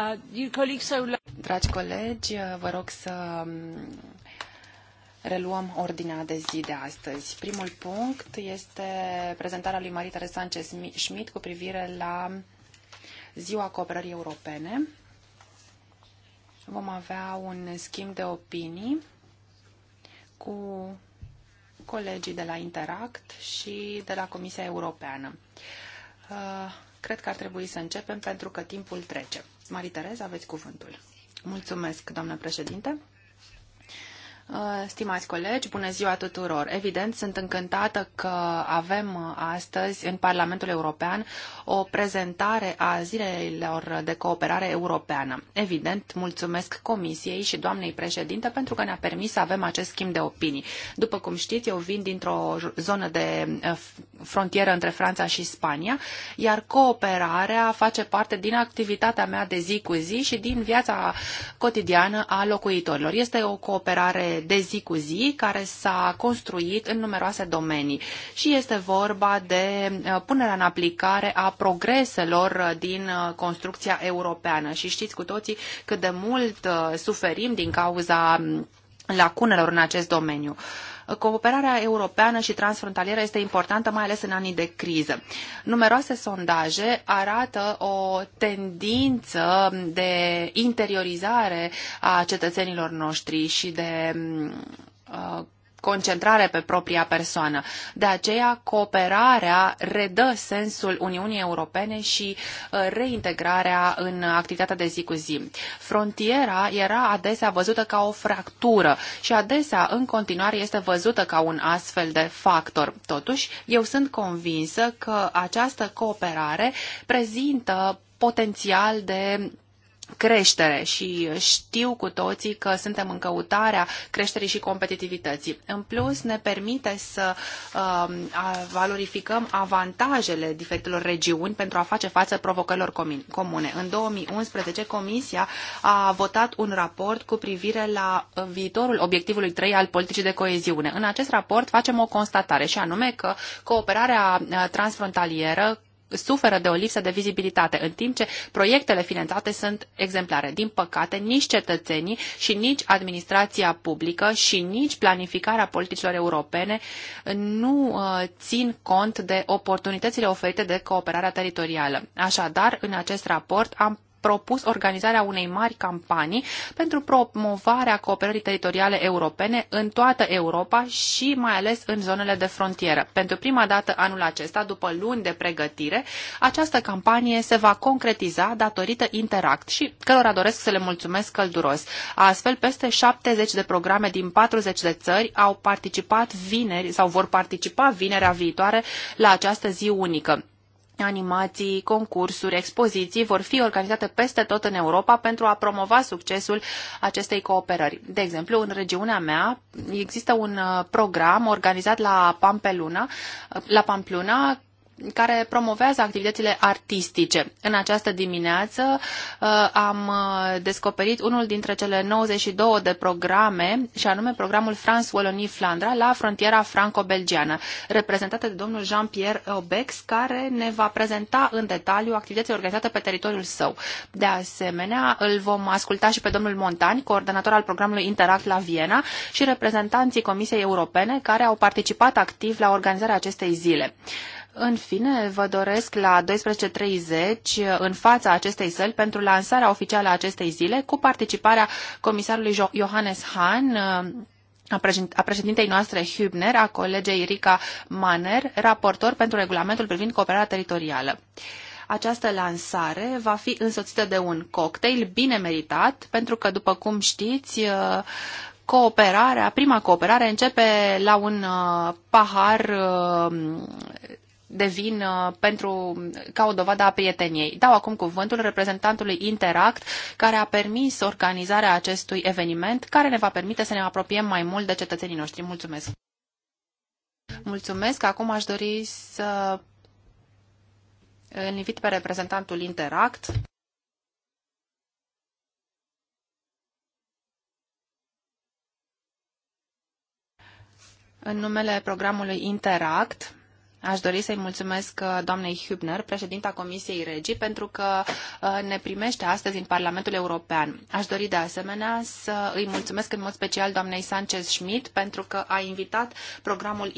Uh, Dragi colegi, uh, vă rog să um, reluăm ordinea de zi de astăzi. Primul punct este prezentarea lui Marita Sanchez Schmidt cu privire la Ziua Cooperării Europene. Vom avea un schimb de opinii cu colegii de la Interact și de la Comisia Europeană. Uh, cred că ar trebui să începem pentru că timpul trece. Marie Terez, aveți cuvântul. Mulțumesc, doamnă președinte. Uh, stimați colegi, bună ziua tuturor! Evident, sunt încântată că avem uh, astăzi în Parlamentul European o prezentare a zilelor de cooperare europeană. Evident, mulțumesc Comisiei și doamnei președinte pentru că ne-a permis să avem acest schimb de opinii. După cum știți, eu vin dintr-o zonă de uh, frontieră între Franța și Spania, iar cooperarea face parte din activitatea mea de zi cu zi și din viața cotidiană a locuitorilor. Este o cooperare de zi cu zi care s-a construit în numeroase domenii și este vorba de uh, punerea în aplicare a progreselor din uh, construcția europeană și știți cu toții cât de mult uh, suferim din cauza mm, lacunelor în acest domeniu. Cooperarea europeană și transfrontalieră este importantă, mai ales în anii de criză. Numeroase sondaje arată o tendință de interiorizare a cetățenilor noștri și de mm, uh, concentrare pe propria persoană. De aceea, cooperarea redă sensul Uniunii Europene și uh, reintegrarea în activitatea de zi cu zi. Frontiera era adesea văzută ca o fractură și adesea în continuare este văzută ca un astfel de factor. Totuși, eu sunt convinsă că această cooperare prezintă potențial de creștere și știu cu toții că suntem în căutarea creșterii și competitivității. În plus, ne permite să uh, valorificăm avantajele diferitelor regiuni pentru a face față provocărilor comune. În 2011, Comisia a votat un raport cu privire la viitorul obiectivului 3 al politicii de coeziune. În acest raport facem o constatare și anume că cooperarea transfrontalieră suferă de o lipsă de vizibilitate, în timp ce proiectele finanțate sunt exemplare. Din păcate, nici cetățenii și nici administrația publică și nici planificarea politicilor europene nu uh, țin cont de oportunitățile oferite de cooperarea teritorială. Așadar, în acest raport am propus organizarea unei mari campanii pentru promovarea cooperării teritoriale europene în toată Europa și mai ales în zonele de frontieră. Pentru prima dată anul acesta, după luni de pregătire, această campanie se va concretiza datorită Interact și cărora doresc să le mulțumesc călduros. Astfel, peste 70 de programe din 40 de țări au participat vineri sau vor participa vinerea viitoare la această zi unică animații, concursuri, expoziții vor fi organizate peste tot în Europa pentru a promova succesul acestei cooperări. De exemplu, în regiunea mea există un uh, program organizat la Pampeluna, la Pampluna care promovează activitățile artistice. În această dimineață uh, am uh, descoperit unul dintre cele 92 de programe, și anume programul France Wallonie Flandra la frontiera franco-belgiană, reprezentată de domnul Jean-Pierre Obex, care ne va prezenta în detaliu activitățile organizate pe teritoriul său. De asemenea, îl vom asculta și pe domnul Montani, coordonator al programului Interact la Viena și reprezentanții Comisiei Europene care au participat activ la organizarea acestei zile. În fine, vă doresc la 12.30 în fața acestei săli pentru lansarea oficială a acestei zile cu participarea comisarului Johannes Hahn, a președintei noastre Hübner, a colegei Rica Manner, raportor pentru regulamentul privind cooperarea teritorială. Această lansare va fi însoțită de un cocktail bine meritat, pentru că, după cum știți, uh, cooperarea, prima cooperare începe la un uh, pahar uh, devin uh, pentru, ca o dovadă a prieteniei. Dau acum cuvântul reprezentantului Interact, care a permis organizarea acestui eveniment, care ne va permite să ne apropiem mai mult de cetățenii noștri. Mulțumesc! Mulțumesc! Acum aș dori să îl invit pe reprezentantul Interact. În numele programului Interact, Aș dori să-i mulțumesc uh, doamnei Hübner, președinta Comisiei Regii, pentru că uh, ne primește astăzi în Parlamentul European. Aș dori de asemenea să îi mulțumesc în mod special doamnei Sanchez-Schmidt pentru că a invitat programul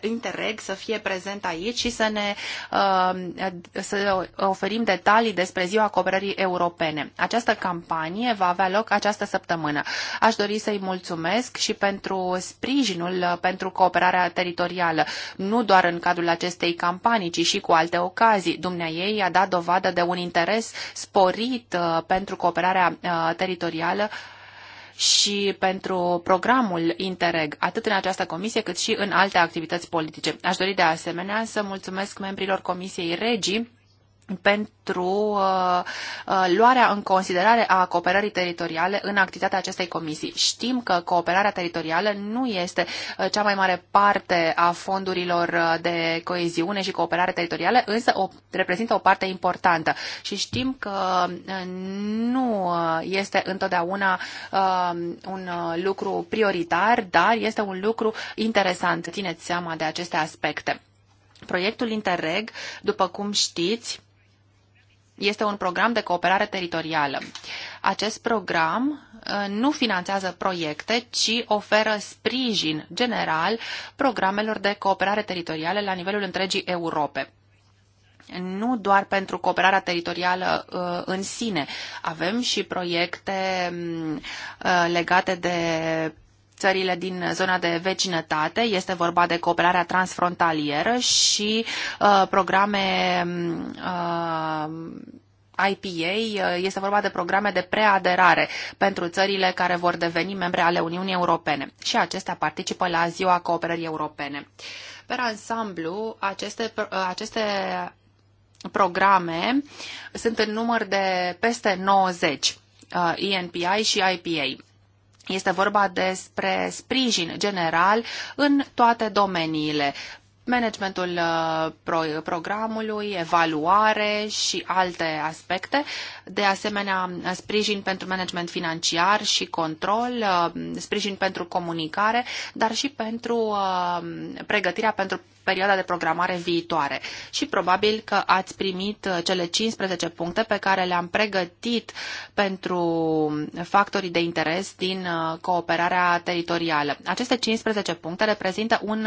Interreg să fie prezent aici și să ne uh, să oferim detalii despre Ziua Cooperării Europene. Această campanie va avea loc această săptămână. Aș dori să-i mulțumesc și pentru sprijinul pentru cooperarea teritorială, nu doar în cadrul cadrul acestei campanii, ci și cu alte ocazii. Dumnea ei a dat dovadă de un interes sporit uh, pentru cooperarea uh, teritorială și pentru programul Interreg, atât în această comisie cât și în alte activități politice. Aș dori de asemenea să mulțumesc membrilor Comisiei Regii pentru uh, uh, luarea în considerare a cooperării teritoriale în activitatea acestei comisii. Știm că cooperarea teritorială nu este uh, cea mai mare parte a fondurilor uh, de coeziune și cooperare teritorială, însă o, reprezintă o parte importantă și știm că uh, nu uh, este întotdeauna un lucru prioritar, dar este un lucru interesant. Țineți seama de aceste aspecte. Proiectul Interreg, după cum știți, este un program de cooperare teritorială. Acest program uh, nu finanțează proiecte, ci oferă sprijin general programelor de cooperare teritorială la nivelul întregii Europe nu doar pentru cooperarea teritorială uh, în sine. Avem și proiecte mm, uh, legate de țările din zona de vecinătate. Este vorba de cooperarea transfrontalieră și uh, programe uh, IPA uh, este vorba de programe de preaderare pentru țările care vor deveni membre ale Uniunii Europene și acestea participă la Ziua Cooperării Europene. Per ansamblu, aceste, uh, aceste programe sunt în număr de peste 90, uh, INPI și IPA. Este vorba despre sprijin general în toate domeniile, managementul uh, programului, evaluare și alte aspecte de asemenea sprijin pentru management financiar și control, uh, sprijin pentru comunicare, dar și pentru uh, pregătirea pentru perioada de programare viitoare. Și probabil că ați primit uh, cele 15 puncte pe care le-am pregătit pentru factorii de interes din cooperarea teritorială. Aceste 15 puncte reprezintă un,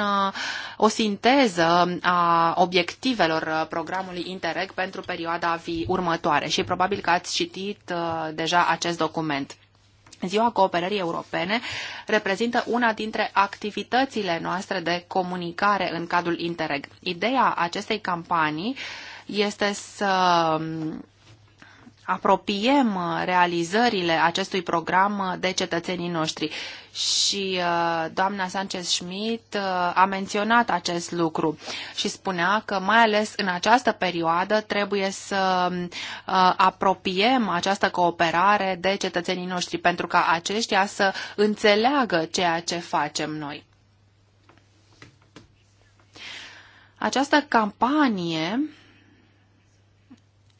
o sinteză a obiectivelor programului Interreg pentru perioada următoare și probabil că ați citit uh, deja acest document. Ziua Cooperării Europene reprezintă una dintre activitățile noastre de comunicare în cadrul Interreg. Ideea acestei campanii este să apropiem uh, realizările acestui program uh, de cetățenii noștri. Și uh, doamna Sanchez-Schmidt a menționat acest lucru și spunea că mai ales în această perioadă trebuie să um, apropiem această cooperare de cetățenii noștri pentru ca aceștia să înțeleagă ceea ce facem noi. Această campanie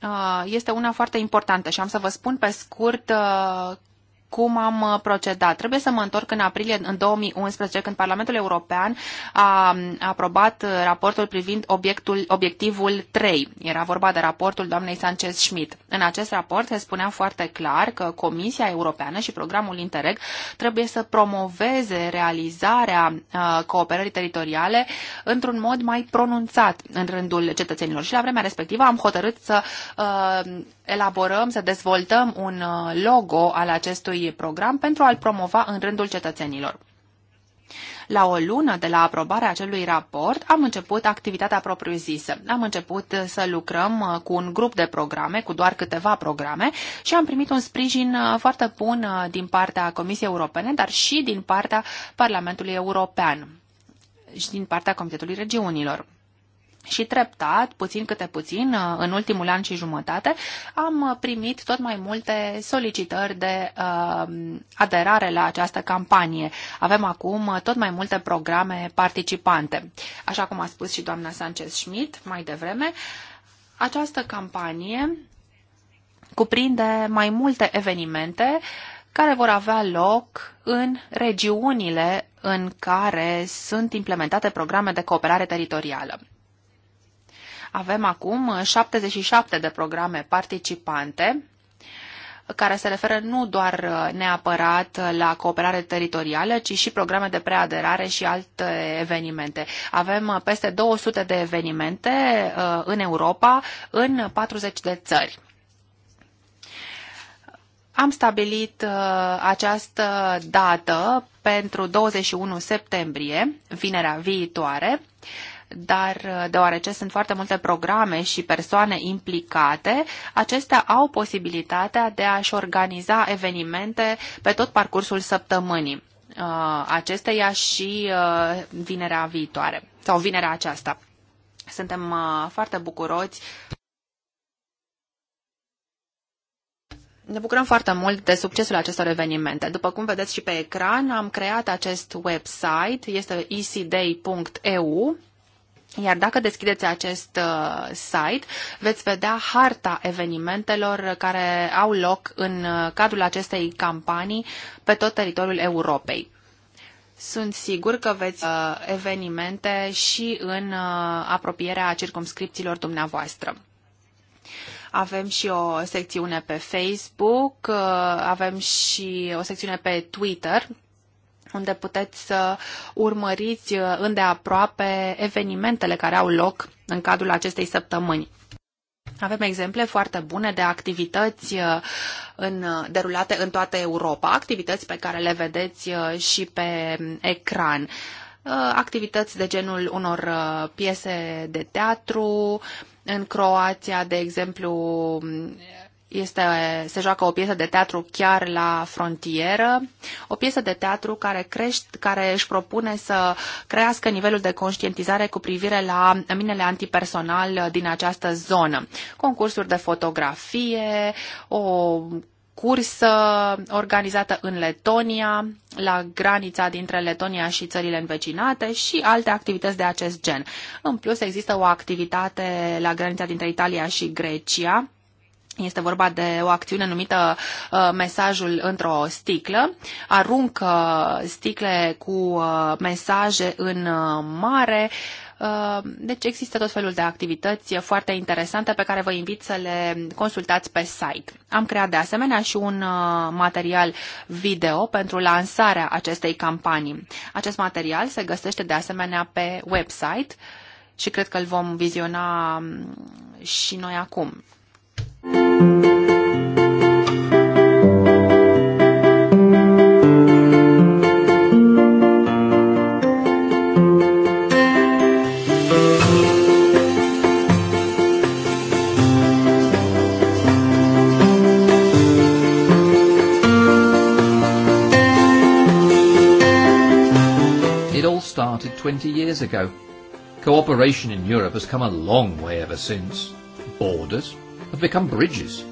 Ah, este una foarte importantă și am să vă spun pe scurt ah, cum am uh, procedat. Trebuie să mă întorc în aprilie în 2011, când Parlamentul European a aprobat uh, raportul privind obiectul, obiectivul 3. Era vorba de raportul doamnei Sanchez-Schmidt. În acest raport se spunea foarte clar că Comisia Europeană și programul Interreg trebuie să promoveze realizarea uh, cooperării teritoriale într-un mod mai pronunțat în rândul cetățenilor. Și la vremea respectivă am hotărât să elaborăm, să dezvoltăm un logo al acestui acestui program pentru a-l promova în rândul cetățenilor. La o lună de la aprobarea acelui raport am început activitatea propriu-zisă. Am început să lucrăm uh, cu un grup de programe, cu doar câteva programe și am primit un sprijin uh, foarte bun uh, din partea Comisiei Europene, dar și din partea Parlamentului European și din partea Comitetului Regiunilor. Și treptat, puțin câte puțin, uh, în ultimul an și jumătate, am uh, primit tot mai multe solicitări de uh, aderare la această campanie. Avem acum uh, tot mai multe programe participante. Așa cum a spus și doamna Sanchez-Schmidt mai devreme, această campanie cuprinde mai multe evenimente care vor avea loc în regiunile în care sunt implementate programe de cooperare teritorială. Avem acum 77 uh, de programe participante care se referă nu doar uh, neapărat uh, la cooperare teritorială, ci și programe de preaderare și alte evenimente. Avem peste 200 de evenimente în Europa, în 40 de țări. Am stabilit această dată pentru 21 septembrie, vinerea viitoare, dar uh, deoarece sunt foarte multe programe și persoane implicate, acestea au posibilitatea de a-și organiza evenimente pe tot parcursul săptămânii uh, acesteia și uh, vinerea viitoare sau vinerea aceasta. Suntem foarte bucuroți Ne bucurăm foarte mult de succesul acestor evenimente. După cum vedeți și pe ecran, am creat acest website, este easyday.eu iar dacă deschideți acest uh, site, veți vedea harta evenimentelor care au loc în uh, cadrul acestei campanii pe tot teritoriul Europei. Sunt sigur că veți uh, evenimente și în apropierea circumscripțiilor dumneavoastră avem și o secțiune pe Facebook, avem și o secțiune pe Twitter unde puteți să urmăriți uh, îndeaproape evenimentele care au loc în cadrul acestei săptămâni. Avem exemple foarte bune de activități uh, în, uh, derulate în toată Europa, activități pe care le vedeți și pe ecran. Activități de genul unor piese de teatru, în Croația, de exemplu, este, se joacă o piesă de teatru chiar la frontieră, o piesă de teatru care, crește, care își propune să crească nivelul de conștientizare cu privire la minele antipersonal din această zonă. Concursuri de fotografie, o cursă organizată în Letonia, la granița dintre Letonia și țările învecinate și alte activități de acest gen. În plus, există o activitate la granița dintre Italia și Grecia, este vorba de o acțiune numită uh, mesajul într-o sticlă. Aruncă uh, sticle cu uh, mesaje în uh, mare. Uh, deci există tot felul de activități foarte interesante pe care vă invit să le consultați pe site. Am creat de asemenea și un uh, material video pentru lansarea acestei campanii. Acest material se găsește de asemenea pe website și cred că îl vom viziona mm, și noi acum started 20 years ago. Cooperation in Europe has come a long way ever since. Borders, have become bridges.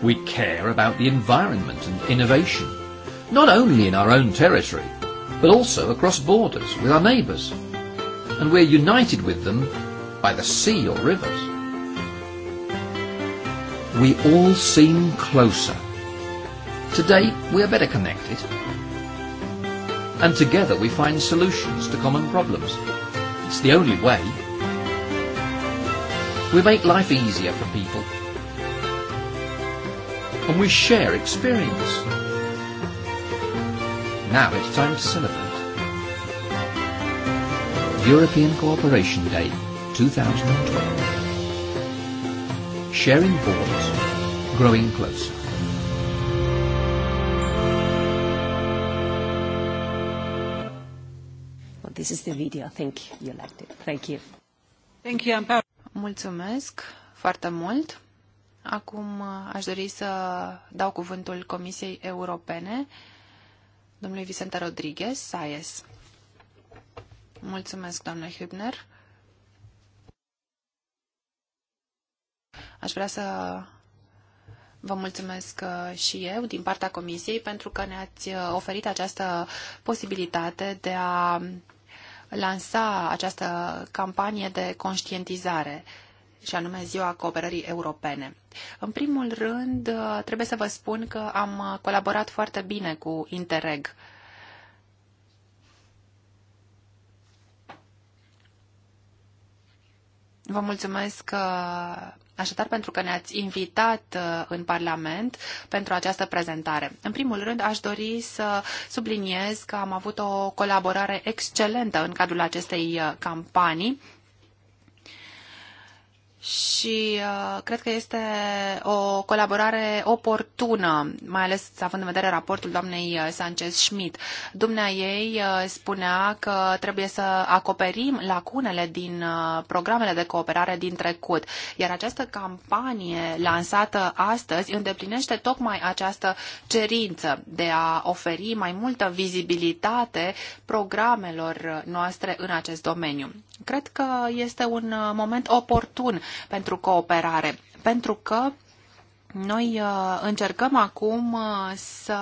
We care about the environment and innovation, not only in our own territory, but also across borders with our neighbours. And we're united with them by the sea or rivers. We all seem closer. Today, we are better connected. And together we find solutions to common problems. It's the only way We make life easier for people. And we share experience. Now it's time to celebrate. European Cooperation Day 2012. Sharing borders, growing closer. Well, this is the video. I think you liked it. Thank you. Thank you. I'm Mulțumesc foarte mult. Acum uh, aș dori să dau cuvântul Comisiei Europene, domnului Vicente Rodriguez, SAES. Mulțumesc, doamnă Hübner. Aș vrea să vă mulțumesc uh, și eu din partea Comisiei pentru că ne-ați uh, oferit această posibilitate de a lansa această campanie de conștientizare și anume Ziua Cooperării Europene. În primul rând, trebuie să vă spun că am colaborat foarte bine cu Interreg. Vă mulțumesc așadar pentru că ne-ați invitat uh, în Parlament pentru această prezentare. În primul rând, aș dori să subliniez că am avut o colaborare excelentă în cadrul acestei uh, campanii și uh, cred că este o colaborare oportună, mai ales având în vedere raportul doamnei uh, Sanchez-Schmidt. Dumnea ei uh, spunea că trebuie să acoperim lacunele din uh, programele de cooperare din trecut, iar această campanie lansată astăzi îndeplinește tocmai această cerință de a oferi mai multă vizibilitate programelor noastre în acest domeniu. Cred că este un uh, moment oportun pentru cooperare, pentru că noi uh, încercăm acum uh, să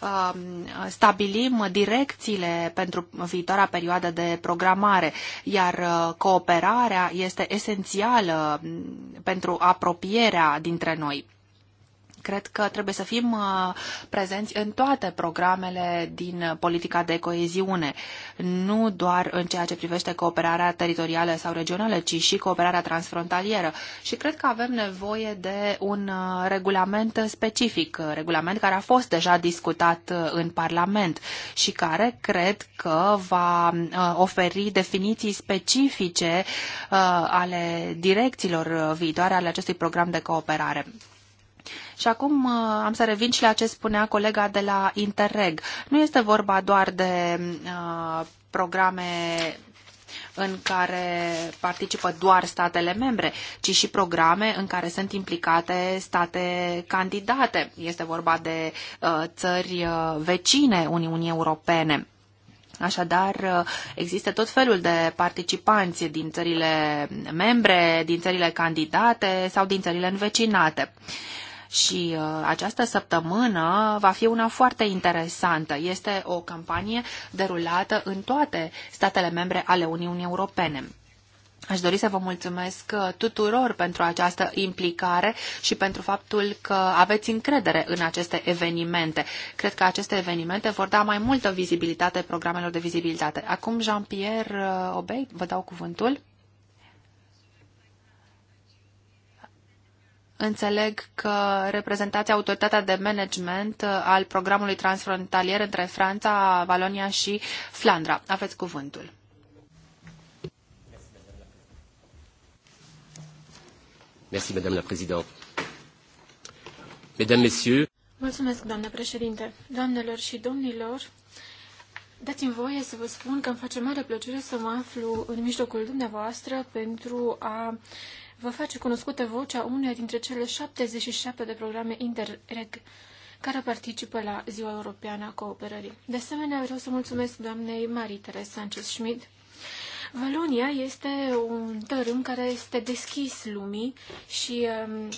um, stabilim direcțiile pentru viitoarea perioadă de programare, iar cooperarea este esențială mm, pentru apropierea dintre noi. Cred că trebuie să fim uh, prezenți în toate programele din politica de coeziune, nu doar în ceea ce privește cooperarea teritorială sau regională, ci și cooperarea transfrontalieră. Și cred că avem nevoie de un uh, regulament specific, uh, regulament care a fost deja discutat în Parlament și care cred că va oferi definiții specifice ale direcțiilor viitoare ale acestui program de cooperare. Și acum uh, am să revin și la ce spunea colega de la Interreg. Nu este vorba doar de uh, programe în care participă doar statele membre, ci și programe în care sunt implicate state candidate. Este vorba de uh, țări uh, vecine Uniunii Europene. Așadar, uh, există tot felul de participanți din țările membre, din țările candidate sau din țările învecinate. Și uh, această săptămână va fi una foarte interesantă. Este o campanie derulată în toate statele membre ale Uniunii Europene. Aș dori să vă mulțumesc uh, tuturor pentru această implicare și pentru faptul că aveți încredere în aceste evenimente. Cred că aceste evenimente vor da mai multă vizibilitate programelor de vizibilitate. Acum, Jean-Pierre uh, Obey, vă dau cuvântul. Înțeleg că reprezentați autoritatea de management uh, al programului transfrontalier între Franța, Valonia și Flandra. Aveți cuvântul. Merci, Madame la Présidente. Mesdames, Messieurs. Mulțumesc, doamnă președinte. Doamnelor și domnilor, dați-mi voie să vă spun că îmi face mare plăcere să mă aflu în mijlocul dumneavoastră pentru a uh, vă face cunoscută vocea uneia dintre cele 77 de programe Interreg care participă la Ziua Europeană a Cooperării. De asemenea, vreau să mulțumesc doamnei Marie Teresa Sanchez Schmidt. Valonia este un tărâm care este deschis lumii și um,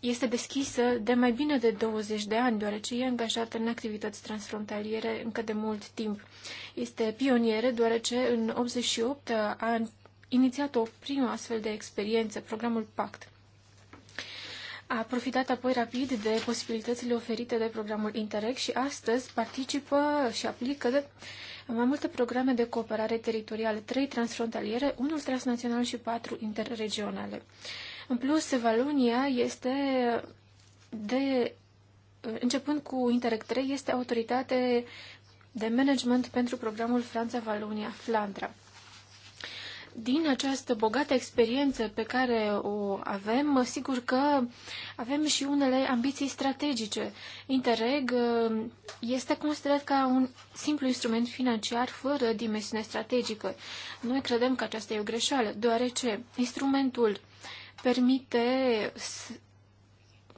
este deschisă de mai bine de 20 de ani, deoarece e angajată în activități transfrontaliere încă de mult timp. Este pionieră, deoarece în 88 a inițiat o primă astfel de experiență, programul PACT. A profitat apoi rapid de posibilitățile oferite de programul Interreg și astăzi participă și aplică de mai multe programe de cooperare teritorială, trei transfrontaliere, unul transnațional și patru interregionale. În plus, Valonia este de, începând cu Interreg 3, este autoritate de management pentru programul Franța-Valonia-Flandra. Din această bogată experiență pe care o avem, sigur că avem și unele ambiții strategice. Interreg ă, este considerat ca un simplu instrument financiar fără dimensiune strategică. Noi credem că aceasta e o greșeală, deoarece instrumentul permite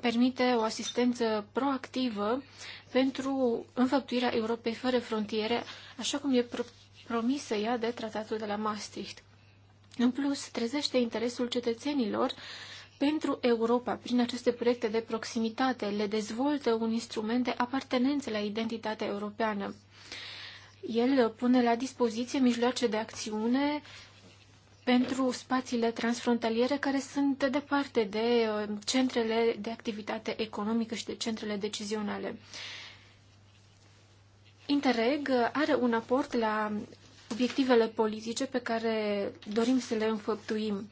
permite o asistență proactivă pentru înfăptuirea Europei fără frontiere, așa cum e pro promisă ea de tratatul de la Maastricht. În plus, trezește interesul cetățenilor pentru Europa prin aceste proiecte de proximitate, le dezvoltă un instrument de apartenență la identitatea europeană. El pune la dispoziție mijloace de acțiune pentru spațiile transfrontaliere care sunt departe de uh, centrele de activitate economică și de centrele decizionale. Interreg are un aport la obiectivele politice pe care dorim să le înfăptuim.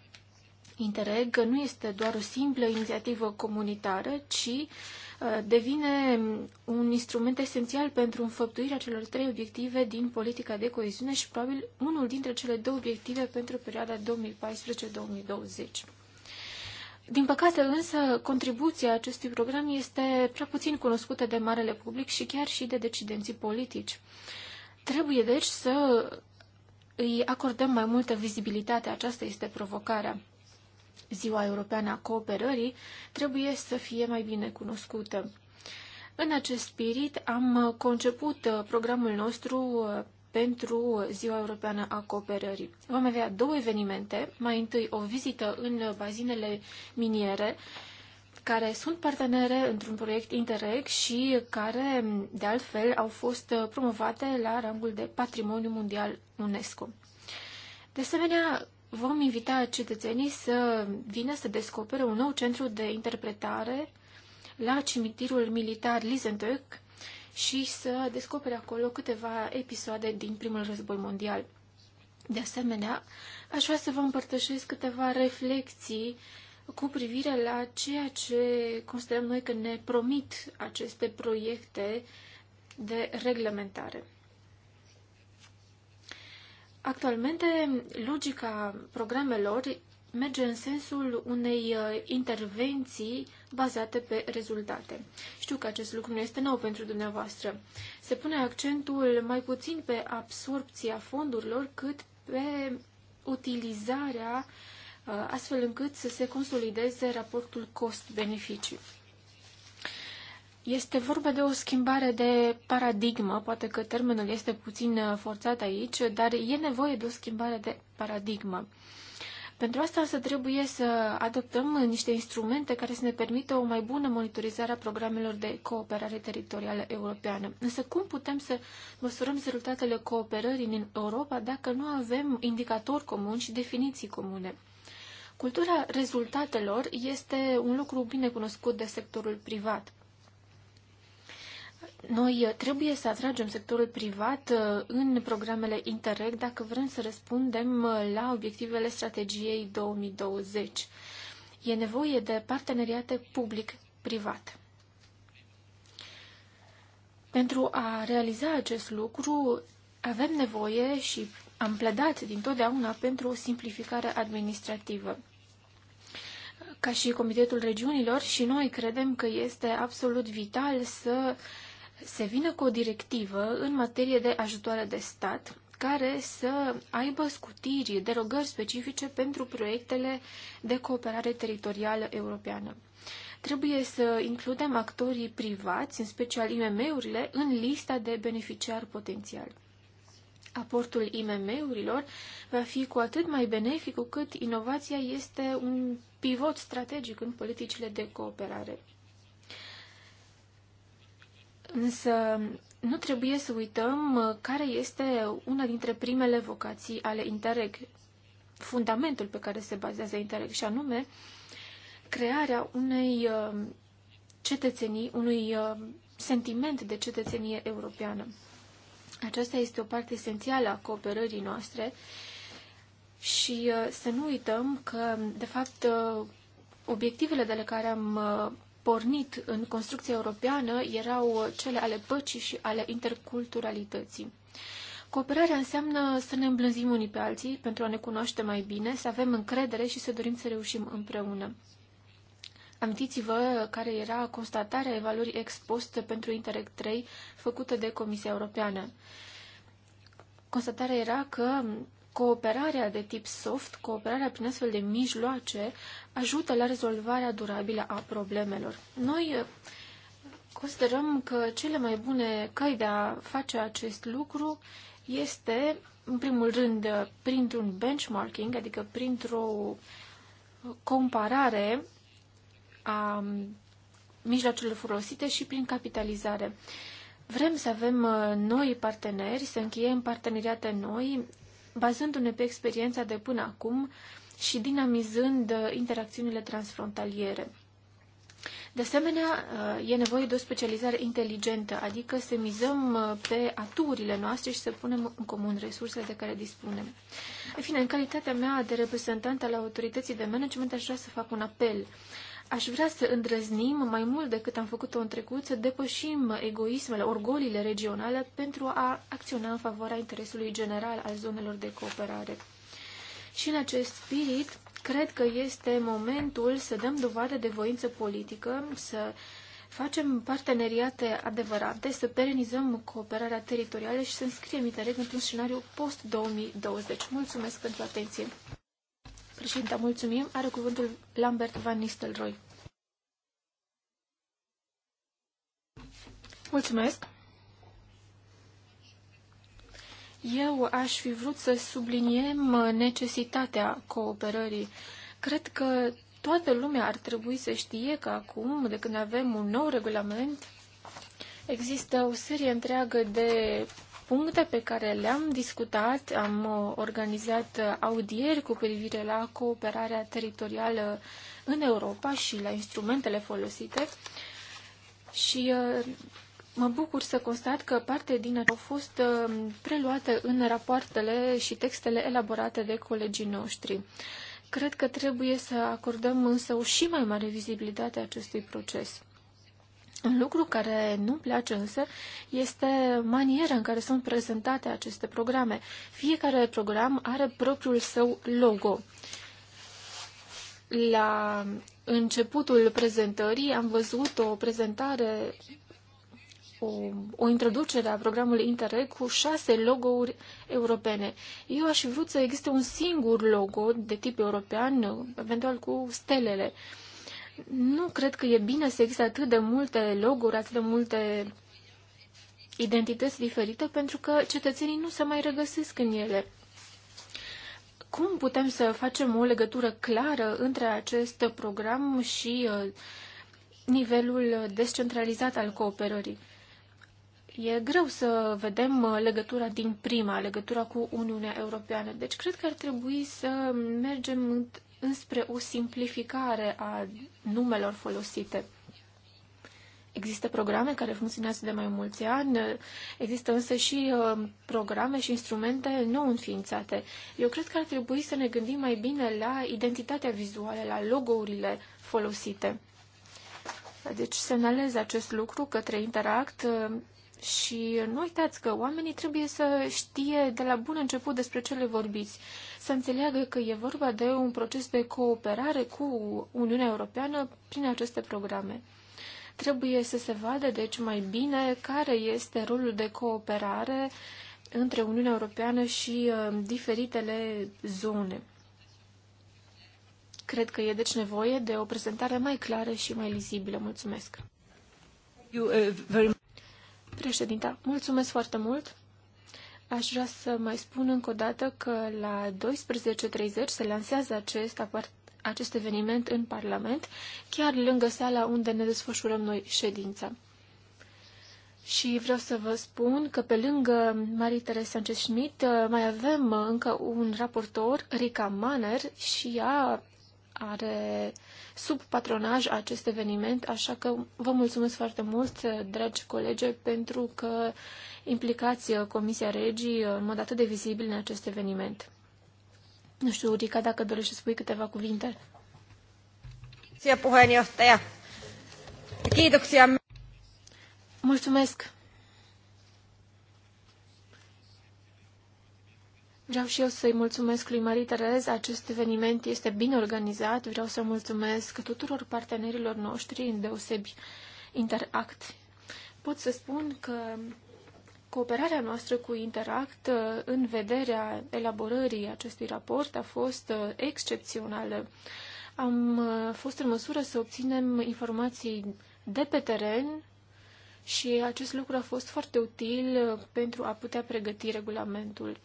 Interreg nu este doar o simplă inițiativă comunitară, ci uh, devine un instrument esențial pentru înfăptuirea celor trei obiective din politica de coeziune și probabil unul dintre cele două obiective pentru perioada 2014-2020. Din păcate însă, contribuția acestui program este prea puțin cunoscută de marele public și chiar și de decidenții politici. Trebuie deci să îi acordăm mai multă vizibilitate. Aceasta este provocarea. Ziua Europeană a Cooperării trebuie să fie mai bine cunoscută. În acest spirit am conceput programul nostru uh, pentru Ziua Europeană a Cooperării. Vom avea două evenimente, mai întâi o vizită în bazinele miniere care sunt partenere într-un proiect Interreg și care, de altfel, au fost promovate la rangul de Patrimoniu Mondial UNESCO. De asemenea, vom invita cetățenii să vină să descopere un nou centru de interpretare la cimitirul militar Lisentöck și să descopere acolo câteva episoade din primul război mondial. De asemenea, aș vrea să vă împărtășesc câteva reflexii cu privire la ceea ce considerăm noi că ne promit aceste proiecte de reglementare. Actualmente, logica programelor merge în sensul unei uh, intervenții bazate pe rezultate. Știu că acest lucru nu este nou pentru dumneavoastră. Se pune accentul mai puțin pe absorpția fondurilor, cât pe utilizarea uh, Uh, astfel încât să se consolideze raportul cost-beneficiu. Este vorba de o schimbare de paradigmă, poate că termenul este puțin uh, forțat aici, dar e nevoie de o schimbare de paradigmă. Pentru asta să trebuie să adoptăm niște instrumente care să ne permită o mai bună monitorizare a programelor de cooperare teritorială europeană. Însă cum putem să măsurăm rezultatele cooperării în Europa dacă nu avem indicatori comuni și definiții comune? Cultura rezultatelor este un lucru bine cunoscut de sectorul privat. Noi uh, trebuie să atragem sectorul privat uh, în programele Interreg dacă vrem să răspundem uh, la obiectivele strategiei 2020. E nevoie de parteneriate public-privat. Pentru a realiza acest lucru, avem nevoie și am pledat dintotdeauna pentru o simplificare administrativă. Ca și Comitetul Regiunilor și noi credem că este absolut vital să se vină cu o directivă în materie de ajutoare de stat care să aibă scutiri, derogări specifice pentru proiectele de cooperare teritorială europeană. Trebuie să includem actorii privați, în special IMM-urile, în lista de beneficiari potențiali. Aportul IMM-urilor va fi cu atât mai benefic cu cât inovația este un pivot strategic în politicile de cooperare. Însă nu trebuie să uităm uh, care este una dintre primele vocații ale Interreg, fundamentul pe care se bazează Interreg, și anume crearea unei uh, cetățenii, unui uh, sentiment de cetățenie europeană. Aceasta este o parte esențială a cooperării noastre și uh, să nu uităm că, de fapt, uh, obiectivele de la care am uh, pornit în construcția europeană erau cele ale păcii și ale interculturalității. Cooperarea înseamnă să ne îmblânzim unii pe alții pentru a ne cunoaște mai bine, să avem încredere și să dorim să reușim împreună. Amintiți-vă care era constatarea evaluării ex pentru Interreg 3 făcută de Comisia Europeană. Constatarea era că Cooperarea de tip soft, cooperarea prin astfel de mijloace, ajută la rezolvarea durabilă a problemelor. Noi eh, considerăm că cele mai bune căi de a face acest lucru este, în primul rând, printr-un benchmarking, adică printr-o eh, comparare a mm, mijloacelor folosite și prin capitalizare. Vrem să avem eh, noi parteneri, să încheiem parteneriate noi, bazându-ne pe experiența de până acum și dinamizând uh, interacțiunile transfrontaliere. De asemenea, uh, e nevoie de o specializare inteligentă, adică să mizăm uh, pe aturile noastre și să punem în comun resursele de care dispunem. În fine, în calitatea mea de reprezentant al autorității de management, aș vrea să fac un apel. Aș vrea să îndrăznim mai mult decât am făcut-o în trecut, să depășim egoismele, orgolile regionale pentru a acționa în favoarea interesului general al zonelor de cooperare. Și în acest spirit, cred că este momentul să dăm dovadă de voință politică, să facem parteneriate adevărate, să perenizăm cooperarea teritorială și să înscriem Interreg într-un scenariu post-2020. Mulțumesc pentru atenție! Președinte, mulțumim. Are cuvântul Lambert Van Nistelrooy. Mulțumesc. Eu aș fi vrut să subliniem necesitatea cooperării. Cred că toată lumea ar trebui să știe că acum, de când avem un nou regulament, există o serie întreagă de puncte pe care le-am discutat. Am uh, organizat uh, audieri cu privire la cooperarea teritorială în Europa și la instrumentele folosite și uh, mă bucur să constat că parte din ele au fost preluate în rapoartele și textele elaborate de colegii noștri. Cred că trebuie să acordăm însă o și mai mare vizibilitate acestui proces. Un lucru care nu mi place însă este maniera în care sunt prezentate aceste programe. Fiecare program are propriul său logo. La începutul prezentării am văzut o prezentare, o, o introducere a programului Interreg cu șase logo-uri europene. Eu aș vrut să existe un singur logo de tip european, eventual cu stelele. Uh, nu cred că e bine să existe atât de multe loguri, atât de multe identități diferite, pentru că cetățenii nu se mai regăsesc în ele. Cum putem să facem o legătură clară între acest program și uh, nivelul descentralizat al cooperării? E greu să vedem uh, legătura din prima, legătura cu Uniunea Europeană. Deci cred că ar trebui să mergem înspre o simplificare a numelor folosite. Există programe care funcționează de mai mulți ani, există însă și uh, programe și instrumente nou înființate. Eu cred că ar trebui să ne gândim mai bine la identitatea vizuală, la logourile folosite. Deci semnalez acest lucru către Interact uh, și nu uitați că oamenii trebuie să știe de la bun început despre ce le vorbiți să înțeleagă că e vorba de un proces de cooperare cu Uniunea Europeană prin aceste programe. Trebuie să se vadă, deci, mai bine care este rolul de cooperare între Uniunea Europeană și uh, diferitele zone. Cred că e deci nevoie de o prezentare mai clară și mai lizibilă. Mulțumesc! You, uh, very... Președinta, mulțumesc foarte mult! Aș vrea să mai spun încă o dată că la 12.30 se lansează acest, acest eveniment în Parlament, chiar lângă sala unde ne desfășurăm noi ședința. Și vreau să vă spun că pe lângă Marie Teresa Sanchez Schmidt uh, mai avem încă un raportor, Rica Manner, și ea are sub patronaj acest eveniment, așa că vă mulțumesc foarte mult, uh, dragi colegi, pentru că implicați uh, Comisia Regii uh, în mod atât de vizibil în acest eveniment. Nu știu, Rica, dacă dorești să spui câteva cuvinte. Mulțumesc! Vreau și eu să-i mulțumesc lui Marie Terez. Acest eveniment este bine organizat. Vreau să mulțumesc tuturor partenerilor noștri, îndeosebi Interact. Pot să spun că Cooperarea noastră cu Interact uh, în vederea elaborării acestui raport a fost uh, excepțională. Am uh, fost în măsură să obținem informații de pe teren și acest lucru a fost foarte util pentru a putea pregăti regulamentul.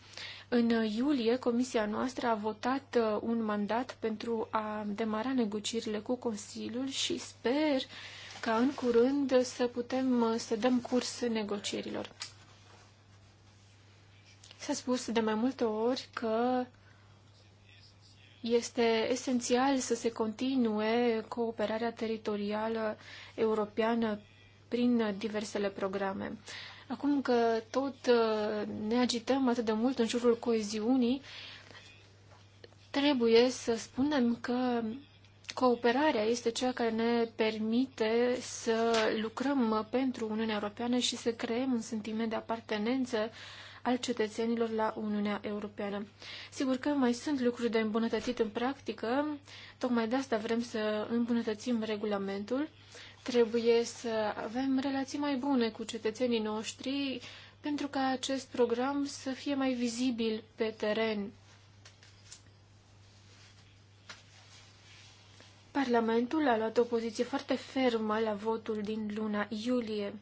În iulie, comisia noastră a votat un mandat pentru a demara negocierile cu Consiliul și sper ca în curând să putem să dăm curs negocierilor. S-a spus de mai multe ori că este esențial să se continue cooperarea teritorială europeană prin diversele programe. Acum că tot uh, ne agităm atât de mult în jurul coeziunii, trebuie să spunem că cooperarea este cea care ne permite să lucrăm pentru Uniunea Europeană și să creăm un sentiment de apartenență al cetățenilor la Uniunea Europeană. Sigur că mai sunt lucruri de îmbunătățit în practică, tocmai de asta vrem să îmbunătățim regulamentul. Trebuie să avem relații mai bune cu cetățenii noștri pentru ca acest program să fie mai vizibil pe teren. Parlamentul a luat o poziție foarte fermă la votul din luna iulie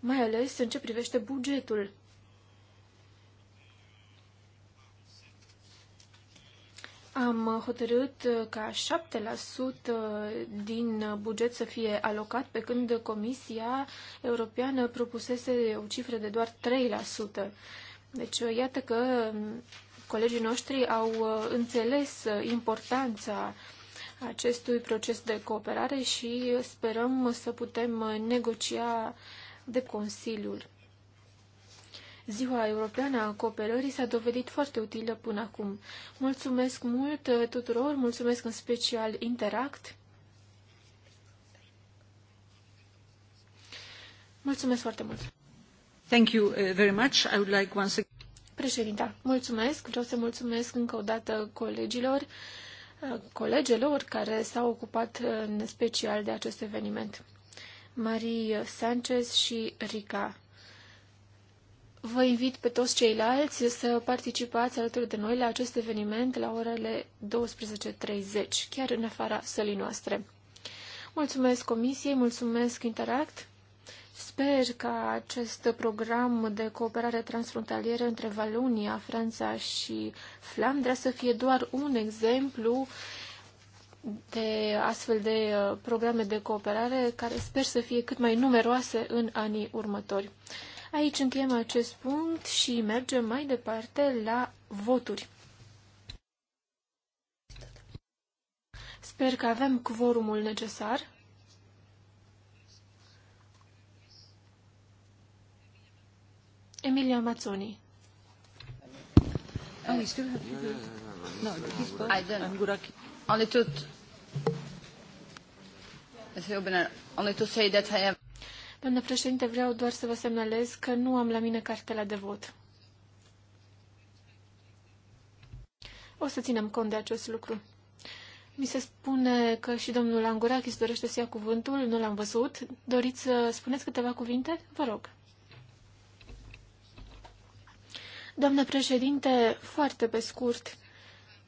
mai ales în ce privește bugetul. Am hotărât ca 7% din buget să fie alocat, pe când Comisia Europeană propusese o cifră de doar 3%. Deci, iată că colegii noștri au înțeles importanța acestui proces de cooperare și sperăm să putem negocia de Consiliul. Ziua Europeană a Cooperării s-a dovedit foarte utilă până acum. Mulțumesc mult uh, tuturor, mulțumesc în special Interact. Mulțumesc foarte mult! Thank you uh, very much. I would like once again... Președinta, mulțumesc. Vreau să mulțumesc încă o dată colegilor, uh, colegelor care s-au ocupat în special de acest eveniment. Marie Sanchez și Rica. Vă invit pe toți ceilalți să participați alături de noi la acest eveniment la orele 12.30, chiar în afara sălii noastre. Mulțumesc Comisiei, mulțumesc Interact. Sper ca acest program de cooperare transfrontalieră între Valonia, Franța și Flandra să fie doar un exemplu de astfel de uh, programe de cooperare care sper să fie cât mai numeroase în anii următori. Aici încheiem acest punct și mergem mai departe la voturi. Sper că avem quorumul necesar. Emilia Mazzoni. Oh, you still have No, he's I don't only to only to say that I am. Doamnă președinte, vreau doar să vă semnalez că nu am la mine cartela de vot. O să ținem cont de acest lucru. Mi se spune că și domnul Angurachis dorește să ia cuvântul, nu l-am văzut. Doriți să spuneți câteva cuvinte? Vă rog. Doamnă președinte, foarte pe scurt.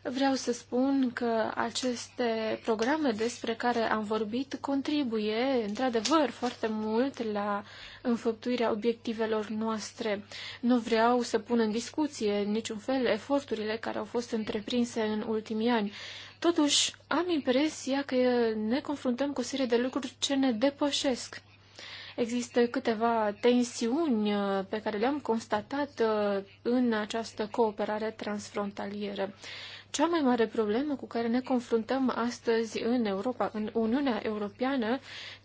Vreau să spun că aceste programe despre care am vorbit contribuie, într-adevăr, foarte mult la înfăptuirea obiectivelor noastre. Nu vreau să pun în discuție în niciun fel eforturile care au fost întreprinse în ultimii ani. Totuși, am impresia că ne confruntăm cu o serie de lucruri ce ne depășesc. Există câteva tensiuni uh, pe care le-am constatat uh, în această cooperare transfrontalieră. Cea mai mare problemă cu care ne confruntăm astăzi în Europa, în Uniunea Europeană,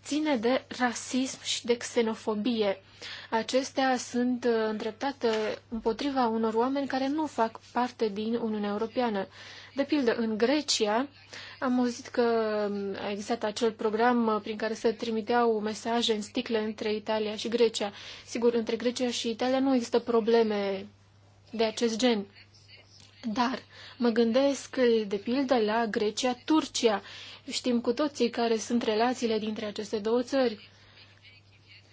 ține de rasism și de xenofobie. Acestea sunt uh, îndreptate împotriva unor oameni care nu fac parte din Uniunea Europeană. De pildă, în Grecia am auzit că um, a existat acel program uh, prin care se trimiteau mesaje în sticle între Italia și Grecia. Sigur, între Grecia și Italia nu există probleme de acest gen. Dar Mă gândesc, de pildă, la Grecia-Turcia. Știm cu toții care sunt relațiile dintre aceste două țări.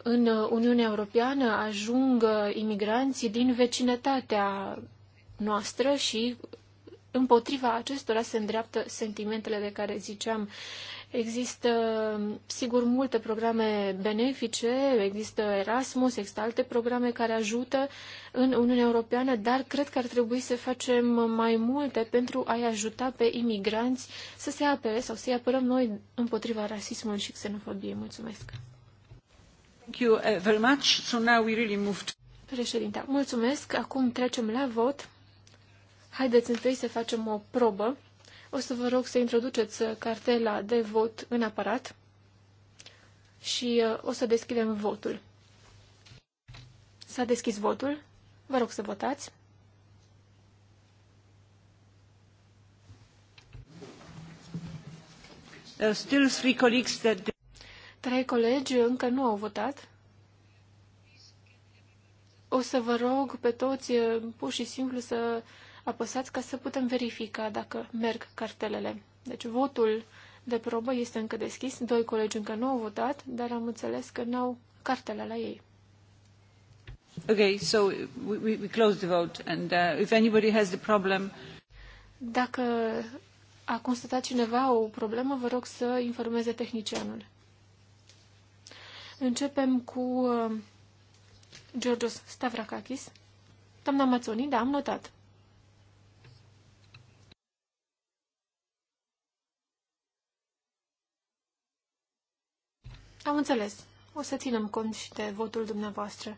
În Uniunea Europeană ajung imigranții din vecinătatea noastră și împotriva acestora se îndreaptă sentimentele de care ziceam, Există, sigur, multe programe benefice, există Erasmus, există alte programe care ajută în Uniunea Europeană, dar cred că ar trebui să facem mai multe pentru a-i ajuta pe imigranți să se apere sau să-i apărăm noi împotriva rasismului și xenofobiei. Mulțumesc! Thank you uh, very much. So now we really move to... Președinte, mulțumesc. Acum trecem la vot. Haideți întâi să facem o probă. O să vă rog să introduceți uh, cartela de vot în aparat și uh, o să deschidem votul. S-a deschis votul. Vă rog să votați. Still three colleagues that... Trei colegi încă nu au votat. O să vă rog pe toți uh, pur și simplu să apăsați ca să putem verifica dacă merg cartelele. Deci votul de probă este încă deschis. Doi colegi încă nu au votat, dar am înțeles că n-au cartele la ei. Okay, so we, we, we close the vote and uh, if anybody has the problem... Dacă a constatat cineva o problemă, vă rog să informeze tehnicianul. Începem cu uh, Georgios Stavrakakis. Doamna Mazzoni, da, am notat. Am înțeles. O să ținem cont și de votul dumneavoastră.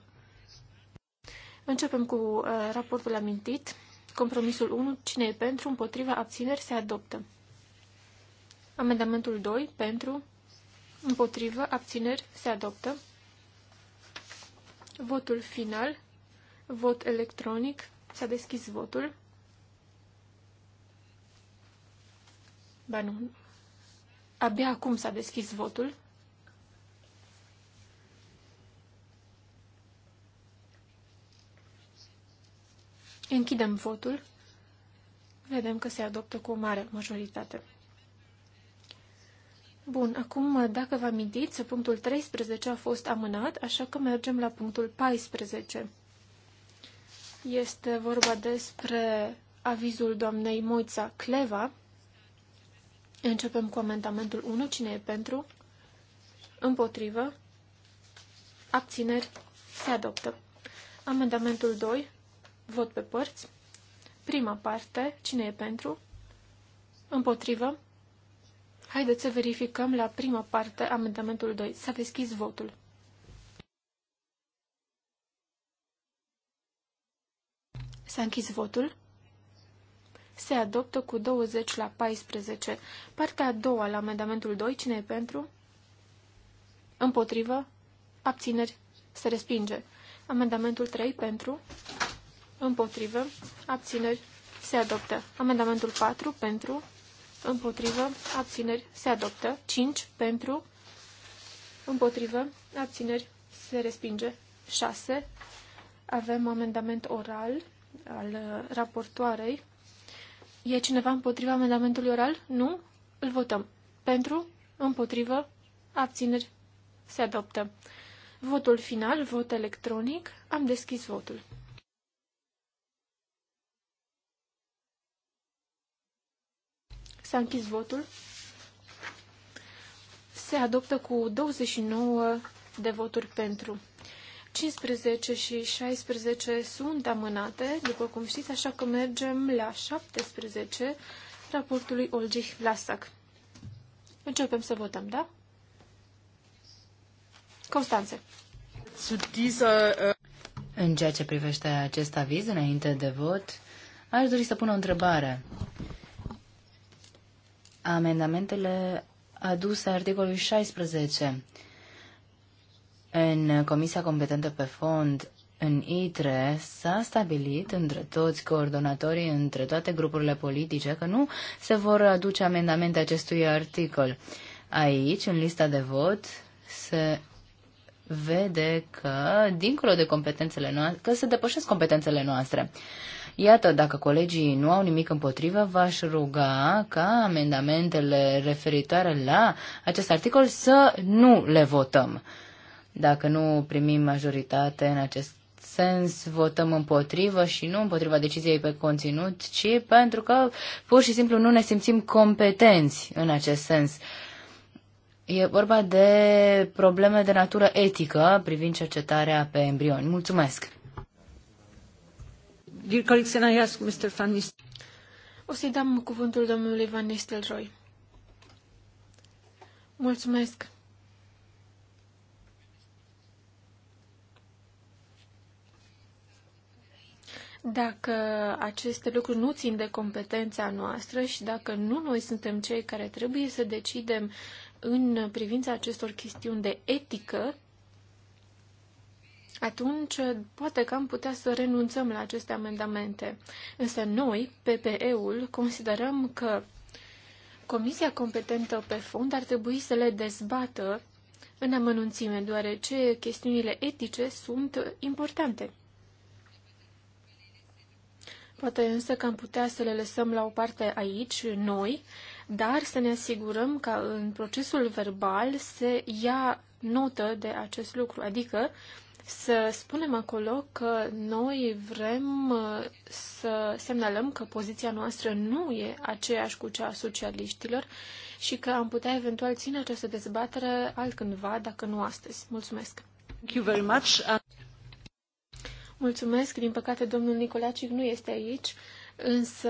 Începem cu uh, raportul amintit. Compromisul 1. Cine e pentru, împotriva, abțineri, se adoptă. Amendamentul 2. Pentru, împotrivă, abțineri, se adoptă. Votul final. Vot electronic. S-a deschis votul. Ba nu. Abia acum s-a deschis votul. Închidem votul. Vedem că se adoptă cu o mare majoritate. Bun, acum, dacă vă amintiți, punctul 13 a fost amânat, așa că mergem la punctul 14. Este vorba despre avizul doamnei Moița Cleva. Începem cu amendamentul 1. Cine e pentru? Împotrivă? Abțineri? Se adoptă. Amendamentul 2. Vot pe părți. Prima parte, cine e pentru? Împotrivă. Haideți să verificăm la prima parte amendamentul 2. S-a deschis votul. S-a închis votul. Se adoptă cu 20 la 14. Partea a doua la amendamentul 2. Cine e pentru? Împotrivă. Abțineri. Se respinge. Amendamentul 3 pentru împotrivă, abțineri, se adoptă. Amendamentul 4 pentru, împotrivă, abțineri, se adoptă. 5 pentru, împotrivă, abțineri, se respinge. 6. Avem amendament oral al uh, raportoarei. E cineva împotriva amendamentului oral? Nu? Îl votăm. Pentru, împotrivă, abțineri, se adoptă. Votul final, vot electronic, am deschis votul. S-a închis votul. Se adoptă cu 29 de voturi pentru. 15 și 16 sunt amânate, după cum știți, așa că mergem la 17 raportului Olgih Vlasac. Începem să votăm, da? Constanțe. Uh, În ceea ce privește acest aviz, înainte de vot, aș dori să pun o întrebare amendamentele aduse articolului 16. În Comisia Competentă pe Fond, în ITRE, s-a stabilit între toți coordonatorii, între toate grupurile politice, că nu se vor aduce amendamente acestui articol. Aici, în lista de vot, se vede că, dincolo de competențele noastre, că se depășesc competențele noastre. Iată, dacă colegii nu au nimic împotrivă, v-aș ruga ca amendamentele referitoare la acest articol să nu le votăm. Dacă nu primim majoritate în acest sens votăm împotrivă și nu împotriva deciziei pe conținut, ci pentru că pur și simplu nu ne simțim competenți în acest sens. E vorba de probleme de natură etică privind cercetarea pe embrioni. Mulțumesc! Dear colleagues, can Mr. Van Nistelrooy? O să-i dăm cuvântul domnului Van Nistelrooy. Mulțumesc. Dacă aceste lucruri nu țin de competența noastră și dacă nu noi suntem cei care trebuie să decidem în privința acestor chestiuni de etică, atunci poate că am putea să renunțăm la aceste amendamente. Însă noi, PPE-ul, considerăm că Comisia competentă pe fond ar trebui să le dezbată în amănunțime, deoarece chestiunile etice sunt importante. Poate însă că am putea să le lăsăm la o parte aici, noi, dar să ne asigurăm că în procesul verbal se ia notă de acest lucru, adică să spunem acolo că noi vrem uh, să semnalăm că poziția noastră nu e aceeași cu cea a socialiștilor și că am putea eventual ține această dezbatere altcândva, dacă nu astăzi. Mulțumesc! Thank you very much. Mulțumesc! Din păcate, domnul Nicolacic nu este aici, însă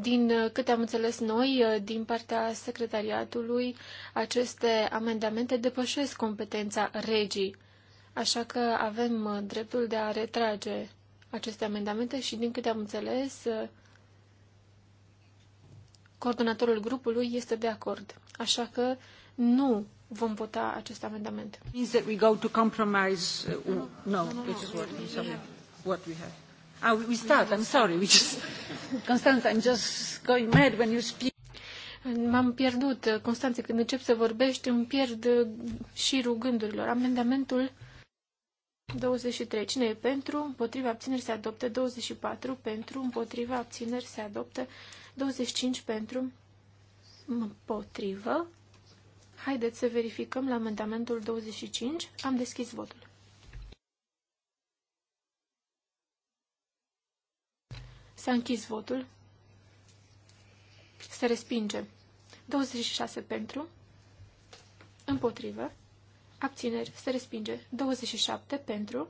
din uh, câte am înțeles noi, uh, din partea secretariatului, aceste amendamente depășesc competența regii, așa că avem uh, dreptul de a retrage aceste amendamente și, din câte am înțeles, coordonatorul grupului este de acord. Așa că nu vom vota acest amendament. Means that we go to compromise. Uh, no, no, no, no, Oh, we start. I'm sorry. We just... Constanța, I'm just going mad when you speak. M-am pierdut. Constanțe, când încep să vorbești, îmi pierd șirul gândurilor. Amendamentul 23. Cine e pentru? Împotriva abțineri se adoptă. 24. Pentru. Împotriva abțineri se adoptă. 25. Pentru. Împotrivă. Haideți să verificăm la amendamentul 25. Am deschis votul. S-a închis votul. Se respinge. 26 pentru. Împotrivă. Abțineri. Se respinge. 27 pentru.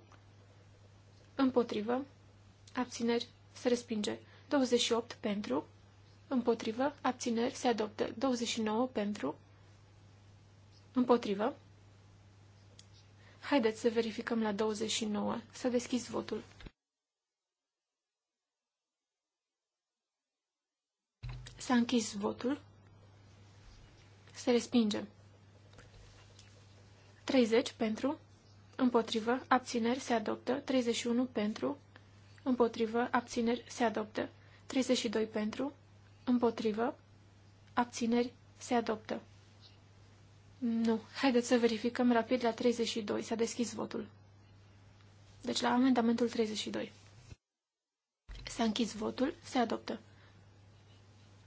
Împotrivă. Abțineri. Se respinge. 28 pentru. Împotrivă. Abțineri. Se adoptă. 29 pentru. Împotrivă. Haideți să verificăm la 29. S-a deschis votul. S-a închis votul. Se respinge. 30 pentru, împotrivă, abțineri, se adoptă. 31 pentru, împotrivă, abțineri, se adoptă. 32 pentru, împotrivă, abțineri, se adoptă. Nu. Haideți să verificăm rapid la 32. S-a deschis votul. Deci la amendamentul 32. S-a închis votul, se adoptă.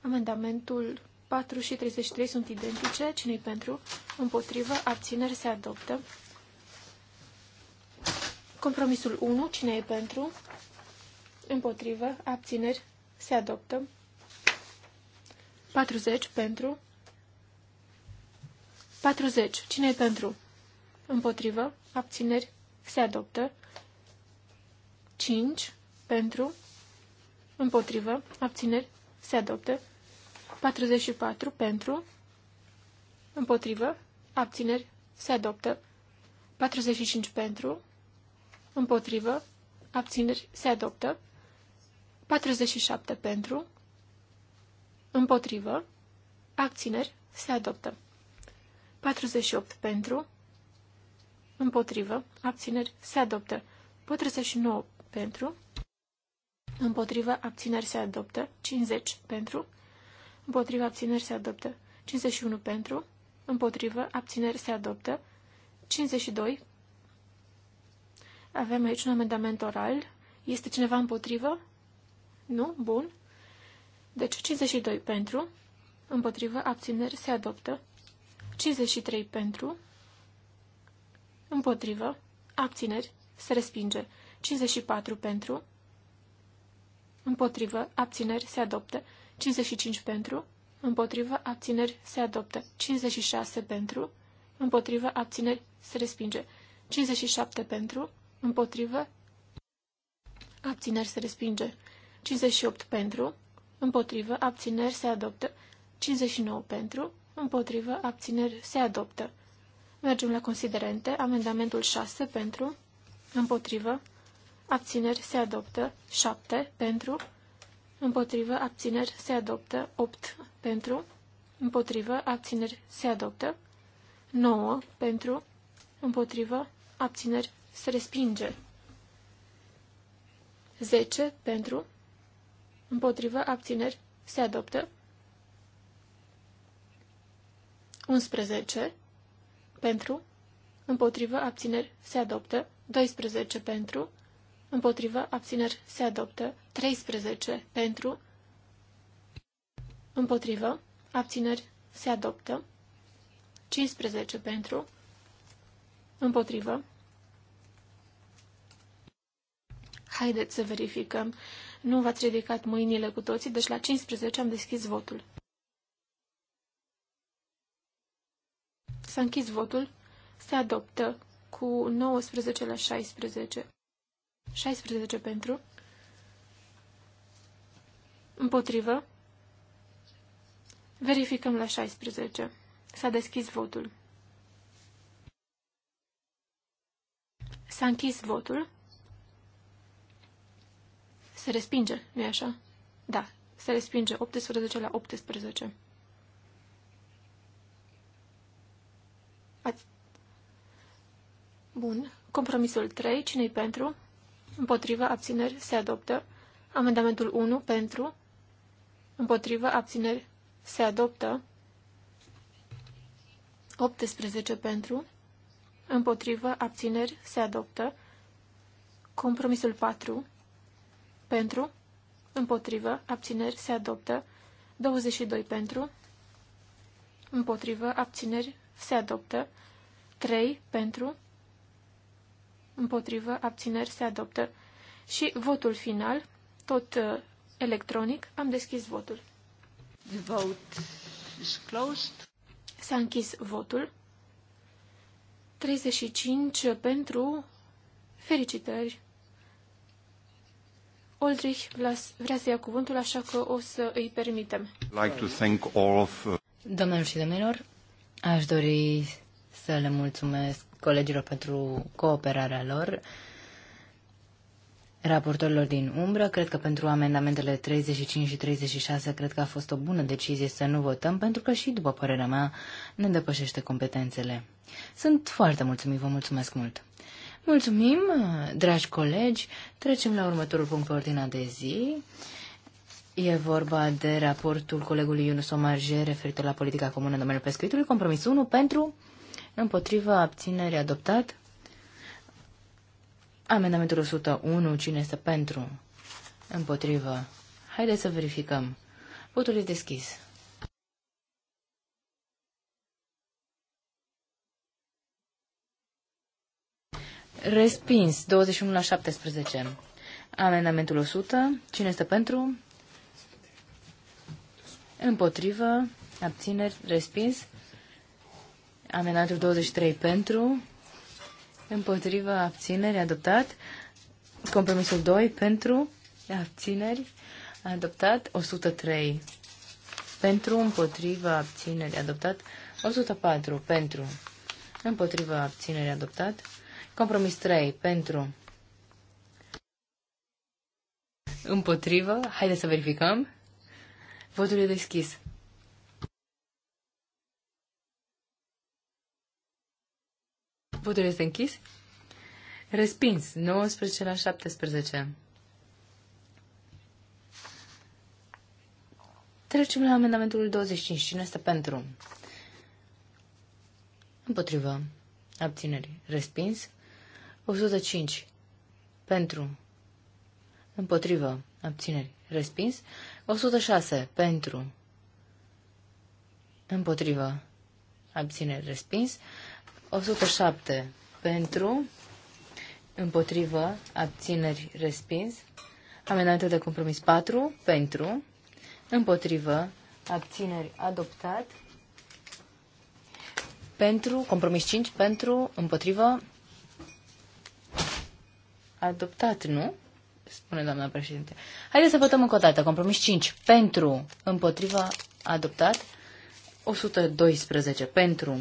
Amendamentul 4 și 33 sunt identice. Cine-i pentru? Împotrivă. Abțineri se adoptă. Compromisul 1. Cine e pentru? Împotrivă. Abțineri se adoptă. 40 pentru. 40. Cine e pentru? Împotrivă. Abțineri se adoptă. 5 pentru. Împotrivă. Abțineri se adoptă. 44 pentru, împotrivă, abțineri, se adoptă. 45 pentru, împotrivă, abțineri, se adoptă. 47 pentru, împotrivă, abțineri, se adoptă. 48 pentru, împotrivă, abțineri, se adoptă. 49 pentru, împotrivă, abțineri, se adoptă. 50 pentru, împotrivă, abțineri, se adoptă. 51 pentru, împotrivă, abțineri, se adoptă. 52. Avem aici un amendament oral. Este cineva împotrivă? Nu? Bun. Deci 52 pentru, împotrivă, abțineri, se adoptă. 53 pentru, împotrivă, abțineri, se respinge. 54 pentru, împotrivă, abțineri, se adoptă. 55 pentru, împotrivă, abțineri, se adoptă. 56 pentru, împotrivă, abțineri, se respinge. 57 pentru, împotrivă, abțineri, se respinge. 58 pentru, împotrivă, abțineri, se adoptă. 59 pentru, împotrivă, abțineri, se adoptă. Mergem la considerente. Amendamentul 6 pentru, împotrivă, abțineri, se adoptă. 7 pentru, împotrivă, abțineri, se adoptă. 8 pentru, împotrivă, abțineri, se adoptă. 9 pentru, împotrivă, abțineri, se respinge. 10 pentru, împotrivă, abțineri, se adoptă. 11 pentru, împotrivă, abțineri, se adoptă. 12 pentru, Împotrivă, abțineri, se adoptă. 13 pentru. Împotrivă, abțineri, se adoptă. 15 pentru. Împotrivă. Haideți să verificăm. Nu v-ați ridicat mâinile cu toții, deci la 15 am deschis votul. S-a închis votul. Se adoptă cu 19 la 16. 16 pentru. Împotrivă. Verificăm la 16. S-a deschis votul. S-a închis votul. Se respinge, nu e așa? Da, se respinge 18 la 18. Bun. Compromisul 3. Cine-i pentru? Împotrivă, abțineri, se adoptă. Amendamentul 1 pentru. Împotrivă, abțineri, se adoptă. 18 pentru. Împotrivă, abțineri, se adoptă. Compromisul 4 pentru. Împotrivă, abțineri, se adoptă. 22 pentru. Împotrivă, abțineri, se adoptă. 3 pentru împotrivă, abțineri se adoptă. Și votul final, tot uh, electronic, am deschis votul. The vote is closed. S-a închis votul. 35 pentru felicitări. Oldrich vrea să ia cuvântul, așa că o să îi permitem. Like to thank all of... Uh, domnilor și domnilor, aș dori să le mulțumesc colegilor pentru cooperarea lor, raportorilor din umbră. Cred că pentru amendamentele 35 și 36 cred că a fost o bună decizie să nu votăm, pentru că și, după părerea mea, ne depășește competențele. Sunt foarte mulțumit, vă mulțumesc mult! Mulțumim, dragi colegi. Trecem la următorul punct pe ordinea de zi. E vorba de raportul colegului Yunus Omarje referitor la politica comună în domeniul pescuitului, compromisul 1 pentru împotrivă, abținerii adoptat. Amendamentul 101, cine este pentru, împotrivă. Haideți să verificăm. Votul este deschis. Respins, 21 la 17. Amendamentul 100. Cine este pentru? Împotrivă. Abțineri. Respins. Amendamentul 23 pentru, împotriva abțineri adoptat. Compromisul 2 pentru, abțineri adoptat. 103 pentru, împotriva abțineri adoptat. 104 pentru, împotriva abțineri adoptat. Compromis 3 pentru, împotrivă. Haideți să verificăm. Votul e deschis. Votul este închis. Respins. 19 la 17. Trecem la amendamentul 25. Cine este pentru? Împotrivă. Abțineri. Respins. 105. Pentru. Împotrivă. Abțineri. Respins. 106. Pentru. Împotrivă. Abțineri. Respins. 107 pentru, împotrivă, abțineri, respins. Amendamentul de compromis 4 pentru, împotrivă, abțineri, adoptat. Pentru, compromis 5 pentru, împotrivă, adoptat, nu? Spune doamna președinte. Haideți să votăm încă o dată. Compromis 5 pentru, împotrivă, adoptat. 112 pentru,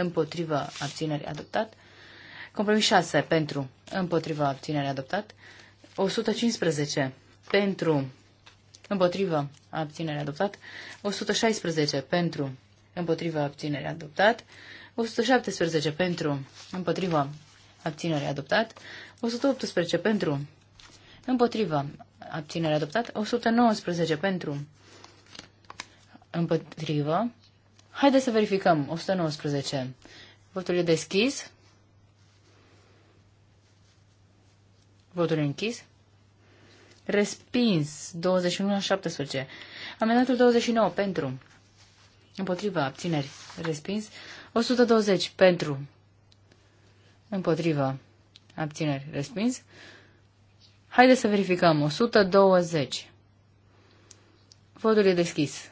împotrivă abținerii adoptat. Compromis 6 pentru împotrivă abținerii adoptat. 115 pentru împotrivă abținerii adoptat. 116 pentru împotrivă abținerii adoptat. 117 pentru împotrivă abținerii adoptat. 118 pentru împotrivă abținerii adoptat. 119 pentru împotrivă Haideți să verificăm. 119. Votul e deschis. Votul e închis. Respins. 21 la 17. Amendatul 29. Pentru. Împotriva. Abțineri. Respins. 120. Pentru. Împotriva. Abțineri. Respins. Haideți să verificăm. 120. Votul e deschis.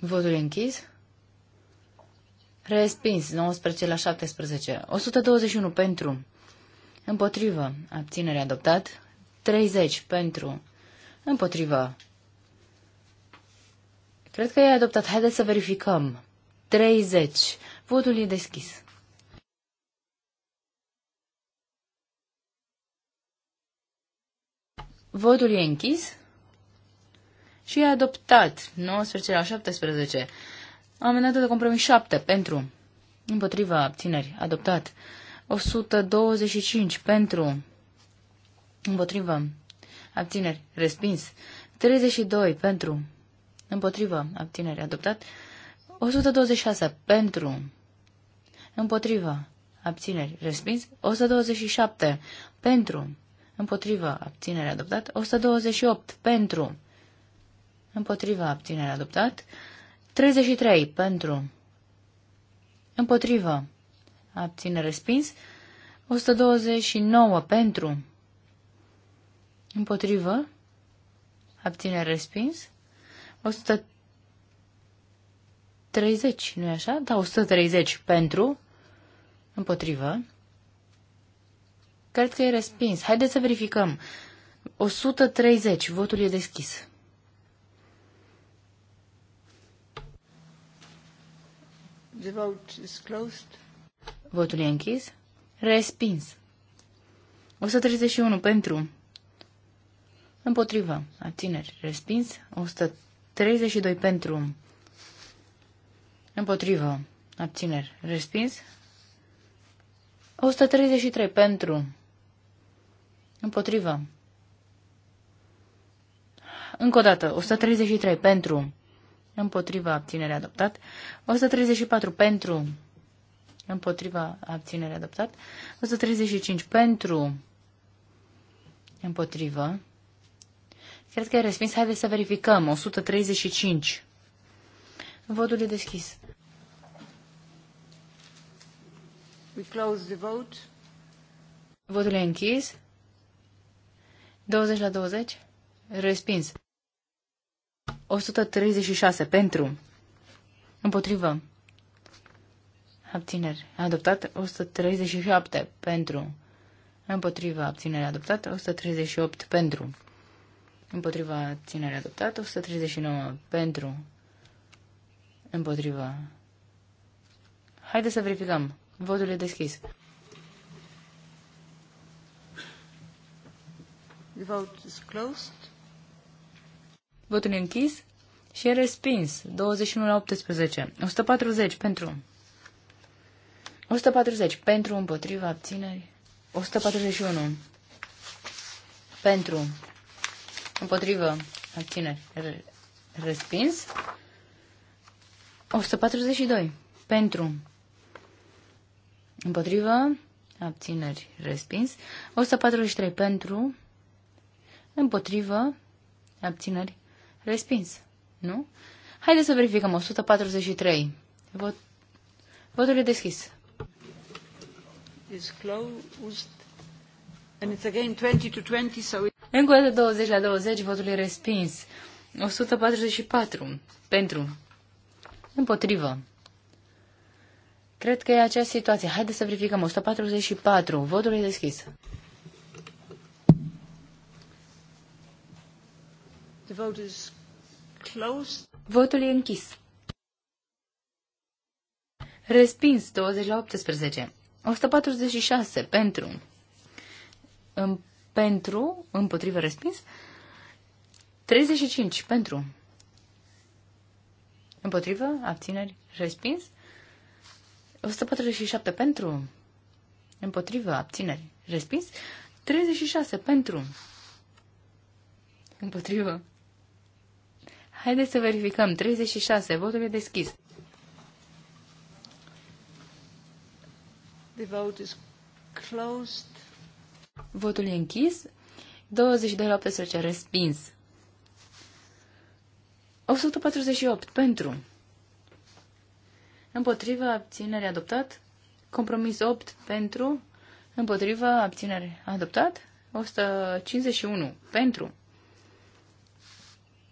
Votul e închis. Respins 19 la 17. 121 pentru. Împotrivă. Abținere adoptat. 30 pentru. Împotrivă. Cred că e adoptat. Haideți să verificăm. 30. Votul e deschis. Votul e închis și e adoptat 19 la 17. Amendată de compromis 7 pentru împotriva abțineri adoptat 125 pentru împotriva abțineri respins 32 pentru împotriva abțineri adoptat 126 pentru împotriva abțineri respins 127 pentru împotriva abțineri. adoptat 128 pentru Împotriva abținere adoptat. 33 pentru. Împotrivă. Abține respins. 129 pentru. Împotrivă. Abține respins. 130, nu-i așa? Da, 130 pentru. Împotrivă. Cred că e respins. Haideți să verificăm. 130. Votul e deschis. The vote is closed. Votul e închis. Respins. 131 pentru. Împotrivă. Abțineri. Respins. 132 pentru. Împotrivă. Abțineri. Respins. 133 pentru. Împotrivă. Încă o dată. 133 pentru împotriva abținere adoptat, 134 pentru, împotriva abținere adoptat, 135 pentru, împotrivă, cred că e respins, haideți să verificăm, 135. Votul e deschis. We close the vote. Votul e închis. 20 la 20. Respins. 136 pentru. Împotrivă. Abțineri. Adoptat 137 pentru. Împotrivă abținere adoptată 138 pentru. Împotriva abținere adoptată 139 pentru. Împotriva. Haideți să verificăm. Votul e deschis. The vote is closed. Votul e închis și e respins. 21 la 18. 140 pentru. 140 pentru împotriva abțineri. 141 pentru împotriva abțineri. Respins. 142 pentru împotriva abțineri. Respins. 143 pentru împotriva abțineri Respins. Nu? Haideți să verificăm. 143. Vot... Votul e deschis. Is closed. And it's again 20 to 20, so it... Încă o dată 20 la 20, votul e respins. 144. Pentru. Împotrivă. Cred că e această situație. Haideți să verificăm. 144. Votul e deschis. The vote is Votul e închis. Respins 20 la 18. 146 pentru. În, pentru, împotrivă respins. 35 pentru. Împotrivă, abțineri, respins. 147 pentru. Împotrivă, abțineri, respins. 36 pentru. Împotrivă, Haideți să verificăm. 36. Votul e deschis. The vote is closed. Votul e închis. 22 la 18 respins. 148 pentru. Împotriva abținere adoptat. Compromis 8 pentru. Împotriva abținere adoptat. 151 pentru.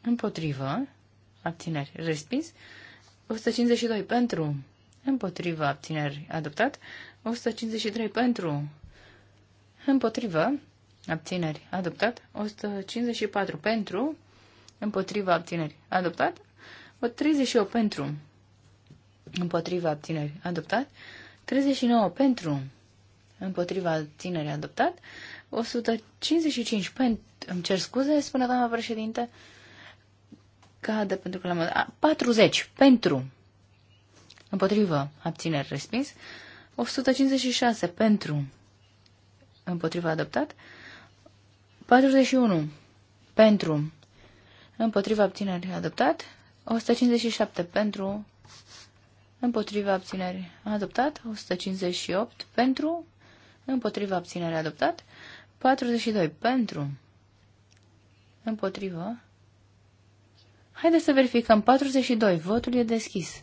Împotrivă. Abțineri. Respins. 152 pentru. Împotrivă. Abțineri. Adoptat. 153 pentru. Împotrivă. Abțineri. Adoptat. 154 pentru. Împotrivă. Abțineri. Adoptat. 38 pentru. Împotrivă. abțineri adoptat. 39 pentru. Împotriva abținere adoptat. 155 pentru. Îmi cer scuze, spune doamna președinte cadă pentru că l-am... 40 pentru. Împotrivă. Abțineri respins. 156 pentru. Împotrivă adoptat. 41 pentru. Împotrivă abțineri adoptat. 157 pentru. Împotrivă abțineri adoptat. 158 pentru. Împotrivă abținere adoptat. 42 pentru. Împotrivă Haideți să verificăm. 42. Votul e deschis.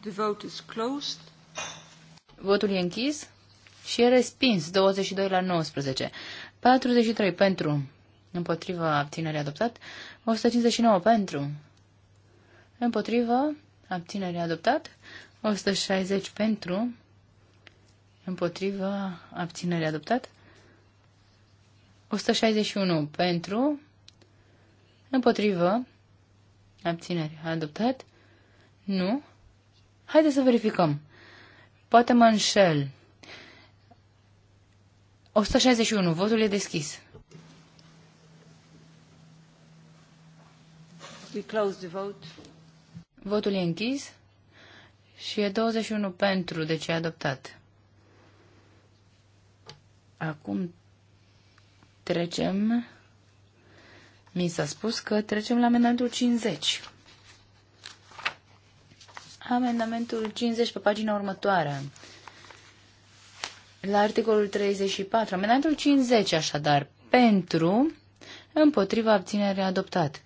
The vote is closed. Votul e închis și e respins 22 la 19. 43 pentru, împotriva abținerii adoptat, 159 pentru, împotriva abținerii adoptat, 160 pentru, împotriva abținerii adoptat, 161 pentru, Împotrivă. Abținere. Adoptat? Nu. Haideți să verificăm. Poate mă înșel. 161. Votul e deschis. We close the vote. Votul e închis și e 21 pentru, deci e adoptat. Acum trecem mi s-a spus că trecem la amendamentul 50. Amendamentul 50 pe pagina următoare. La articolul 34, amendamentul 50 așadar, pentru, împotriva abținerii adoptat.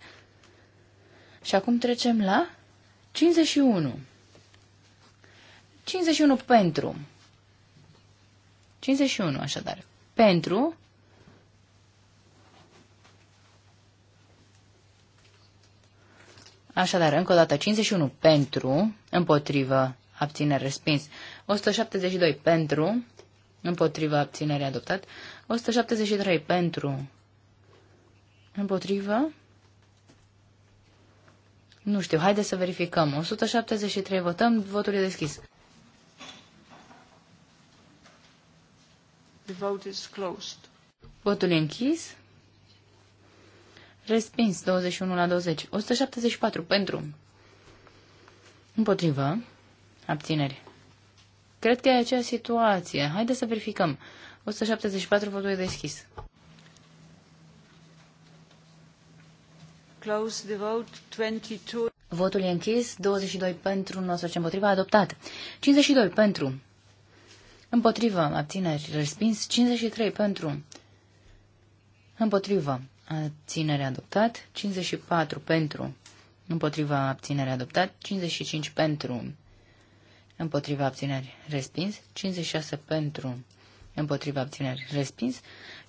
Și acum trecem la 51. 51 pentru. 51 așadar. Pentru, Așadar, încă o dată, 51 pentru, împotrivă, abținere respins. 172 pentru, împotrivă, abținere adoptat. 173 pentru, împotrivă. Nu știu, haideți să verificăm. 173 votăm, votul e deschis. The vote is closed. Votul e închis. Respins 21 la 20. 174 pentru. Împotrivă. Abțineri. Cred că e acea situație. Haideți să verificăm. 174 votul e deschis. Close the vote 22. Votul e închis. 22 pentru, facem împotriva, adoptat. 52 pentru. Împotrivă, abțineri, respins. 53 pentru. Împotrivă, abținere adoptat, 54 pentru, împotriva abținere adoptat, 55 pentru, împotriva abțineri respins, 56 pentru, împotriva abțineri respins,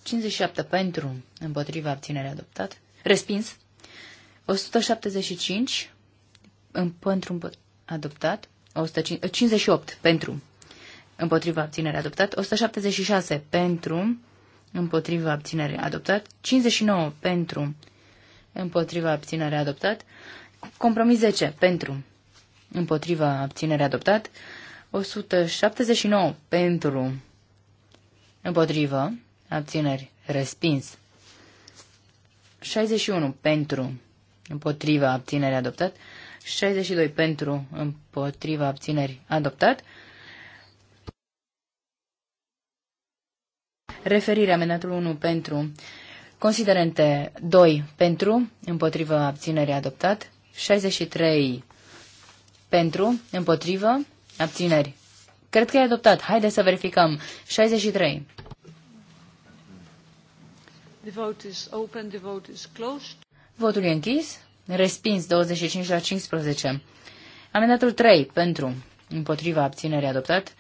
57 pentru, împotriva abținere adoptat, respins, 175 pentru adoptat, 158 pentru, împotriva abținere adoptat, 176 pentru, împotriva abținere adoptat, 59 pentru, împotriva abținere adoptat, compromis 10 pentru, împotriva abținere adoptat, 179 pentru, împotriva abțineri respins, 61 pentru, împotriva abținere adoptat, 62 pentru, împotriva abțineri adoptat, referire amendatul 1 pentru considerente 2 pentru, împotrivă abținere adoptat, 63 pentru, împotrivă, abțineri. Cred că e adoptat. Haideți să verificăm. 63. The vote is open, the vote is closed. Votul e închis. Respins 25 la 15. Amendatul 3 pentru, împotriva abținere adoptat.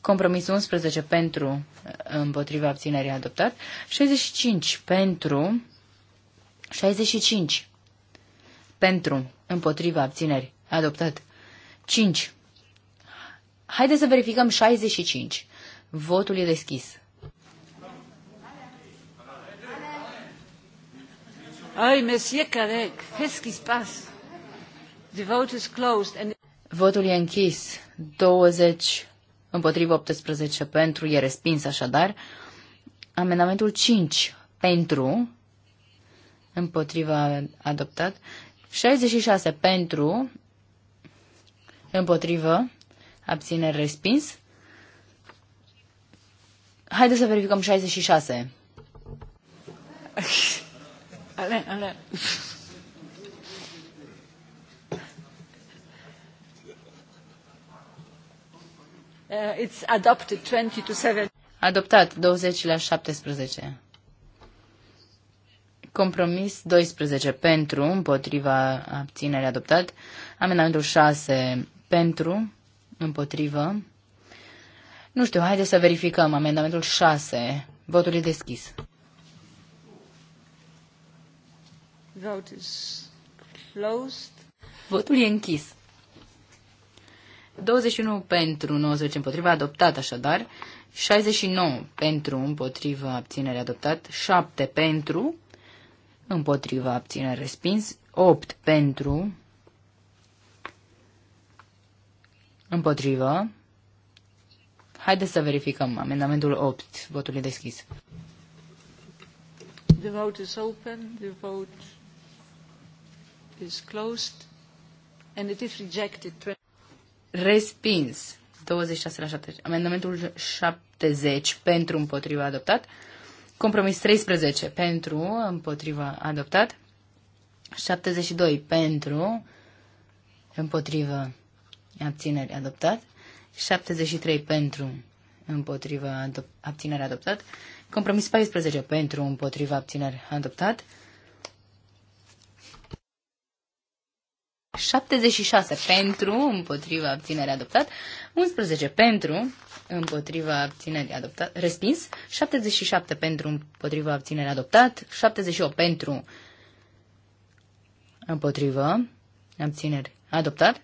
Compromisul 11 pentru, împotriva abținerii adoptat. 65 pentru, 65 pentru, împotriva abținerii adoptat. 5. Haideți să verificăm 65. Votul e deschis. Ai, Monsieur Carec, qu'est-ce qui se passe? The vote is closed and... Votul e închis. 20 împotrivă 18 pentru, e respins așadar. Amendamentul 5 pentru, împotriva adoptat, 66 pentru, împotrivă, abțineri respins. Haideți să verificăm 66. Ale, ale. 20 uh, Adoptat 20 la 17. Compromis 12 pentru, împotriva abținere adoptat. Amendamentul 6 pentru, împotrivă. Nu știu, haideți să verificăm amendamentul 6. Votul e deschis. Vote is closed. Votul e închis. 21 pentru, 90 împotriva, adoptat așadar. 69 pentru, împotriva, abținere, adoptat. 7 pentru, împotriva, abținere, respins. 8 pentru, împotriva. Haideți să verificăm amendamentul 8. Votul e deschis. The vote is open. The vote is closed. And it is rejected respins. 26 la 70, Amendamentul 70 pentru împotriva adoptat. Compromis 13 pentru împotriva adoptat. 72 pentru împotriva abținerii adoptat. 73 pentru împotriva adop- adoptat. Compromis 14 pentru împotriva abținerii adoptat. 76 pentru, împotriva abținerea adoptat, 11 pentru, împotriva abținerea adoptat, respins, 77 pentru, împotriva abținerea adoptat, 78 pentru, împotriva abținerea adoptat,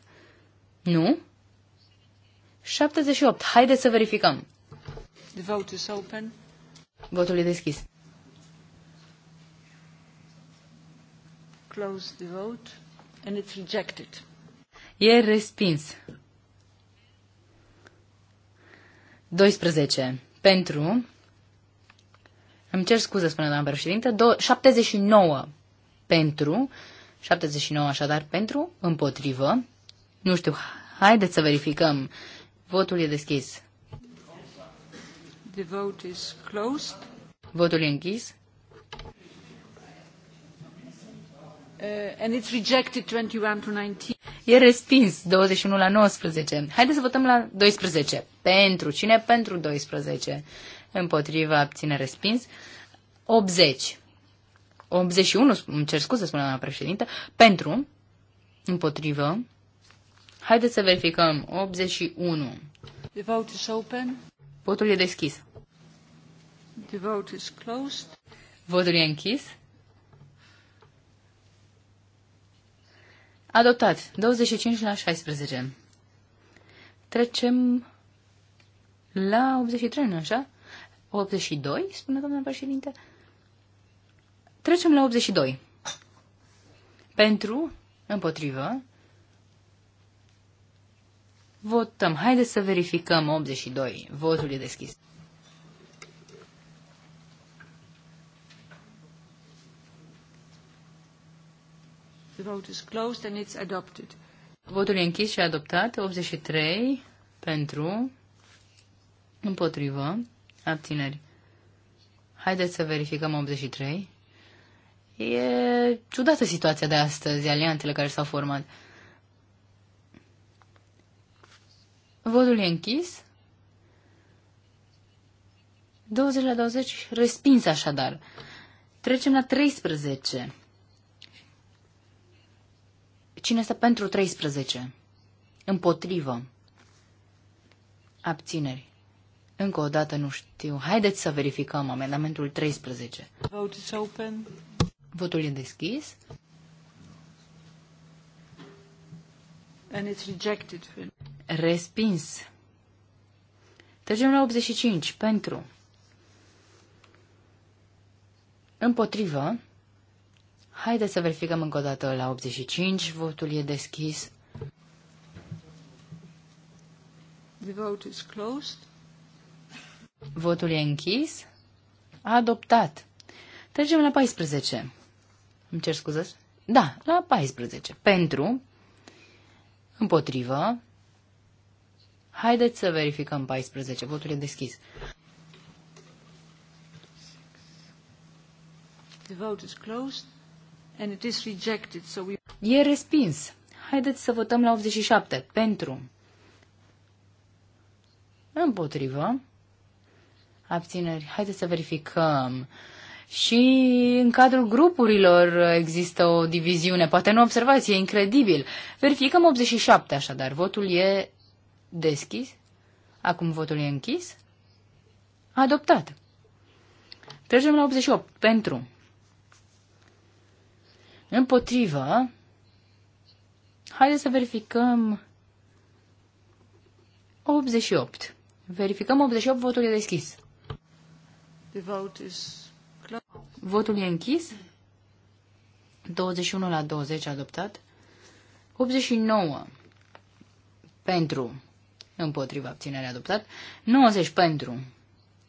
nu, 78, haideți să verificăm. The vote is open. Votul e deschis. Close the vote and it's rejected. E respins. 12. Pentru. Îmi cer scuze, spune doamna președinte. 79. Pentru. 79 așadar pentru, împotrivă. Nu știu, haideți să verificăm. Votul e deschis. The vote is closed. Votul e închis. Uh, and it's rejected 21 to 19. E respins 21 la 19. Haideți să votăm la 12. Pentru. Cine pentru 12? Împotriva abține respins. 80. 81, îmi cer scuze, spune doamna președintă, pentru, împotrivă, haideți să verificăm, 81. The vote is open. Votul e deschis. The vote is closed. Votul e închis. Adoptat. 25 la 16. Trecem la 83, nu așa? 82, spune doamna președinte. Trecem la 82. Pentru, împotrivă, votăm. Haideți să verificăm 82. Votul e deschis. The vote is closed and it's adopted. Votul e închis și adoptat. 83 pentru, împotrivă, abțineri. Haideți să verificăm 83. E ciudată situația de astăzi, aliantele care s-au format. Votul e închis. 20 la 20, respins așadar. Trecem la 13. Cine este pentru 13? Împotrivă. Abțineri. Încă o dată nu știu. Haideți să verificăm amendamentul 13. Vote is open. Votul e deschis. And it's rejected. Respins. Trecem la 85. Pentru. Împotrivă. Haideți să verificăm încă o dată la 85. Votul e deschis. The vote is closed. Votul e închis. A adoptat. Trecem la 14. Îmi cer scuze? Da, la 14. Pentru, împotrivă, haideți să verificăm 14. Votul e deschis. The vote is closed. And it is rejected, so we... E respins. Haideți să votăm la 87. Pentru. Împotrivă. Abțineri. Haideți să verificăm. Și în cadrul grupurilor există o diviziune. Poate nu observați, e incredibil. Verificăm 87 așadar. Votul e deschis. Acum votul e închis. Adoptat. Trecem la 88. Pentru. Împotrivă, haideți să verificăm 88. Verificăm 88, votul e deschis. The vote is votul e închis. 21 la 20 adoptat. 89 pentru împotriva abținerii adoptat. 90 pentru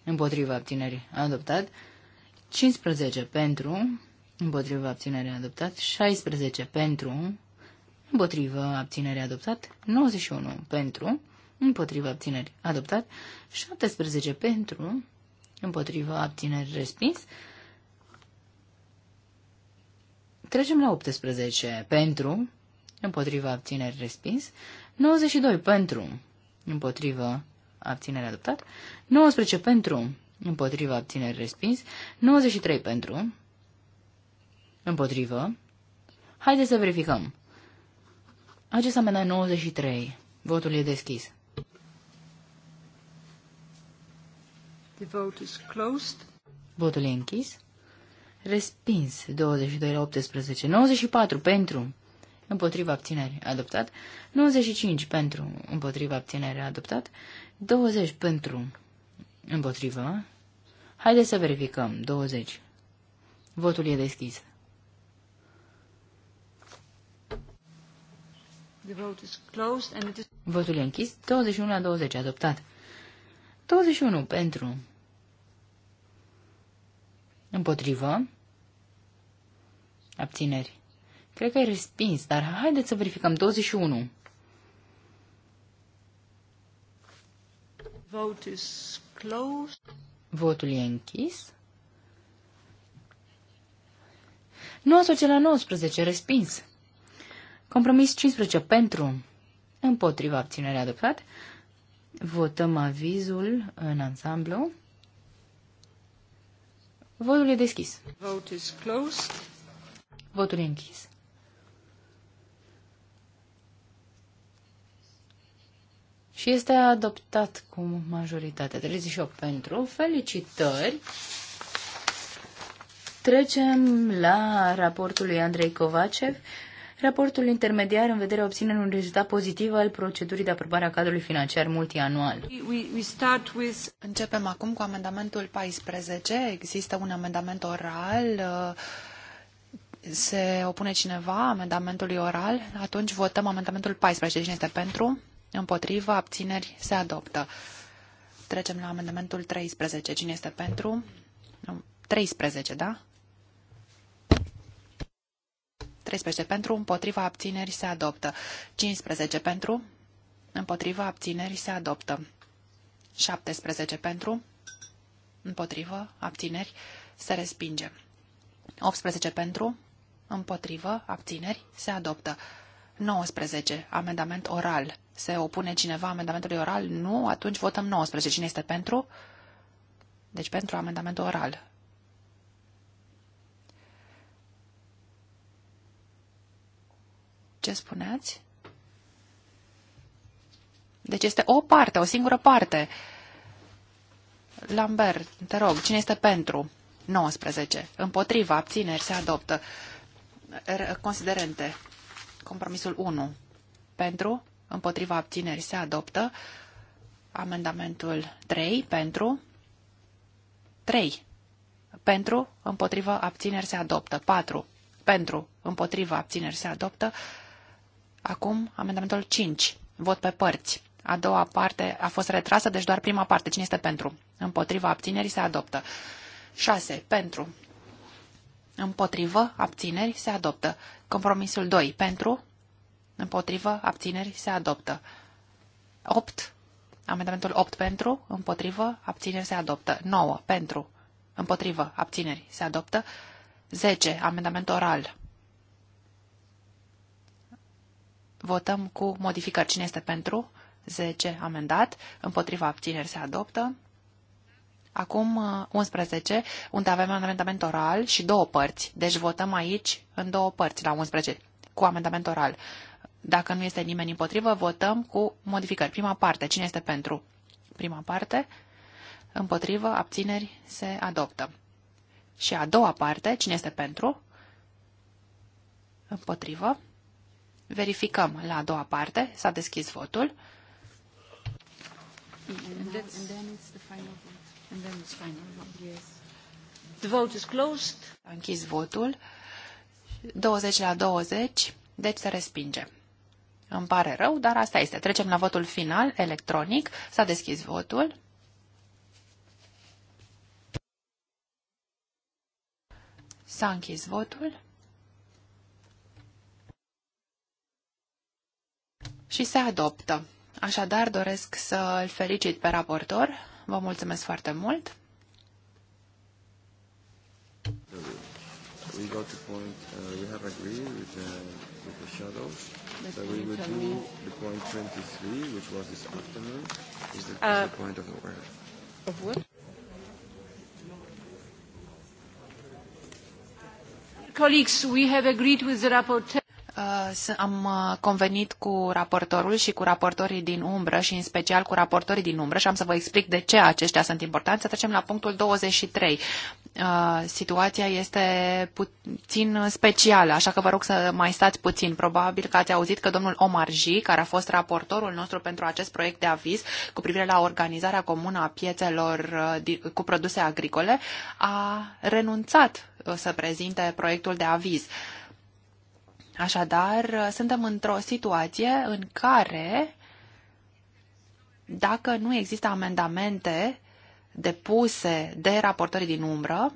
împotriva abținerii adoptat. 15 pentru împotrivă abținere adoptat, 16 pentru, împotrivă abținere adoptat, 91 pentru, împotrivă abțineri adoptat, 17 pentru, împotrivă abțineri respins. Trecem la 18 pentru, împotrivă abțineri respins, 92 pentru, împotrivă abținere adoptat, 19 pentru, împotrivă abțineri respins, 93 pentru, Împotrivă. Haideți să verificăm. Acesta mena 93. Votul e deschis. The vote is closed. Votul e închis. Respins 22 la 18. 94 pentru. Împotriva abținere adoptat. 95 pentru. Împotriva abținere adoptat. 20 pentru. Împotrivă. Haideți să verificăm. 20. Votul e deschis. Votul e închis. 21 la 20. Adoptat. 21 pentru. Împotrivă. Abțineri. Cred că ai respins, dar haideți să verificăm. 21. Vote is closed. Votul e închis. 9 la 19. Respins. Compromis 15 pentru, împotriva abținerea adoptat. Votăm avizul în ansamblu. Votul e deschis. Vote is closed. Votul e închis. Și este adoptat cu majoritate. 38 pentru. Felicitări! Trecem la raportul lui Andrei Kovacev raportul intermediar în vederea obținerii unui rezultat pozitiv al procedurii de aprobare a cadrului financiar multianual. We, we start with... Începem acum cu amendamentul 14. Există un amendament oral. Se opune cineva amendamentului oral? Atunci votăm amendamentul 14. Cine este pentru? Împotrivă? Abțineri? Se adoptă. Trecem la amendamentul 13. Cine este pentru? 13, da? 13 pentru, împotriva abțineri se adoptă. 15 pentru, împotriva abțineri se adoptă. 17 pentru, împotrivă, abțineri, se respinge. 18 pentru, împotrivă, abțineri, se adoptă. 19. Amendament oral. Se opune cineva amendamentului oral? Nu, atunci votăm 19. Cine este pentru? Deci pentru amendamentul oral. ce spuneați? Deci este o parte, o singură parte. Lambert, te rog, cine este pentru? 19. Împotriva, abțineri, se adoptă. Considerente. Compromisul 1. Pentru, împotriva, abțineri, se adoptă. Amendamentul 3. Pentru. 3. Pentru, împotriva, abțineri, se adoptă. 4. Pentru, împotriva, abțineri, se adoptă. Acum, amendamentul 5. Vot pe părți. A doua parte a fost retrasă, deci doar prima parte. Cine este pentru? Împotriva abținerii se adoptă. 6. Pentru. Împotrivă abțineri se adoptă. Compromisul 2. Pentru. Împotrivă abțineri se adoptă. 8. Amendamentul 8 pentru, împotrivă, abțineri se adoptă. 9 pentru, împotrivă, abțineri se adoptă. 10. Amendament oral Votăm cu modificări. Cine este pentru? 10 amendat. Împotriva abțineri se adoptă. Acum 11, uh, unde avem amendament oral și două părți. Deci votăm aici în două părți la 11 cu amendament oral. Dacă nu este nimeni împotrivă, votăm cu modificări. Prima parte. Cine este pentru? Prima parte. Împotrivă, abțineri, se adoptă. Și a doua parte, cine este pentru? Împotrivă, Verificăm la a doua parte. S-a deschis votul. The vote is closed. A închis votul. 20 la 20, deci se respinge. Îmi pare rău, dar asta este. Trecem la votul final, electronic. S-a deschis votul. S-a închis votul. și se adoptă. Așadar, doresc să îl felicit pe raportor. Vă mulțumesc foarte mult. We got the point, uh, we have agreed with the, uh, with the shadows we do the point 23, which was this afternoon, is the, uh, is the point of the Of what? Colleagues, we have agreed with the rapporteur. Uh, am uh, convenit cu raportorul și cu raportorii din umbră și în special cu raportorii din umbră și am să vă explic de ce aceștia sunt importanți. Să trecem la punctul 23. Uh, situația este puțin specială, așa că vă rog să mai stați puțin. Probabil că ați auzit că domnul Omarji, care a fost raportorul nostru pentru acest proiect de aviz cu privire la organizarea comună a piețelor cu produse agricole, a renunțat să prezinte proiectul de aviz. Așadar, suntem într-o situație în care, dacă nu există amendamente depuse de raportorii din umbră,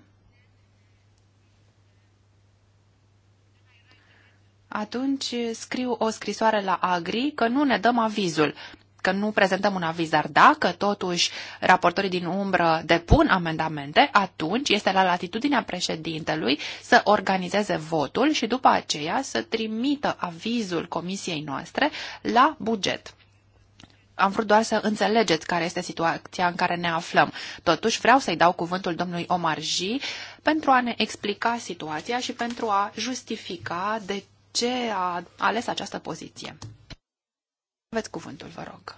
atunci scriu o scrisoare la Agri că nu ne dăm avizul, că nu prezentăm un aviz, dar dacă totuși raportorii din umbră depun amendamente, atunci este la latitudinea președintelui să organizeze votul și după aceea să trimită avizul comisiei noastre la buget am vrut doar să înțelegeți care este situația în care ne aflăm. Totuși vreau să-i dau cuvântul domnului Omarji pentru a ne explica situația și pentru a justifica de ce a ales această poziție. Aveți cuvântul, vă rog.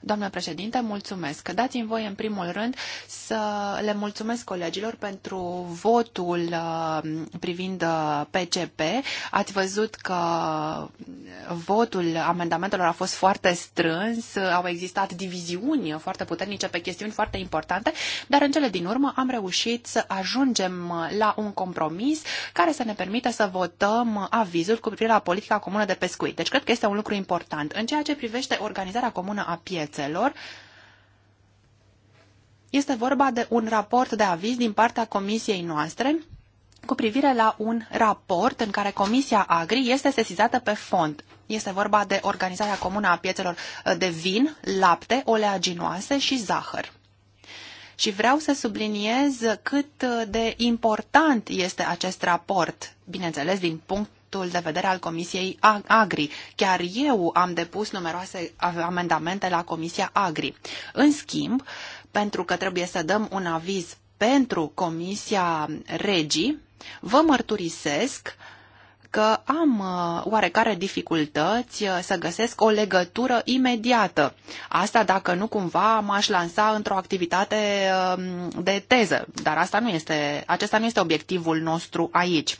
Doamnă președinte, mulțumesc. Dați-mi voie în primul rând să le mulțumesc colegilor pentru votul uh, privind PCP. Uh, Ați văzut că votul amendamentelor a fost foarte strâns, uh, au existat diviziuni foarte puternice pe chestiuni foarte importante, dar în cele din urmă am reușit să ajungem la un compromis care să ne permită să votăm avizul cu privire la politica comună de pescuit. Deci cred că este un lucru important. În ceea ce privește organizarea comună a piețelor. Este vorba de un raport de aviz din partea comisiei noastre cu privire la un raport în care Comisia Agri este sesizată pe fond. Este vorba de organizarea comună a piețelor de vin, lapte, oleaginoase și zahăr. Și vreau să subliniez cât de important este acest raport, bineînțeles din punct punctul de vedere al Comisiei Agri. Chiar eu am depus numeroase amendamente la Comisia Agri. În schimb, pentru că trebuie să dăm un aviz pentru Comisia Regii, vă mărturisesc că am uh, oarecare dificultăți uh, să găsesc o legătură imediată. Asta dacă nu cumva m-aș lansa într-o activitate um, de teză, dar asta nu este, acesta nu este obiectivul nostru aici.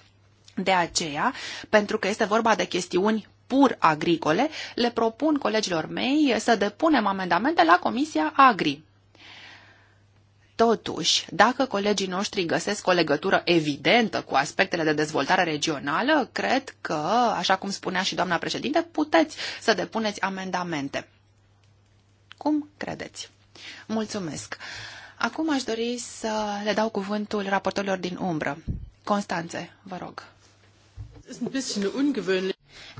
De aceea, pentru că este vorba de chestiuni pur agricole, le propun colegilor mei să depunem amendamente la Comisia Agri. Totuși, dacă colegii noștri găsesc o legătură evidentă cu aspectele de dezvoltare regională, cred că, așa cum spunea și doamna președinte, puteți să depuneți amendamente. Cum credeți? Mulțumesc! Acum aș dori să le dau cuvântul raportorilor din umbră. Constanțe, vă rog.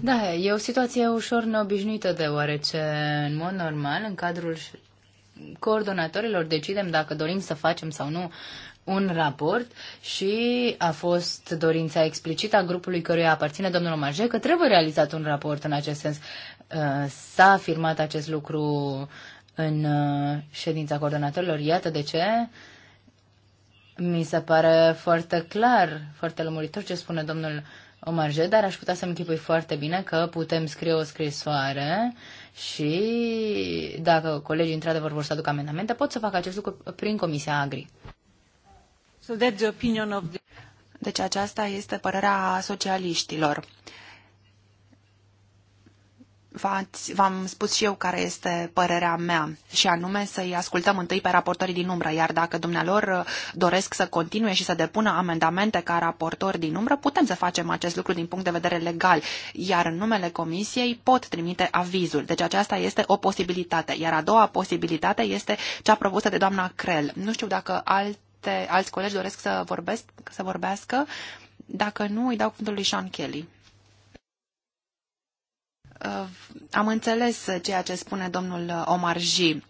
Da, e o situație ușor neobișnuită, deoarece, în mod normal, în cadrul coordonatorilor decidem dacă dorim să facem sau nu un raport și a fost dorința explicită a grupului căruia aparține domnul Omarje că trebuie realizat un raport în acest sens. Uh, s-a afirmat acest lucru în uh, ședința coordonatorilor. Iată de ce mi se pare foarte clar, foarte lămuritor ce spune domnul o marjă, dar aș putea să-mi chipui foarte bine că putem scrie o scrisoare și dacă colegii într-adevăr vor să aducă amendamente, pot să fac acest lucru prin Comisia Agri. So that's the opinion of the... Deci aceasta este părerea socialiștilor. V-am spus și eu care este părerea mea și anume să-i ascultăm întâi pe raportorii din umbră, iar dacă dumnealor uh, doresc să continue și să depună amendamente ca raportori din umbră, putem să facem acest lucru din punct de vedere legal, iar în numele comisiei pot trimite avizul. Deci aceasta este o posibilitate, iar a doua posibilitate este cea propusă de doamna Crel. Nu știu dacă alte, alți colegi doresc să, vorbesc, să vorbească, dacă nu îi dau cuvântul lui Sean Kelly. Uh, am înțeles ceea ce spune domnul Omarji.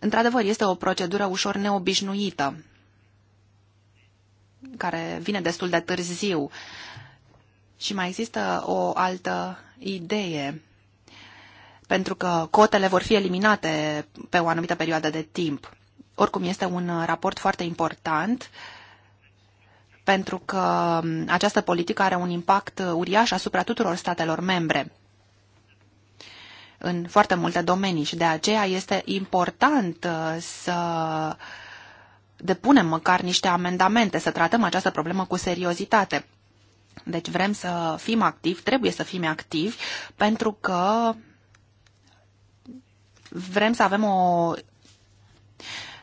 Într-adevăr, este o procedură ușor neobișnuită, care vine destul de târziu. Și mai există o altă idee, pentru că cotele vor fi eliminate pe o anumită perioadă de timp. Oricum, este un raport foarte important uh, pentru că um, această politică are un impact uh, uriaș asupra tuturor statelor membre în foarte multe domenii și de aceea este important uh, să depunem măcar niște amendamente, să tratăm această problemă cu seriozitate. Deci vrem să fim activi, trebuie să fim activi, pentru că vrem să avem o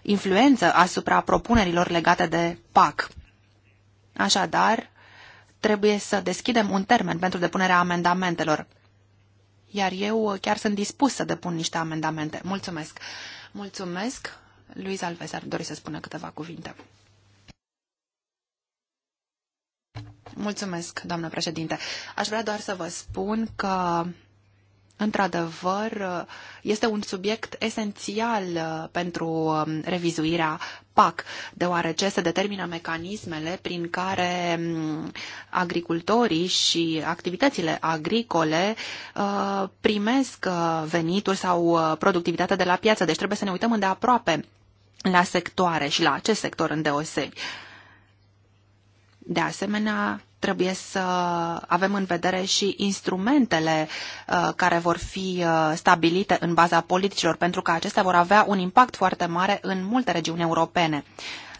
influență asupra propunerilor legate de PAC. Așadar, trebuie să deschidem un termen pentru depunerea amendamentelor. Iar eu chiar sunt dispus să depun niște amendamente. Mulțumesc! Mulțumesc! Luis Alves ar dori să spună câteva cuvinte. Mulțumesc, doamnă președinte. Aș vrea doar să vă spun că într-adevăr, este un subiect esențial uh, pentru um, revizuirea PAC, deoarece se determină mecanismele prin care um, agricultorii și activitățile agricole uh, primesc uh, venituri sau productivitatea de la piață. Deci trebuie să ne uităm îndeaproape la sectoare și la acest sector îndeosebi. De asemenea, trebuie să avem în vedere și instrumentele uh, care vor fi uh, stabilite în baza politicilor, pentru că acestea vor avea un impact foarte mare în multe regiuni europene.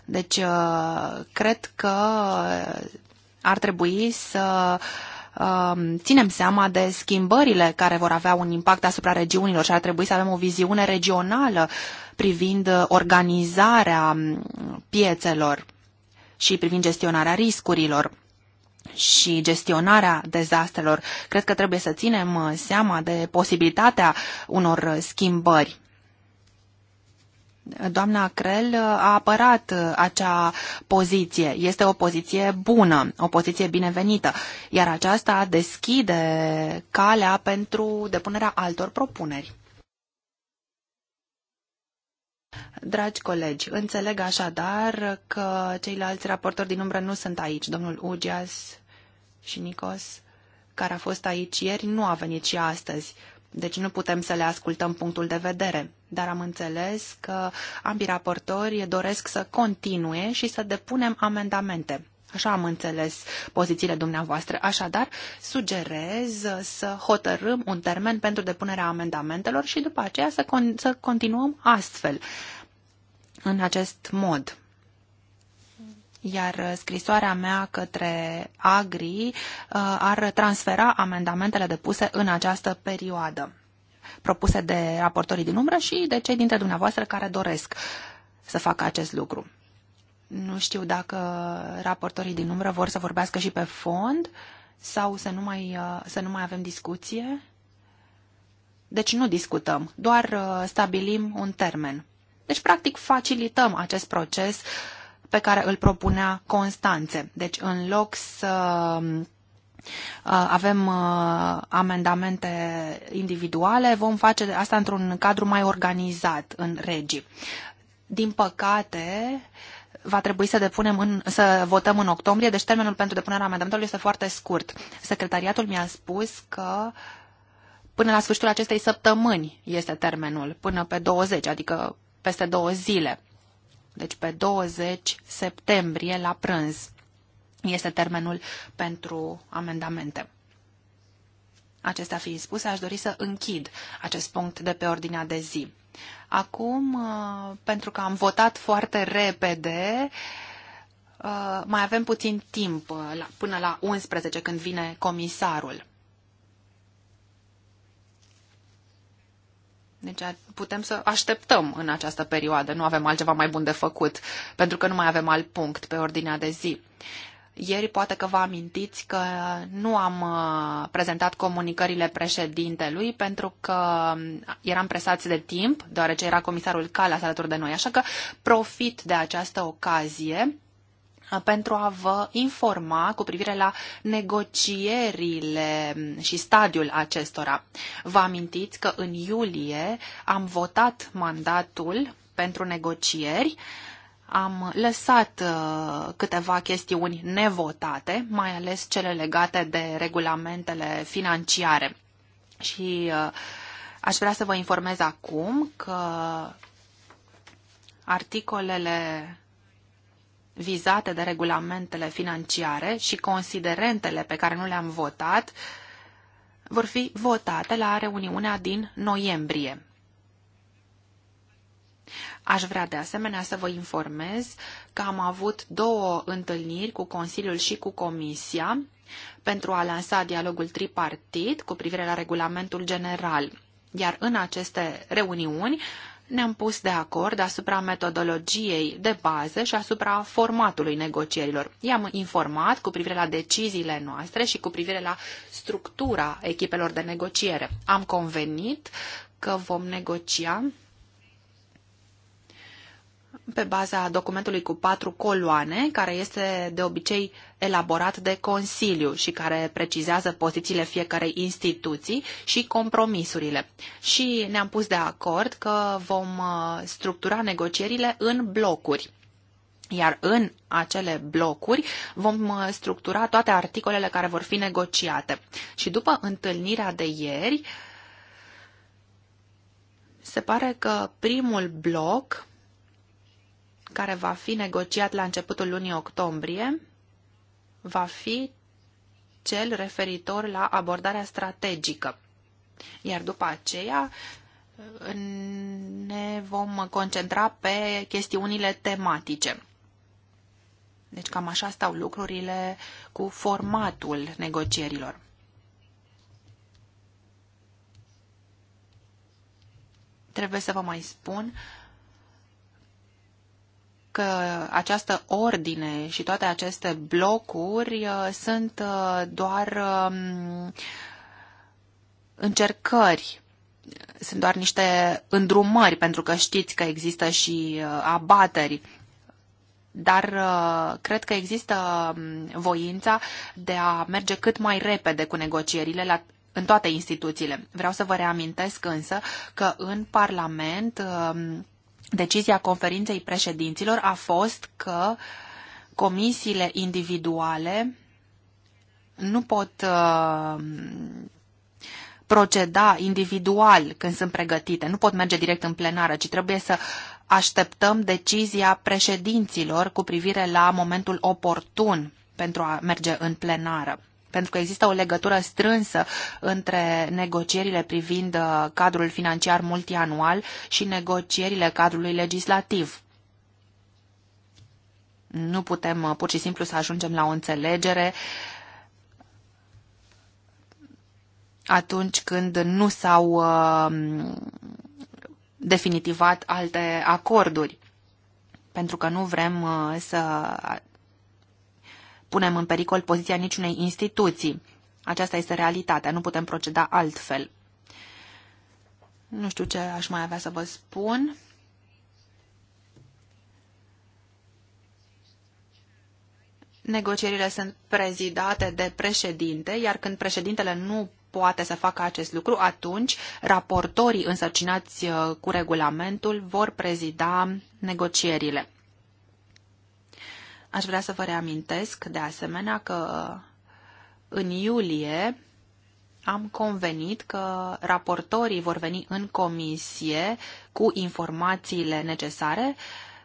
Deci, uh, cred că ar trebui să um, ținem seama de schimbările care vor avea un impact asupra regiunilor și ar trebui să avem o viziune regională privind organizarea mm, piețelor și privind gestionarea riscurilor și gestionarea dezastrelor, cred că trebuie să ținem uh, seama de posibilitatea unor uh, schimbări. Doamna Crel uh, a apărat acea poziție. Este o poziție bună, o poziție binevenită, iar aceasta deschide calea pentru depunerea altor propuneri. Dragi colegi, înțeleg așadar că ceilalți raportori din umbră nu sunt aici. Domnul Ugias și Nicos, care a fost aici ieri, nu a venit și astăzi. Deci nu putem să le ascultăm punctul de vedere, dar am înțeles că ambii raportori doresc să continue și să depunem amendamente. Așa am înțeles pozițiile dumneavoastră. Așadar, sugerez să hotărâm un termen pentru depunerea amendamentelor și după aceea să, con- să continuăm astfel, în acest mod. Iar scrisoarea mea către Agri uh, ar transfera amendamentele depuse în această perioadă propuse de raportorii din umbră și de cei dintre dumneavoastră care doresc să facă acest lucru. Nu știu dacă raportorii din umbră vor să vorbească și pe fond sau să nu mai, uh, să nu mai avem discuție. Deci nu discutăm, doar uh, stabilim un termen. Deci, practic, facilităm acest proces pe care îl propunea Constanțe. Deci, în loc să uh, avem amendamente individuale, vom face asta într-un cadru mai organizat în regii. Din păcate, uh, va trebui să, depunem în, să votăm în octombrie, deci termenul pentru depunerea amendamentelor este foarte scurt. Secretariatul mi-a spus că până la sfârșitul acestei săptămâni este termenul, până pe 20, adică peste două zile. Deci pe 20 septembrie la prânz este termenul pentru amendamente. Acestea fiind spuse, aș dori să închid acest punct de pe ordinea de zi. Acum, uh, pentru că am votat foarte repede, uh, mai avem puțin timp uh, până la 11 când vine comisarul. Deci putem să așteptăm în această perioadă, nu avem altceva mai bun de făcut, pentru că nu mai avem alt punct pe ordinea de zi. Ieri poate că vă amintiți că nu am uh, prezentat comunicările președintelui pentru că um, eram presați de timp, deoarece era comisarul Calas alături de noi. Așa că profit de această ocazie uh, pentru a vă informa cu privire la negocierile um, și stadiul acestora. Vă amintiți că în iulie am votat mandatul pentru negocieri uh, am lăsat uh, câteva chestiuni nevotate, mai ales cele legate de regulamentele financiare. Și uh, aș vrea să vă informez acum că articolele vizate de regulamentele financiare și considerentele pe care nu le-am votat vor fi votate la reuniunea din noiembrie. Aș vrea de asemenea să vă informez că am avut două întâlniri cu Consiliul și cu Comisia pentru a lansa dialogul tripartit cu privire la regulamentul general. Iar în aceste reuniuni ne-am pus de acord asupra metodologiei de bază și asupra formatului negocierilor. I-am informat cu privire la deciziile noastre și cu privire la structura echipelor de negociere. Am convenit că vom negocia pe baza documentului cu patru coloane, care este de obicei elaborat de Consiliu și care precizează pozițiile fiecarei instituții și compromisurile. Și ne-am pus de acord că vom uh, structura negocierile în blocuri. Iar în acele blocuri vom uh, structura toate articolele care vor fi negociate. Și după întâlnirea de ieri, se pare că primul bloc care va fi negociat la începutul lunii octombrie va fi cel referitor la abordarea strategică. Iar după aceea ne vom concentra pe chestiunile tematice. Deci cam așa stau lucrurile cu formatul negocierilor. Trebuie să vă mai spun că această ordine și toate aceste blocuri uh, sunt uh, doar um, încercări, sunt doar niște îndrumări, pentru că știți că există și uh, abateri dar cred că există um, voința de a merge cât mai repede cu negocierile la, în toate instituțiile. Vreau să vă reamintesc însă că în Parlament um, Decizia conferinței președinților a fost că comisiile individuale nu pot uh, proceda individual când sunt pregătite, nu pot merge direct în plenară, ci trebuie să așteptăm decizia președinților cu privire la momentul oportun pentru a merge în plenară pentru că există o legătură strânsă între negocierile privind uh, cadrul financiar multianual și negocierile cadrului legislativ. Nu putem uh, pur și simplu să ajungem la o înțelegere atunci când nu s-au uh, definitivat alte acorduri, pentru că nu vrem să punem în pericol poziția niciunei instituții. Aceasta este realitatea, nu putem proceda altfel. Nu știu ce aș mai avea să vă spun. Negocierile sunt prezidate de președinte, iar când președintele nu poate să facă acest lucru, atunci raportorii însărcinați uh, cu regulamentul vor prezida negocierile. Aș vrea să vă reamintesc, de asemenea, că în iulie am convenit că raportorii vor veni în comisie cu informațiile necesare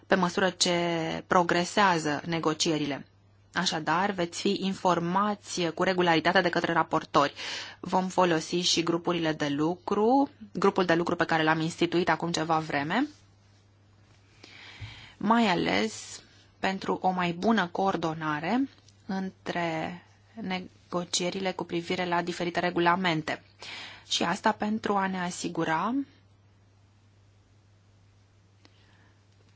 pe măsură ce progresează negocierile. Așadar, veți fi informați cu regularitate de către raportori. Vom folosi și grupurile de lucru, grupul de lucru pe care l-am instituit acum ceva vreme, mai ales pentru o mai bună coordonare între negocierile cu privire la diferite regulamente. Și asta pentru a ne asigura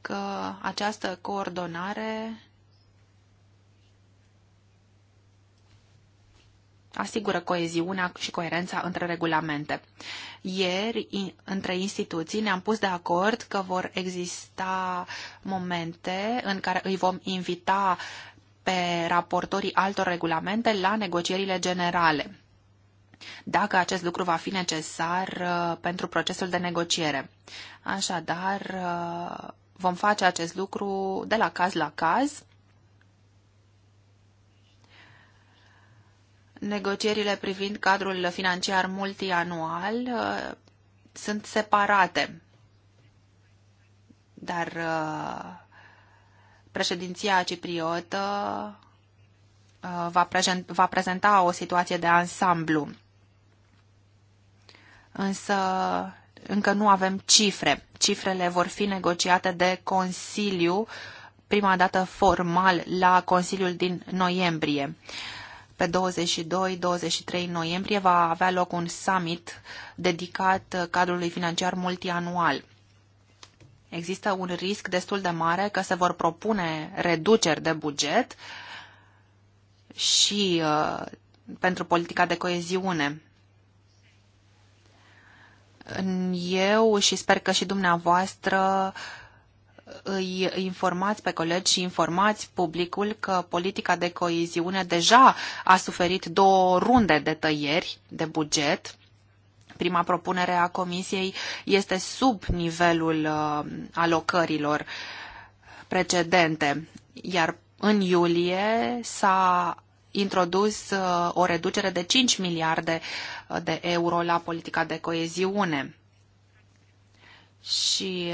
că această coordonare asigură coeziunea și coerența între regulamente. Ieri, între instituții, ne-am pus de acord că vor exista momente în care îi vom invita pe raportorii altor regulamente la negocierile generale, dacă acest lucru va fi necesar uh, pentru procesul de negociere. Așadar, uh, vom face acest lucru de la caz la caz negocierile privind cadrul financiar multianual uh, sunt separate. Dar uh, președinția cipriotă uh, va, prezenta o situație de ansamblu. Însă încă nu avem cifre. Cifrele vor fi negociate de Consiliu prima dată formal la Consiliul din noiembrie. Pe 22-23 noiembrie va avea loc un summit dedicat cadrului financiar multianual. Există un risc destul de mare că se vor propune reduceri de buget și uh, pentru politica de coeziune. Eu și sper că și dumneavoastră uh, îi informați pe colegi și informați publicul că politica de coeziune deja a suferit două runde de tăieri de buget. Prima propunere a Comisiei este sub nivelul uh, alocărilor precedente, iar în iulie s-a introdus uh, o reducere de 5 miliarde uh, de euro la politica de coeziune. Și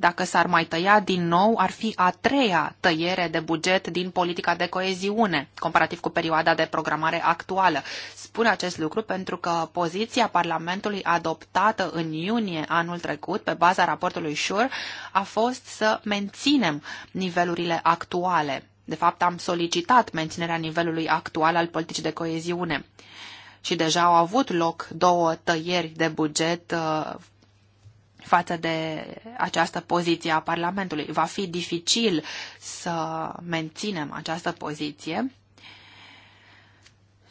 dacă s-ar mai tăia din nou, ar fi a treia tăiere de buget din politica de coeziune, comparativ cu perioada de programare actuală. Spun acest lucru pentru că poziția Parlamentului adoptată în iunie anul trecut, pe baza raportului Sure, a fost să menținem nivelurile actuale. De fapt, am solicitat menținerea nivelului actual al politicii de coeziune. Și deja au avut loc două tăieri de buget uh, față de această poziție a Parlamentului. Va fi dificil să menținem această poziție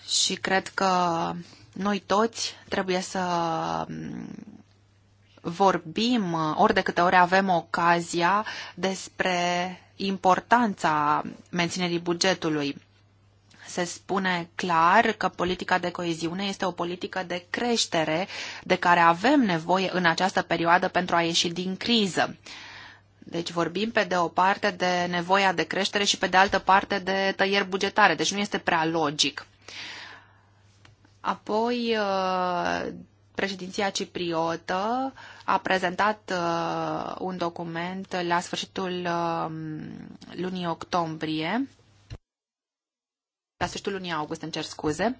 și cred că noi toți trebuie să mm, vorbim ori de câte ori avem ocazia despre importanța menținerii bugetului se spune clar că politica de coeziune este o politică de creștere de care avem nevoie în această perioadă pentru a ieși din criză. Deci vorbim pe de o parte de nevoia de creștere și pe de altă parte de tăieri bugetare, deci nu este prea logic. Apoi, uh, președinția cipriotă a prezentat uh, un document la sfârșitul um, lunii octombrie la sfârșitul lunii august, îmi cer scuze.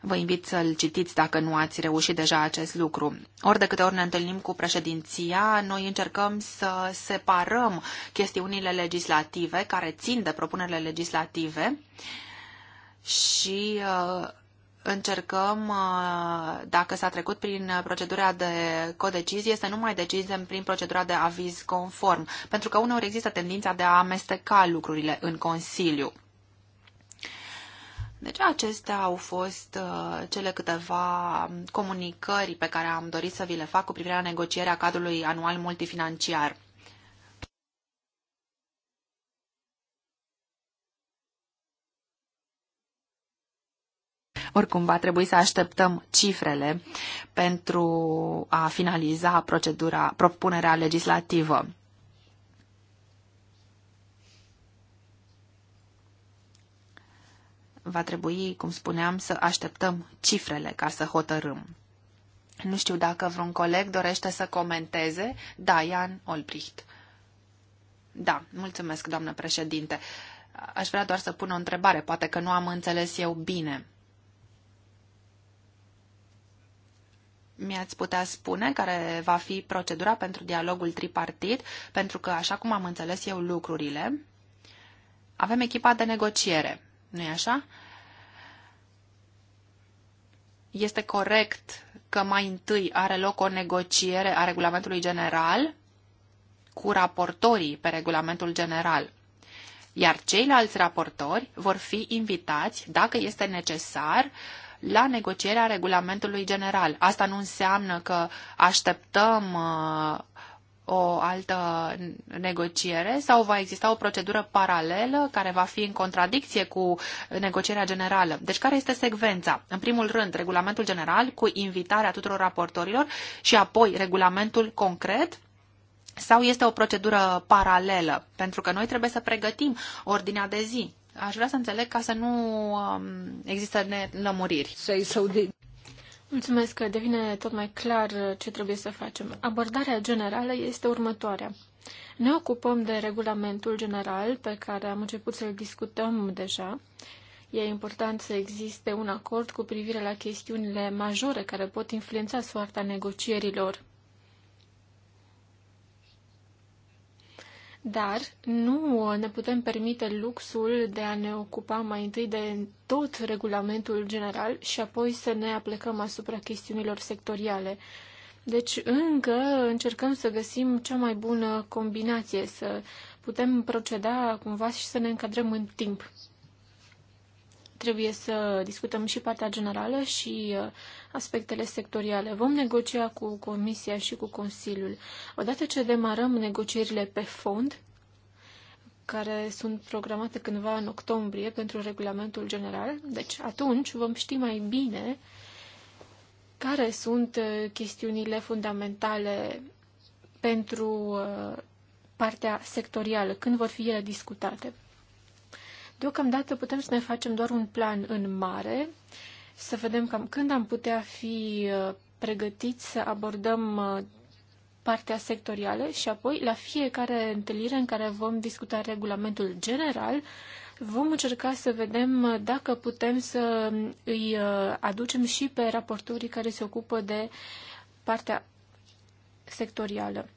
Vă invit să-l citiți dacă nu ați reușit deja acest lucru. Ori de câte ori ne întâlnim cu președinția, noi încercăm să separăm chestiunile legislative care țin de propunerile legislative și uh, încercăm, uh, dacă s-a trecut prin procedura de codecizie, să nu mai decizem prin procedura de aviz conform, pentru că uneori există tendința de a amesteca lucrurile în Consiliu. Deci acestea au fost uh, cele câteva comunicări pe care am dorit să vi le fac cu privire la negocierea cadrului anual multifinanciar. Oricum, va trebui să așteptăm cifrele pentru a finaliza procedura, propunerea legislativă. Va trebui, cum spuneam, să așteptăm cifrele ca să hotărâm. Nu știu dacă vreun coleg dorește să comenteze. Da, Ian Olbricht. Da, mulțumesc, doamnă președinte. Aș vrea doar să pun o întrebare, poate că nu am înțeles eu bine. mi-ați putea spune care va fi procedura pentru dialogul tripartit, pentru că, așa cum am înțeles eu lucrurile, avem echipa de negociere, nu-i așa? Este corect că mai întâi are loc o negociere a regulamentului general cu raportorii pe regulamentul general, iar ceilalți raportori vor fi invitați, dacă este necesar, uh, la negocierea regulamentului general. Asta nu înseamnă că așteptăm uh, o altă negociere sau va exista o procedură paralelă care va fi în contradicție cu negocierea generală. Deci care este secvența? În primul rând, regulamentul general cu invitarea tuturor raportorilor și apoi regulamentul concret sau este o procedură paralelă? Pentru că noi trebuie să pregătim ordinea de zi. Aș vrea să înțeleg ca să nu um, există nelămuriri. Mulțumesc că devine tot mai clar ce trebuie să facem. Abordarea generală este următoarea. Ne ocupăm de regulamentul general pe care am început să-l discutăm deja. E important să existe un acord cu privire la chestiunile majore care pot influența soarta negocierilor. Dar nu ne putem permite luxul de a ne ocupa mai întâi de tot regulamentul general și apoi să ne aplecăm asupra chestiunilor sectoriale. Deci încă încercăm să găsim cea mai bună combinație, să putem proceda cumva și să ne încadrăm în timp trebuie să discutăm și partea generală și uh, aspectele sectoriale. Vom negocia cu Comisia și cu Consiliul. Odată ce demarăm negocierile pe fond, care sunt programate cândva în octombrie pentru regulamentul general, deci atunci vom ști mai bine care sunt uh, chestiunile fundamentale pentru uh, partea sectorială, când vor fi ele discutate. Deocamdată putem să ne facem doar un plan în mare, să vedem cam când am putea fi uh, pregătiți să abordăm uh, partea sectorială și apoi, la fiecare întâlnire în care vom discuta regulamentul general, vom încerca să vedem uh, dacă putem să um, îi aducem și pe raportorii care se ocupă de partea sectorială.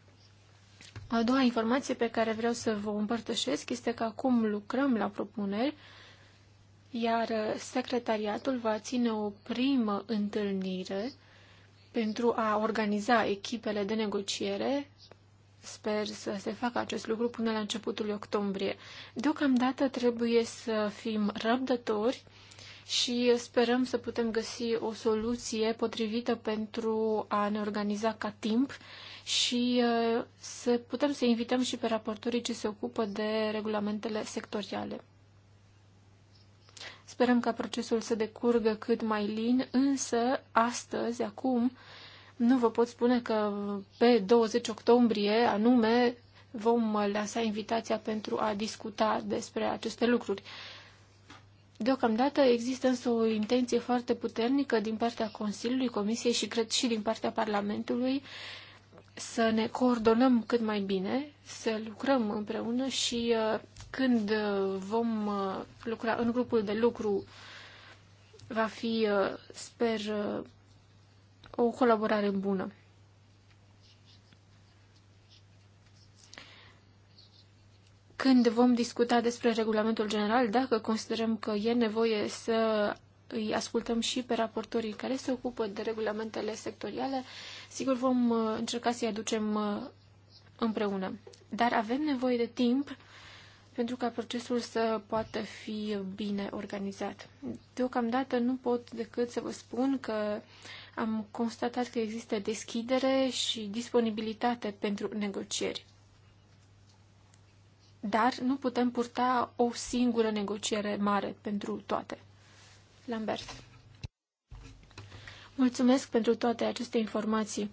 A doua informație pe care vreau să vă împărtășesc este că acum lucrăm la propuneri, iar secretariatul va ține o primă întâlnire pentru a organiza echipele de negociere. Sper să se facă acest lucru până la începutul octombrie. Deocamdată trebuie să fim răbdători și sperăm să putem găsi o soluție potrivită pentru a ne organiza ca timp și uh, să putem să invităm și pe raportorii ce se ocupă de regulamentele sectoriale. Sperăm ca procesul să decurgă cât mai lin, însă astăzi, acum, nu vă pot spune că pe 20 octombrie anume vom lansa invitația pentru a discuta despre aceste lucruri. Deocamdată există însă o intenție foarte puternică din partea Consiliului, Comisiei și cred și din partea Parlamentului să ne coordonăm cât mai bine, să lucrăm împreună și uh, când uh, vom uh, lucra în grupul de lucru va fi, sper, o colaborare bună. Când vom discuta despre regulamentul general, dacă considerăm că e nevoie să îi ascultăm și pe raportorii care se ocupă de regulamentele sectoriale, Sigur, vom uh, încerca să-i aducem uh, împreună. Dar avem nevoie de timp pentru ca procesul să poată fi bine organizat. Deocamdată nu pot decât să vă spun că am constatat că există deschidere și disponibilitate pentru negocieri. Dar nu putem purta o singură negociere mare pentru toate. Lambert. Mulțumesc pentru toate aceste informații.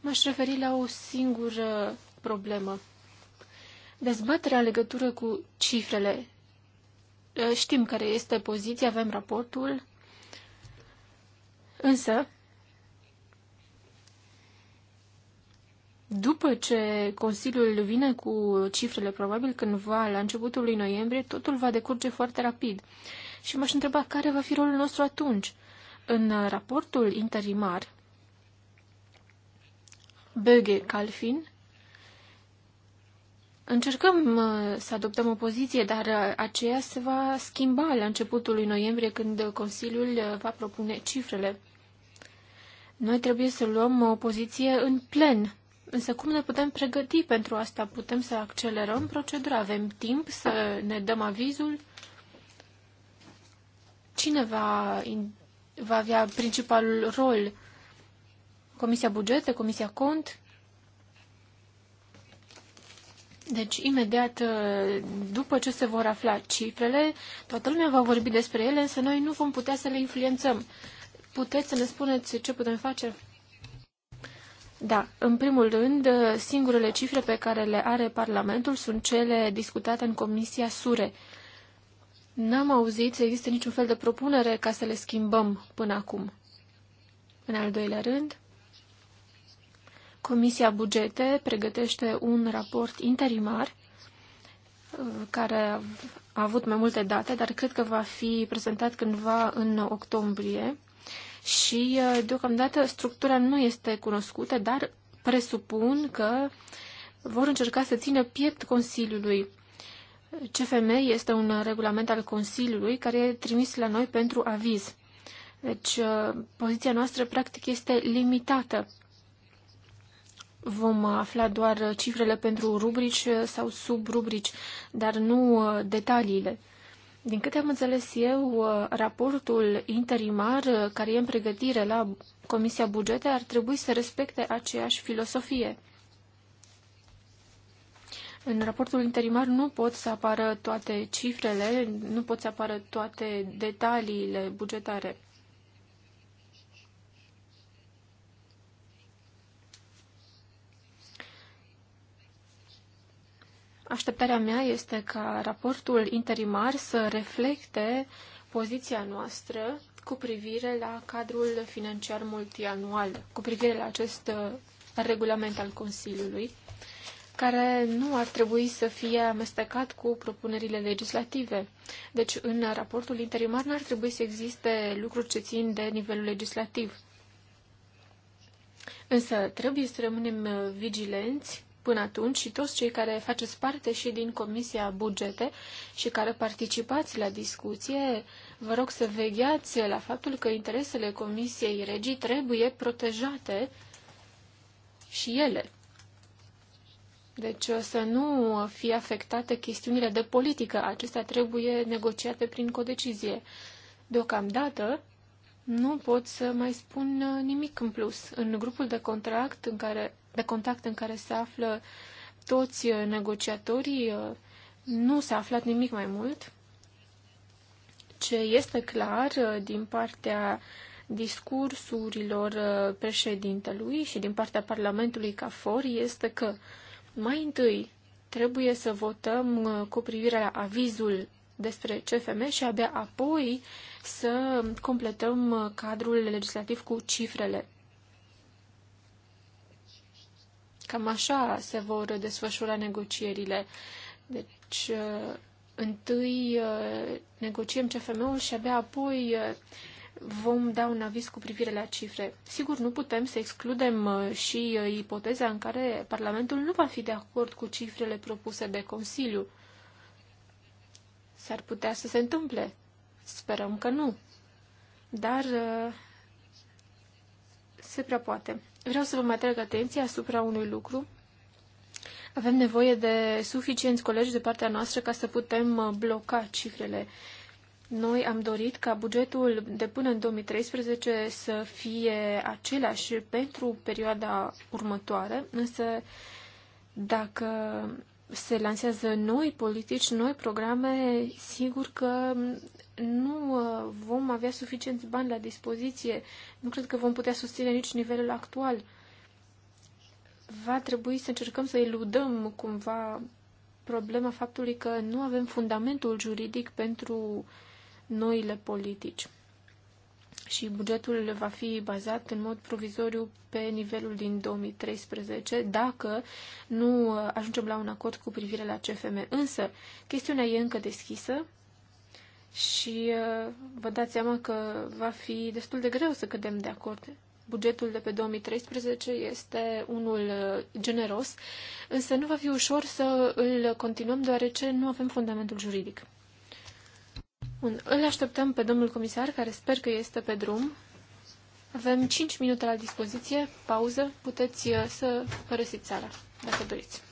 M-aș referi la o singură problemă. Dezbaterea în legătură cu cifrele. Eh, știm care este poziția, avem raportul, însă, după ce Consiliul vine cu cifrele, probabil cândva la începutul lui noiembrie, totul va decurge foarte rapid și m-aș întreba care va fi rolul nostru atunci. În raportul interimar, Böge Calfin, încercăm uh, să adoptăm o poziție, dar uh, aceea se va schimba la începutul lui noiembrie, când Consiliul uh, va propune cifrele. Noi trebuie să luăm o poziție în plen. Însă cum ne putem pregăti pentru asta? Putem să accelerăm procedura? Avem timp să ne dăm avizul? Cine va, va avea principalul rol? Comisia Bugete, Comisia Cont? Deci, imediat după ce se vor afla cifrele, toată lumea va vorbi despre ele, însă noi nu vom putea să le influențăm. Puteți să ne spuneți ce putem face? Da, în primul rând, singurele cifre pe care le are Parlamentul sunt cele discutate în Comisia SURE. N-am auzit să existe niciun fel de propunere ca să le schimbăm până acum. În al doilea rând, Comisia Bugete pregătește un raport interimar uh, care a avut mai multe date, dar cred că va fi prezentat cândva în octombrie și uh, deocamdată structura nu este cunoscută, dar presupun că vor încerca să țină piept Consiliului CFM este un regulament al Consiliului care e trimis la noi pentru aviz. Deci, uh, poziția noastră, practic, este limitată. Vom afla doar cifrele pentru rubrici sau subrubrici, dar nu uh, detaliile. Din câte am înțeles eu, uh, raportul interimar care e în pregătire la Comisia Bugete ar trebui să respecte aceeași filosofie. În raportul interimar nu pot să apară toate cifrele, nu pot să apară toate detaliile bugetare. Așteptarea mea este ca raportul interimar să reflecte poziția noastră cu privire la cadrul financiar multianual, cu privire la acest uh, regulament al Consiliului care nu ar trebui să fie amestecat cu propunerile legislative. Deci, în raportul interimar nu ar trebui să existe lucruri ce țin de nivelul legislativ. Însă, trebuie să rămânem uh, vigilenți până atunci și toți cei care faceți parte și din Comisia Bugete și care participați la discuție, vă rog să vegheați la faptul că interesele Comisiei Regii trebuie protejate și ele. Deci să nu fie afectate chestiunile de politică. Acestea trebuie negociate prin codecizie. Deocamdată nu pot să mai spun uh, nimic în plus. În grupul de contract în care, de contact în care se află toți uh, negociatorii, uh, nu s-a aflat nimic mai mult. Ce este clar din partea discursurilor președintelui și din partea Parlamentului ca este că mai întâi, trebuie să votăm uh, cu privire la avizul despre CFM și abia apoi să completăm uh, cadrul legislativ cu cifrele. Cam așa se vor desfășura negocierile. Deci, uh, întâi negociem CFM-ul și abia apoi vom da un aviz cu privire la cifre. Sigur, nu putem să excludem uh, și uh, ipoteza în care Parlamentul nu va fi de acord cu cifrele propuse de Consiliu. S-ar putea să se întâmple. Sperăm că nu. Dar uh, se prea poate. Vreau să vă mai atrag atenția asupra unui lucru. Avem nevoie de suficienți colegi de partea noastră ca să putem bloca cifrele noi am dorit ca bugetul de până în 2013 să fie același pentru perioada următoare, însă dacă se lansează noi politici, noi programe, sigur că nu uh, vom avea suficienți bani la dispoziție. Nu cred că vom putea susține nici nivelul actual. Va trebui să încercăm să eludăm cumva problema faptului că nu avem fundamentul juridic pentru uh, noile politici. Și bugetul va fi bazat în mod provizoriu pe nivelul din 2013, dacă nu uh, ajungem la un acord cu privire la CFM. Însă, chestiunea e încă deschisă și uh, vă dați seama că va fi destul de greu să cădem de acord bugetul de pe 2013 este unul uh, generos, însă nu va fi ușor să îl continuăm deoarece nu avem fundamentul juridic. Bun, îl așteptăm pe domnul comisar, care sper că este pe drum. Avem 5 minute la dispoziție, pauză, puteți uh, să părăsiți sala, dacă doriți.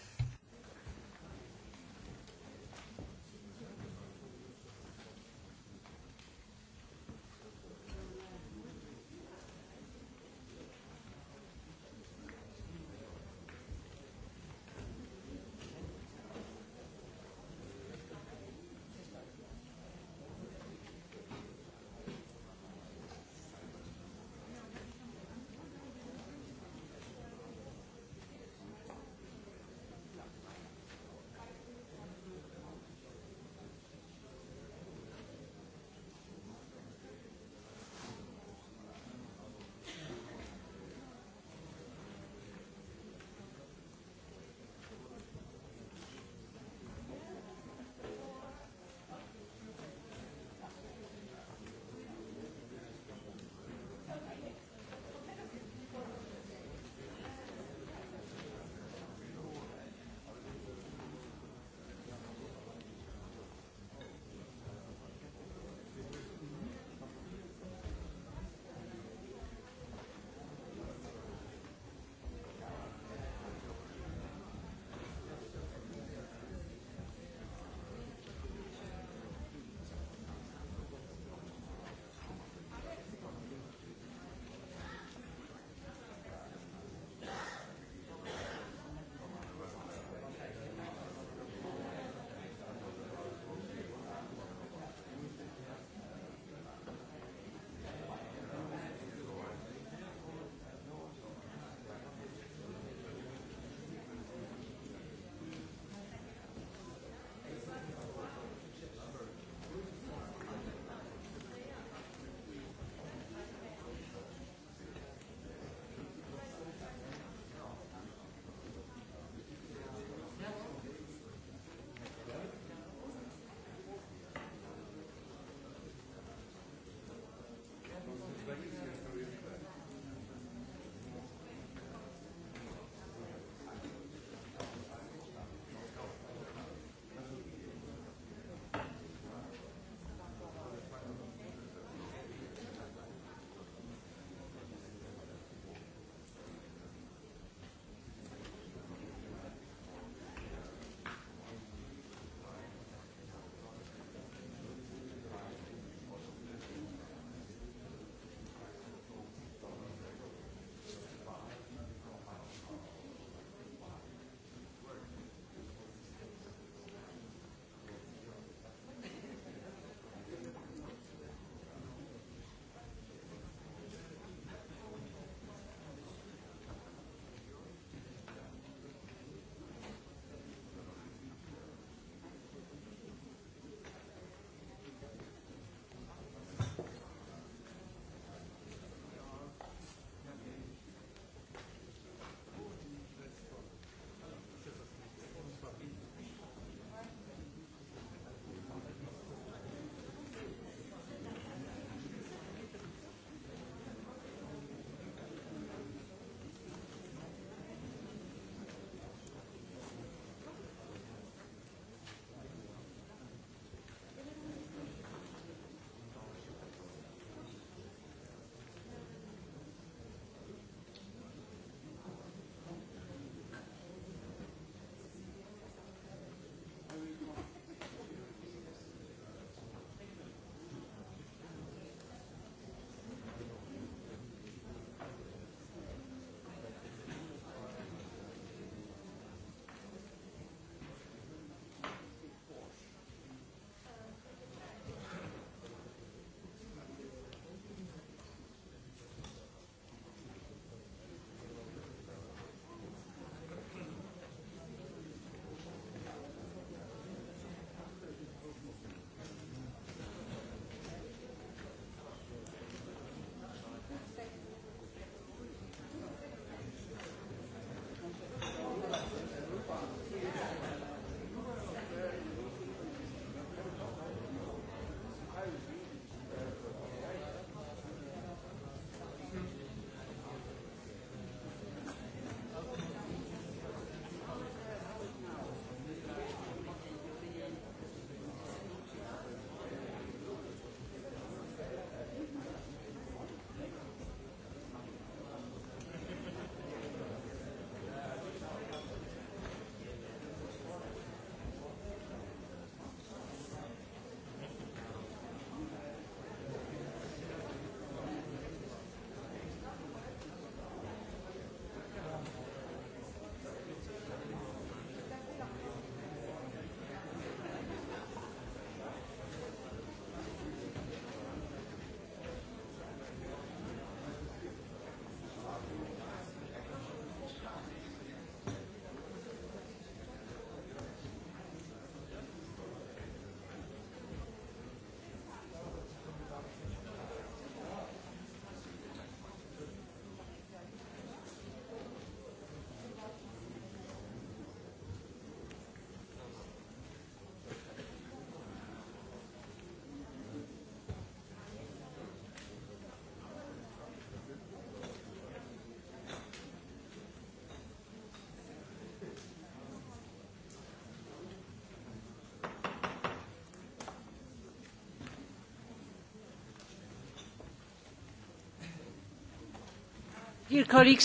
Uh,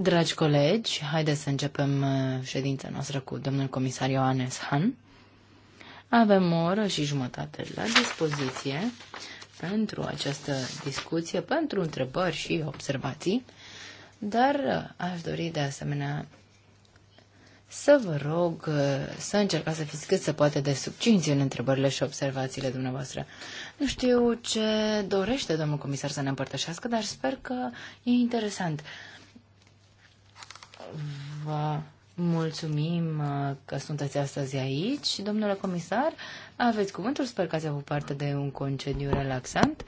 Dragi colegi, haideți să începem uh, ședința noastră cu domnul comisar Ioanes Han. Avem o oră și jumătate la dispoziție pentru această discuție, pentru întrebări și observații, dar uh, aș dori de asemenea să vă rog să încercați să fiți cât se poate de subcinți în întrebările și observațiile dumneavoastră. Nu știu ce dorește domnul comisar să ne împărtășească, dar sper că e interesant. Vă mulțumim uh, că sunteți astăzi aici, domnule comisar. Aveți cuvântul, sper că ați avut parte de un concediu relaxant.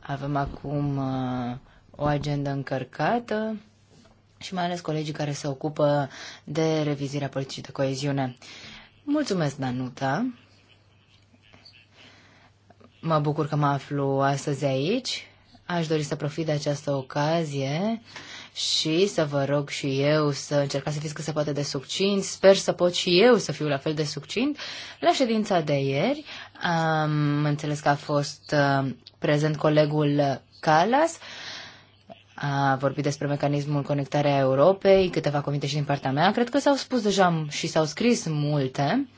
Avem acum uh, o agendă încărcată și mai ales colegii care se ocupă de revizirea politicii de coeziune. Mulțumesc, Danuta, Mă bucur că mă aflu astăzi aici. Aș dori să profit de această ocazie și să vă rog și eu să încercați să fiți cât se poate de succint. Sper să pot și eu să fiu la fel de succint. La ședința de ieri am înțeles că a fost uh, prezent colegul Calas. A vorbit despre mecanismul conectarea Europei, câteva cuvinte și din partea mea. Cred că s-au spus deja și s-au scris multe.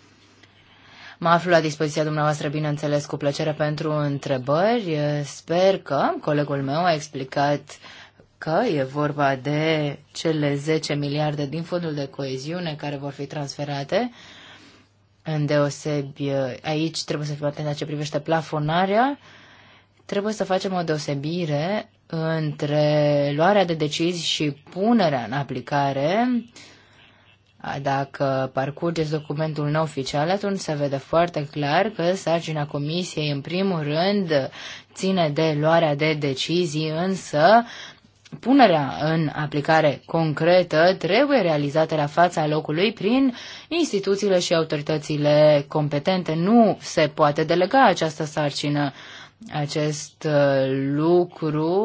Mă aflu la dispoziția dumneavoastră, bineînțeles, cu plăcere pentru întrebări. Sper că colegul meu a explicat că e vorba de cele 10 miliarde din fondul de coeziune care vor fi transferate. În deosebi, aici trebuie să fim atenți la ce privește plafonarea. Trebuie să facem o deosebire între luarea de decizii și punerea în aplicare dacă parcurgeți documentul oficial, atunci se vede foarte clar că sarcina comisiei, în primul rând, ține de luarea de decizii, însă punerea în aplicare concretă trebuie realizată la fața locului prin instituțiile și autoritățile competente. Nu se poate delega această sarcină. Acest uh, lucru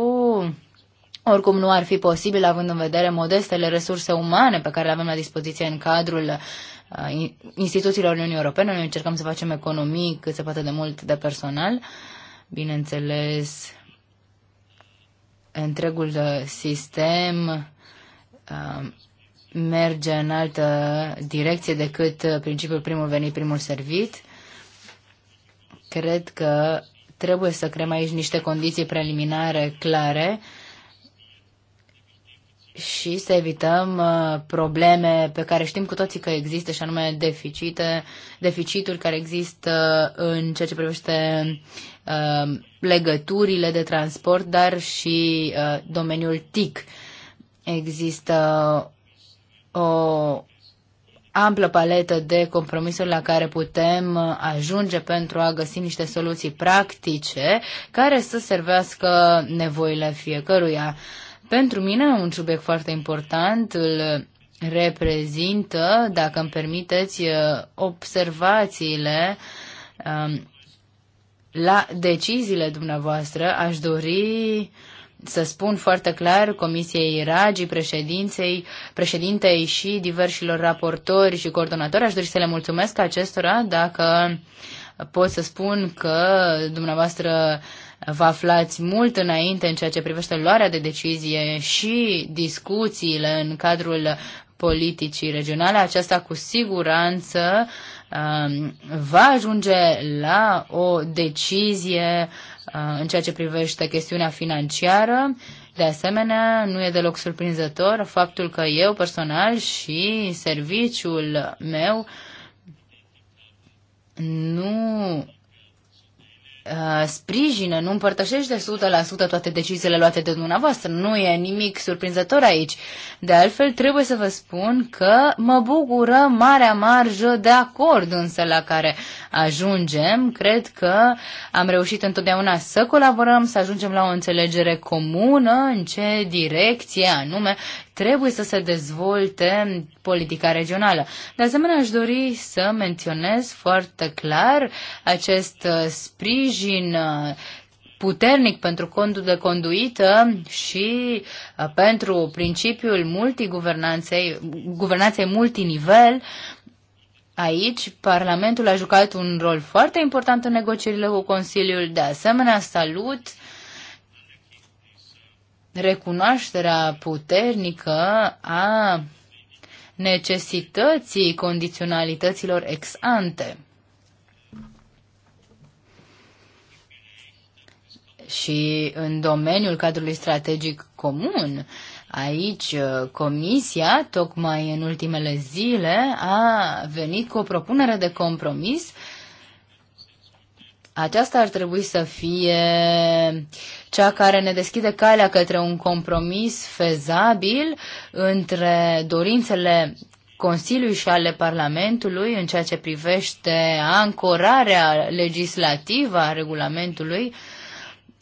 oricum nu ar fi posibil, având în vedere modestele resurse umane pe care le avem la dispoziție în cadrul uh, instituțiilor Uniunii Europene. Noi încercăm să facem economii cât se poate de mult de personal. Bineînțeles, întregul uh, sistem uh, merge în altă direcție decât principiul primul venit, primul servit. Cred că trebuie să creăm aici niște condiții preliminare clare și să evităm uh, probleme pe care știm cu toții că există, și anume deficite, deficituri care există în ceea ce privește uh, legăturile de transport, dar și uh, domeniul TIC. Există o amplă paletă de compromisuri la care putem ajunge pentru a găsi niște soluții practice care să servească nevoile fiecăruia. Pentru mine un subiect foarte important îl reprezintă, dacă îmi permiteți, observațiile um, la deciziile dumneavoastră. Aș dori să spun foarte clar Comisiei Ragi, președinței, președintei și diversilor raportori și coordonatori. Aș dori să le mulțumesc acestora dacă pot să spun că dumneavoastră vă aflați mult înainte în ceea ce privește luarea de decizie și discuțiile în cadrul politicii regionale. Aceasta cu siguranță um, va ajunge la o decizie uh, în ceea ce privește chestiunea financiară. De asemenea, nu e deloc surprinzător faptul că eu personal și serviciul meu nu Uh, sprijină, nu împărtășește 100% toate deciziile luate de dumneavoastră. Nu e nimic surprinzător aici. De altfel, trebuie să vă spun că mă bucură marea marjă de acord însă la care ajungem. Cred că am reușit întotdeauna să colaborăm, să ajungem la o înțelegere comună în ce direcție anume trebuie să se dezvolte politica regională. De asemenea, aș dori să menționez foarte clar acest uh, sprijin uh, puternic pentru contul de conduită și uh, pentru principiul multiguvernanței, guvernanței multinivel, Aici, Parlamentul a jucat un rol foarte important în negocierile cu Consiliul. De asemenea, salut recunoașterea puternică a necesității condiționalităților ex ante. Și în domeniul cadrului strategic comun, aici uh, Comisia, tocmai în ultimele zile, a venit cu o propunere de compromis aceasta ar trebui să fie cea care ne deschide calea către un compromis fezabil între dorințele Consiliului și ale Parlamentului în ceea ce privește ancorarea legislativă a regulamentului.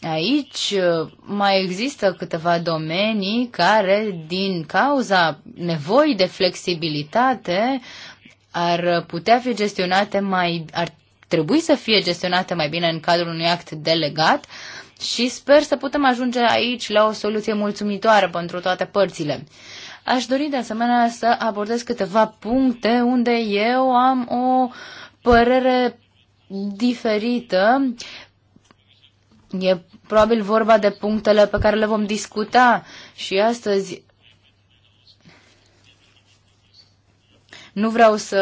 Aici mai există câteva domenii care, din cauza nevoii de flexibilitate, ar putea fi gestionate mai, ar trebui să fie gestionată mai bine în cadrul unui act delegat și sper să putem ajunge aici la o soluție mulțumitoare pentru toate părțile. Aș dori de asemenea să abordez câteva puncte unde eu am o părere diferită. E probabil vorba de punctele pe care le vom discuta și astăzi Nu vreau să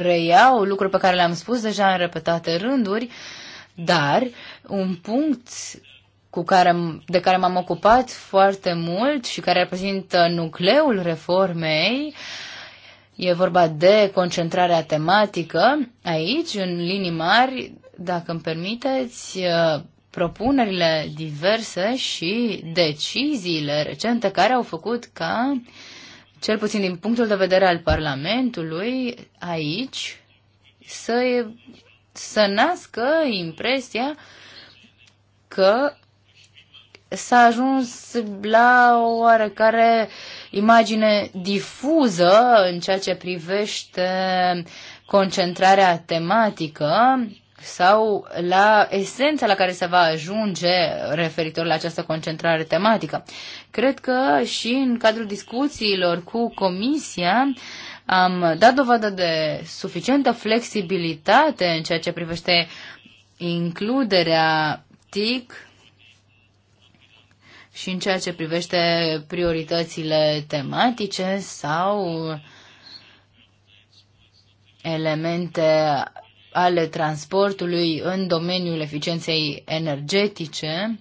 reiau lucruri pe care le-am spus deja în repetate rânduri, dar un punct cu care, de care m-am ocupat foarte mult și care reprezintă nucleul reformei, e vorba de concentrarea tematică. Aici, în linii mari, dacă îmi permiteți, uh, propunerile diverse și deciziile recente care au făcut ca uh, cel puțin din punctul de vedere al Parlamentului, aici să, să nască impresia că s-a ajuns la o oarecare imagine difuză în ceea ce privește concentrarea tematică sau la esența la care se va ajunge referitor la această concentrare tematică. Cred că și în cadrul discuțiilor cu Comisia am dat dovadă de suficientă flexibilitate în ceea ce privește includerea TIC și în ceea ce privește prioritățile tematice sau elemente ale transportului în domeniul eficienței energetice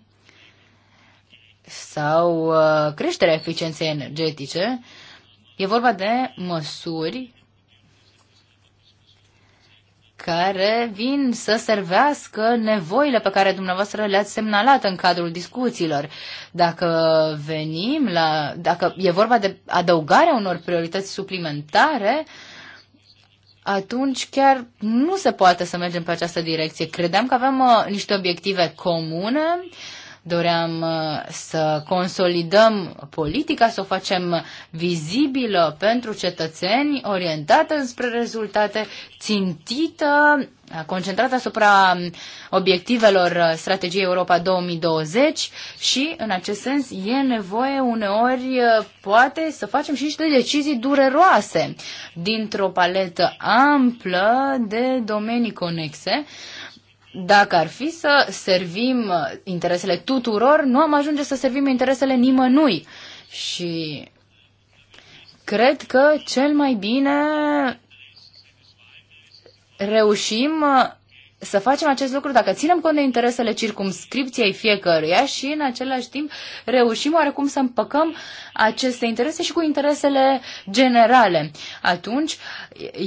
sau uh, creșterea eficienței energetice. E vorba de măsuri care vin să servească nevoile pe care dumneavoastră le-ați semnalat în cadrul discuțiilor. Dacă venim la. dacă e vorba de adăugarea unor priorități suplimentare, uh, atunci chiar nu se poate să mergem pe această direcție. Credeam că aveam uh, niște obiective comune, doream uh, să consolidăm politica, să o facem vizibilă pentru cetățeni, orientată spre rezultate, țintită concentrat asupra um, obiectivelor uh, strategiei Europa 2020 și, în acest sens, e nevoie uneori, uh, poate, să facem și niște decizii dureroase dintr-o paletă amplă de domenii conexe. Dacă ar fi să servim uh, interesele tuturor, nu am ajunge să servim interesele nimănui. Și cred că cel mai bine reușim uh, să facem acest lucru dacă ținem cont de interesele circumscripției fiecăruia și în același timp reușim oarecum să împăcăm aceste interese și cu interesele generale. Atunci,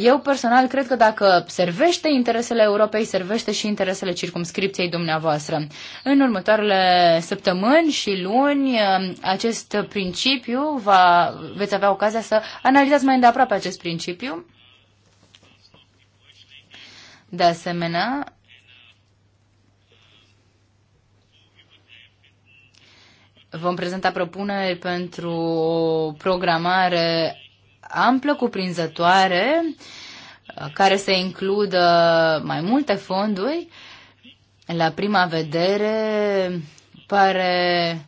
eu personal cred că dacă servește interesele Europei, servește și interesele circumscripției dumneavoastră. În următoarele săptămâni și luni, uh, acest principiu va, veți avea ocazia să analizați mai îndeaproape acest principiu de asemenea, vom prezenta propuneri pentru o programare amplă, cuprinzătoare, care să includă mai multe fonduri. La prima vedere pare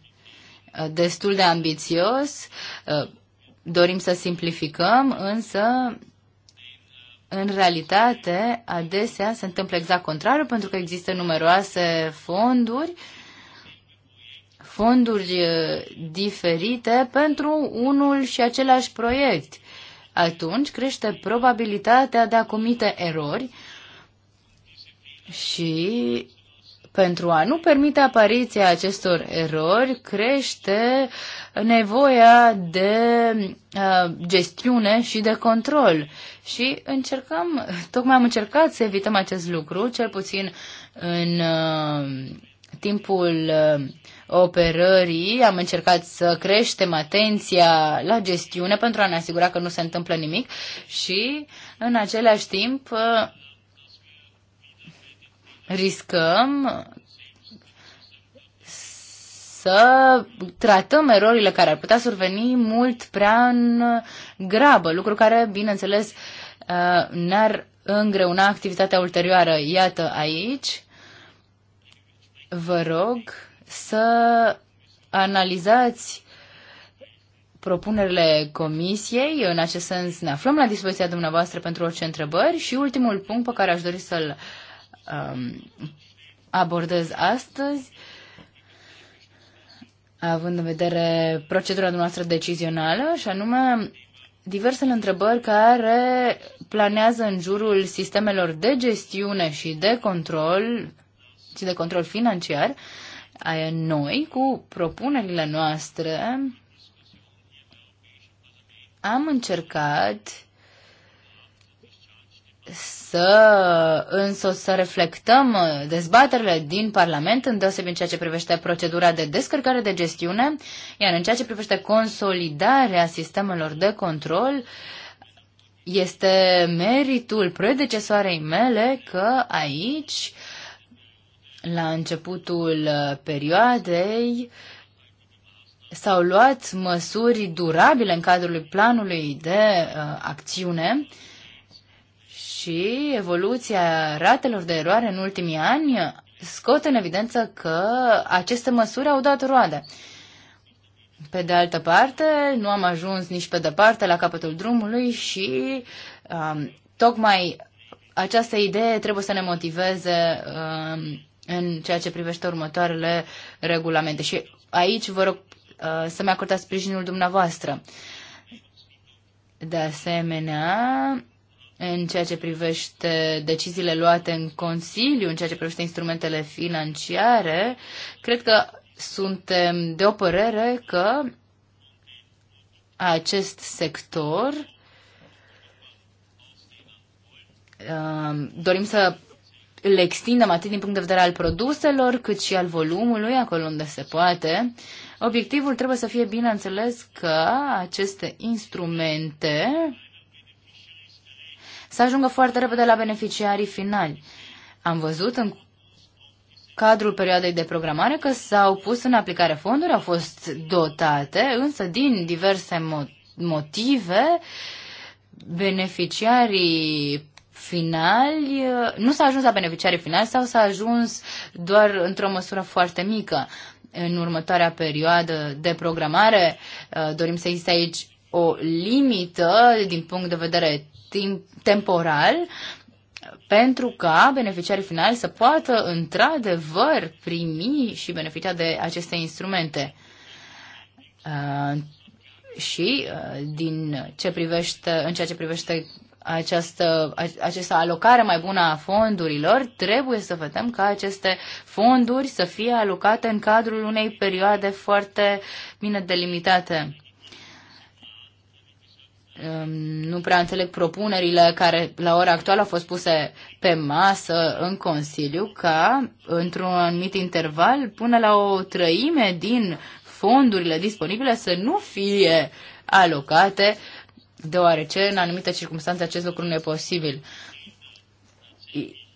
destul de ambițios. Dorim să simplificăm, însă în realitate, adesea se întâmplă exact contrariu, pentru că există numeroase fonduri, fonduri uh, diferite pentru unul și același proiect. Atunci crește probabilitatea de a comite erori și pentru a nu permite apariția acestor erori, crește nevoia de uh, gestiune și de control. Și încercăm, tocmai am încercat să evităm acest lucru, cel puțin în uh, timpul uh, operării, am încercat să creștem atenția la gestiune pentru a ne asigura că nu se întâmplă nimic și în același timp uh, riscăm să tratăm erorile care ar putea surveni mult prea în grabă, lucru care, bineînțeles, uh, ne-ar îngreuna activitatea ulterioară. Iată aici, vă rog să analizați propunerile comisiei. În acest sens ne aflăm la dispoziția dumneavoastră pentru orice întrebări și ultimul punct pe care aș dori să-l uh, um, abordez astăzi, având în vedere procedura noastră decizională, și anume diversele întrebări care planează în jurul sistemelor de gestiune și de control și de control financiar noi cu propunerile noastre am încercat să, însă, să reflectăm dezbaterile din Parlament, îndeosebi în ceea ce privește procedura de descărcare de gestiune, iar în ceea ce privește consolidarea sistemelor de control, este meritul predecesoarei mele că aici, la începutul perioadei, s-au luat măsuri durabile în cadrul planului de uh, acțiune uh, și evoluția ratelor de eroare în ultimii ani scot în evidență că aceste măsuri au dat roade. Pe de altă parte, nu am ajuns nici pe departe la capătul drumului și um, tocmai această idee trebuie să ne motiveze um, în ceea ce privește următoarele regulamente. Și aici vă rog uh, să-mi acordați sprijinul dumneavoastră. De asemenea, în ceea ce privește deciziile luate în Consiliu, în ceea ce privește instrumentele financiare, cred că suntem de o părere că acest sector um, dorim să le extindem atât din punct de vedere al produselor, cât și al volumului, acolo unde se poate. Obiectivul trebuie să fie bine înțeles că aceste instrumente să ajungă foarte repede la beneficiarii finali. Am văzut în cadrul perioadei de programare că s-au pus în aplicare fonduri, au fost dotate, însă din diverse motive beneficiarii finali, nu s-a ajuns la beneficiarii finali sau s-a ajuns doar într-o măsură foarte mică. În următoarea perioadă de programare uh, dorim să existe aici o limită din punct de vedere timp, temporal pentru ca beneficiarii finali să poată într-adevăr primi și beneficia de aceste instrumente. Uh, și uh, din ce privește, în ceea ce privește această, această alocare mai bună a fondurilor, trebuie să vedem ca aceste fonduri să fie alocate în cadrul unei perioade foarte bine delimitate. Ehm, nu prea înțeleg propunerile care la ora actuală au fost puse pe masă în Consiliu ca, într-un anumit interval, până la o trăime din fondurile disponibile să nu fie alocate, deoarece în anumite circunstanțe acest lucru nu e posibil.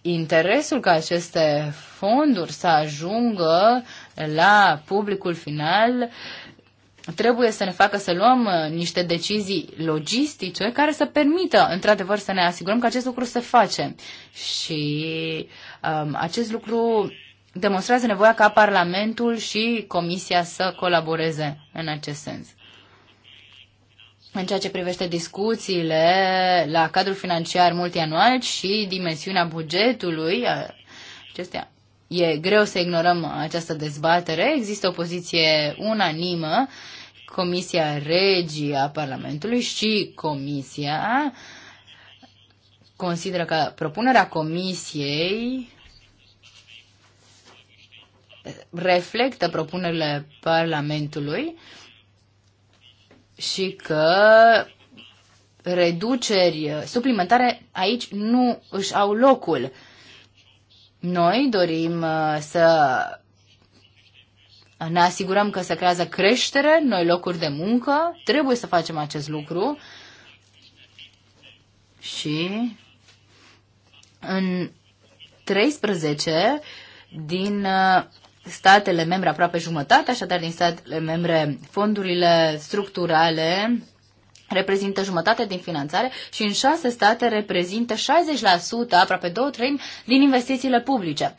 Interesul ca aceste fonduri să ajungă la publicul final uh, trebuie să ne facă să luăm uh, niște decizii logistice care să permită, într-adevăr, să ne asigurăm că acest lucru se face. Și um, acest lucru demonstrează nevoia ca Parlamentul și Comisia să colaboreze în acest sens. În ceea ce privește discuțiile la cadrul financiar multianual și dimensiunea bugetului uh, acestea, E greu să ignorăm această dezbatere. Există o poziție unanimă. Comisia Regii a Parlamentului și Comisia consideră că propunerea Comisiei reflectă propunerile Parlamentului și că reduceri suplimentare aici nu își au locul. Noi dorim uh, să ne asigurăm că se creează creștere, noi locuri de muncă, trebuie să facem acest lucru și în 13 din uh, statele membre, aproape jumătate, așadar din statele membre, fondurile structurale reprezintă jumătate din finanțare și în șase state reprezintă 60%, aproape două treimi, din investițiile publice.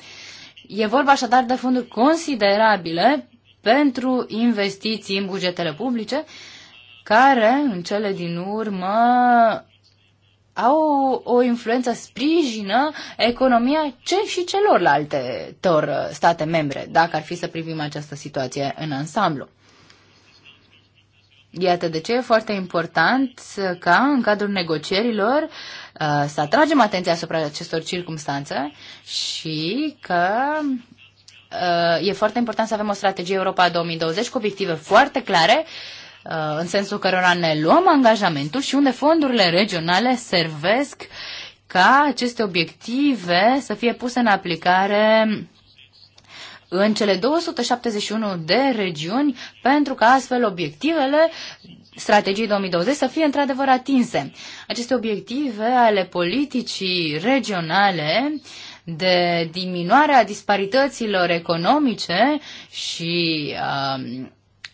E vorba așadar de fonduri considerabile pentru investiții în bugetele publice, care în cele din urmă au o, influență sprijină economia ce și celorlalte tor state membre, dacă ar fi să privim această situație în ansamblu. Iată de ce e foarte important ca în cadrul negocierilor uh, să atragem atenția asupra acestor circumstanțe și că uh, e foarte important să avem o strategie Europa 2020 cu obiective foarte clare uh, în sensul cărora ne luăm angajamentul și unde fondurile regionale servesc ca aceste obiective să fie puse în aplicare în cele 271 de regiuni pentru ca astfel obiectivele strategiei 2020 să fie într-adevăr atinse. Aceste obiective ale politicii regionale de diminuarea disparităților economice și uh,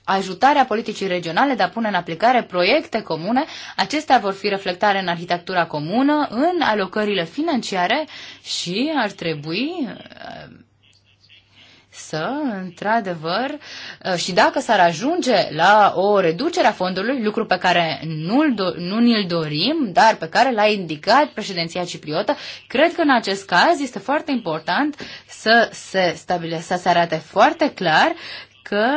ajutarea politicii regionale de a pune în aplicare proiecte comune, acestea vor fi reflectare în arhitectura comună, în alocările financiare și ar trebui uh, să, într-adevăr, uh, și dacă s-ar ajunge la o reducere a fondului, lucru pe care nu-l do- nu ni-l dorim, dar pe care l-a indicat președinția cipriotă, cred că în acest caz este foarte important să se stabilească, să se arate foarte clar că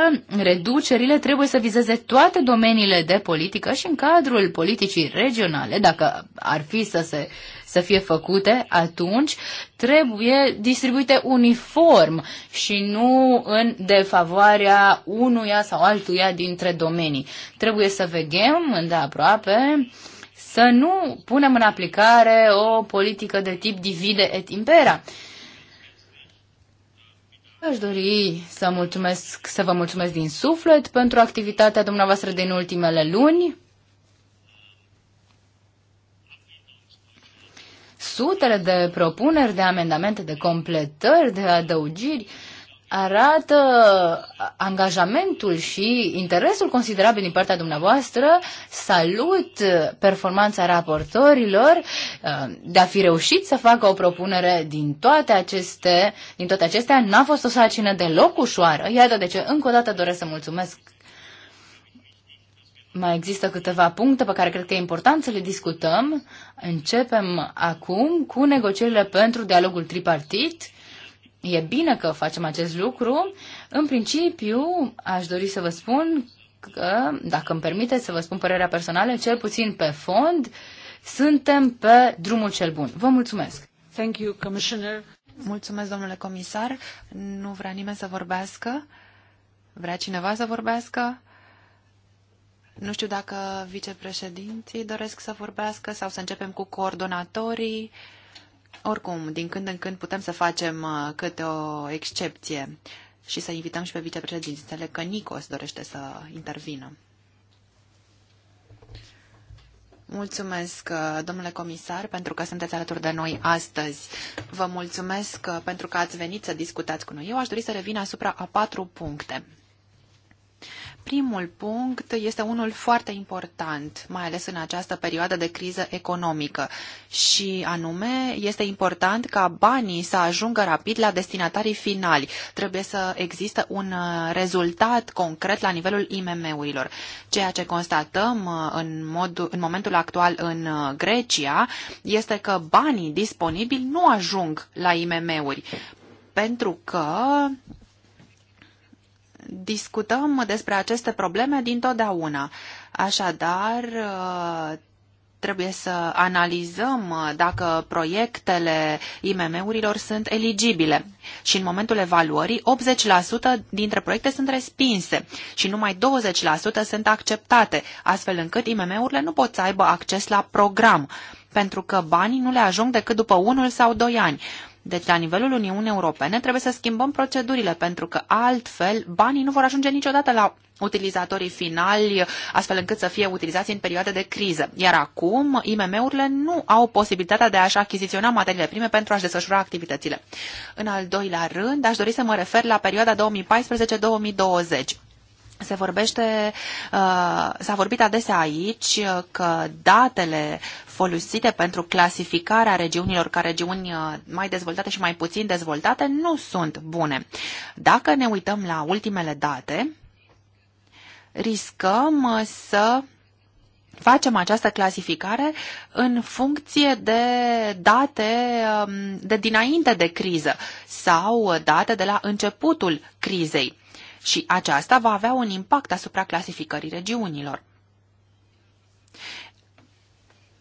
reducerile trebuie să vizeze toate domeniile de politică și în cadrul politicii regionale, dacă ar fi să, se, să fie făcute, atunci trebuie distribuite uniform și nu în defavoarea unuia sau altuia dintre domenii. Trebuie să veghem îndeaproape să nu punem în aplicare o politică de tip divide et impera Aș dori să, mulțumesc, să vă mulțumesc din suflet pentru activitatea dumneavoastră din ultimele luni. Sutele de propuneri, de amendamente, de completări, de adăugiri arată angajamentul și interesul considerabil din partea dumneavoastră. Salut performanța raportorilor uh, de a fi reușit să facă o propunere din toate aceste, din toate acestea. N-a fost o sacină deloc ușoară. Iată de ce încă o dată doresc să mulțumesc mai există câteva puncte pe care cred că e important să le discutăm. Începem acum cu negocierile pentru dialogul tripartit. E bine că facem acest lucru. În principiu, aș dori să vă spun că, dacă îmi permiteți să vă spun părerea personală, cel puțin pe fond, suntem pe drumul cel bun. Vă mulțumesc! Thank you, Commissioner. Mulțumesc, domnule comisar. Nu vrea nimeni să vorbească? Vrea cineva să vorbească? Nu știu dacă vicepreședinții doresc să vorbească sau să începem cu coordonatorii. Oricum, din când în când putem să facem uh, câte o excepție și să invităm și pe vicepreședintele că Nicos dorește să intervină. Mulțumesc, uh, domnule comisar, pentru că sunteți alături de noi astăzi. Vă mulțumesc uh, pentru că ați venit să discutați cu noi. Eu aș dori să revin asupra a patru puncte. Primul punct este unul foarte important, mai ales în această perioadă de criză economică și anume este important ca banii să ajungă rapid la destinatarii finali. Trebuie să există un uh, rezultat concret la nivelul IMM-urilor. Ceea ce constatăm uh, în, mod, în momentul actual în uh, Grecia este că banii disponibili nu ajung la IMM-uri pentru că discutăm despre aceste probleme dintotdeauna. Așadar, uh, trebuie să analizăm uh, dacă proiectele IMM-urilor sunt eligibile. Și în momentul evaluării, 80% dintre proiecte sunt respinse și numai 20% sunt acceptate, astfel încât IMM-urile nu pot să aibă acces la program, pentru că banii nu le ajung decât după unul sau doi ani. Deci, la nivelul Uniunii Europene, trebuie să schimbăm procedurile, pentru că altfel banii nu vor ajunge niciodată la utilizatorii finali, astfel încât să fie utilizați în perioade de criză. Iar acum, IMM-urile nu au posibilitatea de a-și achiziționa materiile prime pentru a-și desfășura activitățile. În al doilea rând, aș dori să mă refer la perioada 2014-2020. Se vorbește, uh, s-a vorbit adesea aici uh, că datele folosite pentru clasificarea regiunilor ca regiuni uh, mai dezvoltate și mai puțin dezvoltate nu sunt bune. Dacă ne uităm la ultimele date, riscăm să facem această clasificare în funcție de date um, de dinainte de criză sau date de la începutul crizei și aceasta va avea un impact asupra clasificării regiunilor.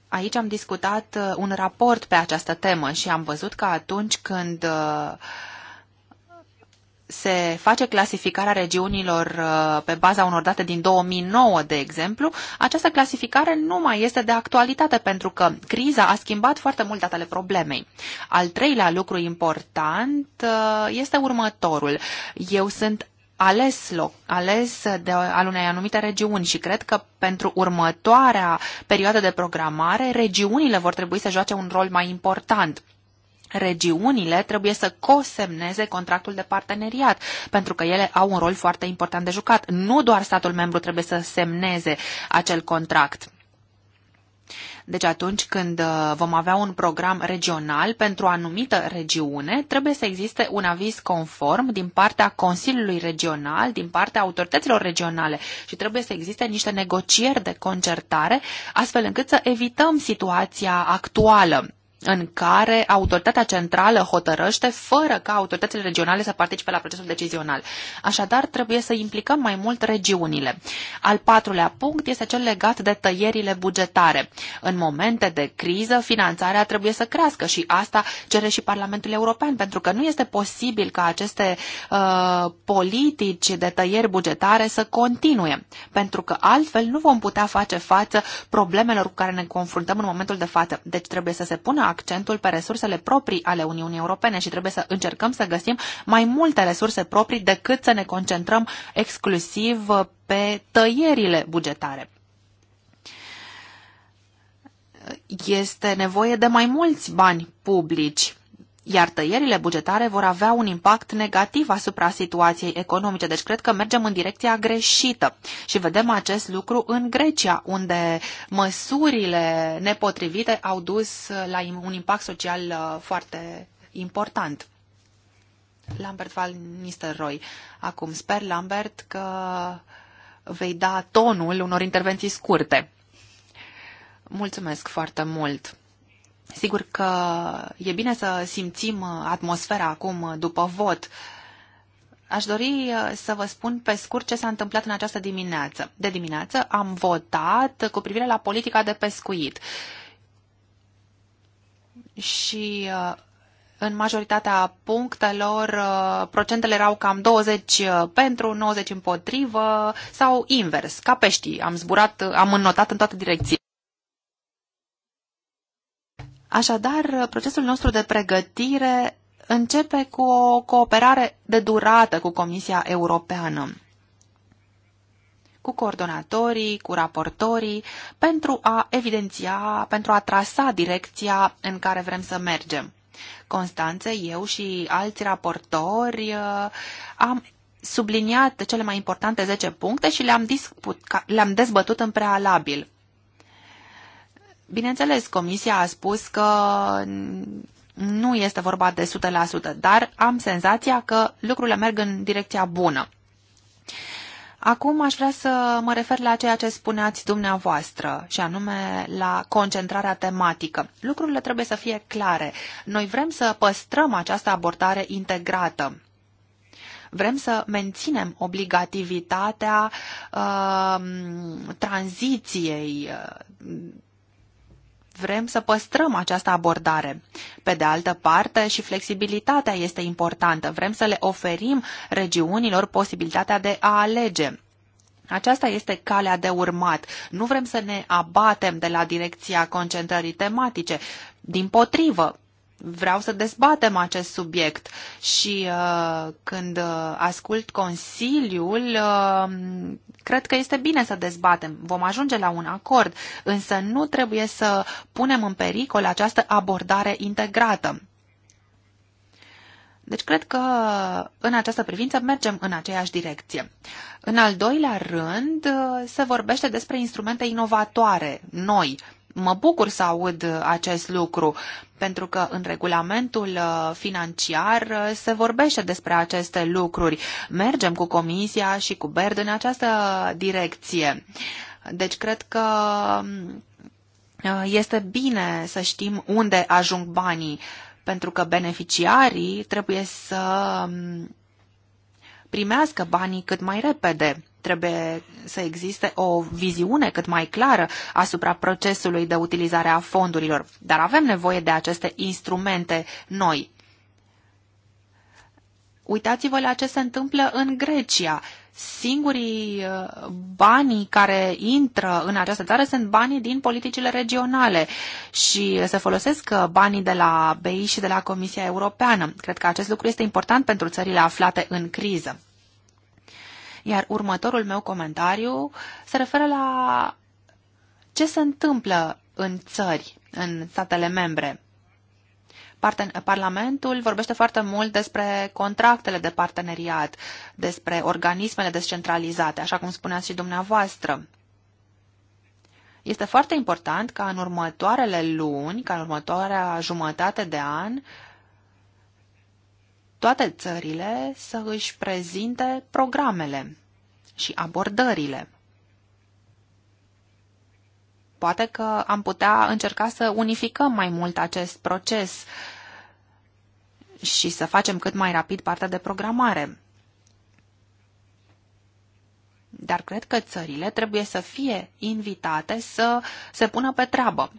Aici am discutat uh, un raport pe această temă și am văzut că atunci când uh, se face clasificarea regiunilor uh, pe baza unor date din 2009, de exemplu, această clasificare nu mai este de actualitate pentru că criza a schimbat foarte mult datele problemei. Al treilea lucru important este următorul. Eu sunt ales, loc, ales de, al unei anumite regiuni și cred că pentru următoarea perioadă de programare, regiunile vor trebui să joace un rol mai important regiunile trebuie să cosemneze contractul de parteneriat, pentru că ele au un rol foarte important de jucat. Nu doar statul membru trebuie să semneze acel contract. Deci atunci când uh, vom avea un program regional pentru o anumită regiune, trebuie să existe un aviz conform din partea Consiliului Regional, din partea autorităților regionale și trebuie să existe niște negocieri de concertare, astfel încât să evităm situația actuală în care autoritatea centrală hotărăște fără ca autoritățile regionale să participe la procesul decizional. Așadar, trebuie să implicăm mai mult regiunile. Al patrulea punct este cel legat de tăierile bugetare. În momente de criză, finanțarea trebuie să crească și asta cere și Parlamentul European, pentru că nu este posibil ca aceste uh, politici de tăieri bugetare să continue, pentru că altfel nu vom putea face față problemelor cu care ne confruntăm în momentul de față. Deci trebuie să se pună accentul pe resursele proprii ale Uniunii Europene și trebuie să încercăm să găsim mai multe resurse proprii decât să ne concentrăm exclusiv uh, pe tăierile bugetare este nevoie de mai mulți bani publici iar tăierile bugetare vor avea un impact negativ asupra situației economice. Deci cred că mergem în direcția greșită și vedem acest lucru în Grecia, unde măsurile nepotrivite au dus la un impact social uh, foarte important. Lambert Val Nistelrooy. Acum sper, Lambert, că vei da tonul unor intervenții scurte. Mulțumesc foarte mult! Sigur că e bine să simțim uh, atmosfera acum uh, după vot. Aș dori uh, să vă spun pe scurt ce s-a întâmplat în această dimineață. De dimineață am votat cu privire la politica de pescuit. Și în majoritatea punctelor procentele erau cam 20 pentru, 90 împotrivă sau invers, ca peștii. Am zburat, am înnotat în toate direcții. Așadar, procesul nostru de pregătire începe cu o cooperare de durată cu Comisia Europeană, cu coordonatorii, cu raportorii, pentru a evidenția, pentru a trasa direcția în care vrem să mergem. Constanțe, eu și alți raportori uh, am subliniat cele mai importante 10 puncte și le-am, le, le -am dezbătut în prealabil. Bineînțeles, Comisia a spus că nu este vorba de 100%, dar am senzația că lucrurile merg în direcția bună. Acum aș vrea să mă refer la ceea ce spuneați dumneavoastră, și anume la concentrarea tematică. Lucrurile trebuie să fie clare. Noi vrem să păstrăm această abordare integrată. Vrem să menținem obligativitatea uh, tranziției uh, vrem să păstrăm această abordare. Pe de altă parte, și flexibilitatea este importantă. Vrem să le oferim regiunilor posibilitatea de a alege. Aceasta este calea de urmat. Nu vrem să ne abatem de la direcția concentrării tematice. Din potrivă, vreau să dezbatem acest subiect și uh, când uh, ascult Consiliul, uh, cred că este bine să dezbatem. Vom ajunge la un acord, însă nu trebuie să punem în pericol această abordare integrată. Deci cred că în această privință mergem în aceeași direcție. În al doilea rând, se vorbește despre instrumente inovatoare, noi, mă bucur să aud acest lucru, pentru că în regulamentul uh, financiar uh, se vorbește despre aceste lucruri. Mergem cu Comisia și cu BERD în această direcție. Deci cred că um, uh, este bine să știm unde ajung banii, pentru că beneficiarii trebuie să um, primească banii cât mai repede trebuie să existe o viziune cât mai clară asupra procesului de utilizare a fondurilor, dar avem nevoie de aceste instrumente noi. Uitați-vă la ce se întâmplă în Grecia. Singurii uh, banii care intră în această țară sunt banii din politicile regionale și se folosesc uh, banii de la BEI și de la Comisia Europeană. Cred că acest lucru este important pentru țările aflate în criză. Iar următorul meu comentariu se referă la ce se întâmplă în țări, în statele membre. Parlamentul vorbește foarte mult despre contractele de parteneriat, despre organismele descentralizate, așa cum spuneați și dumneavoastră. Este foarte important ca în următoarele luni, ca în următoarea jumătate de an, toate țările să își prezinte programele și abordările. Poate că am putea încerca să unificăm mai mult acest proces și să facem cât mai rapid partea de programare. Dar cred că țările trebuie să fie invitate să se pună pe treabă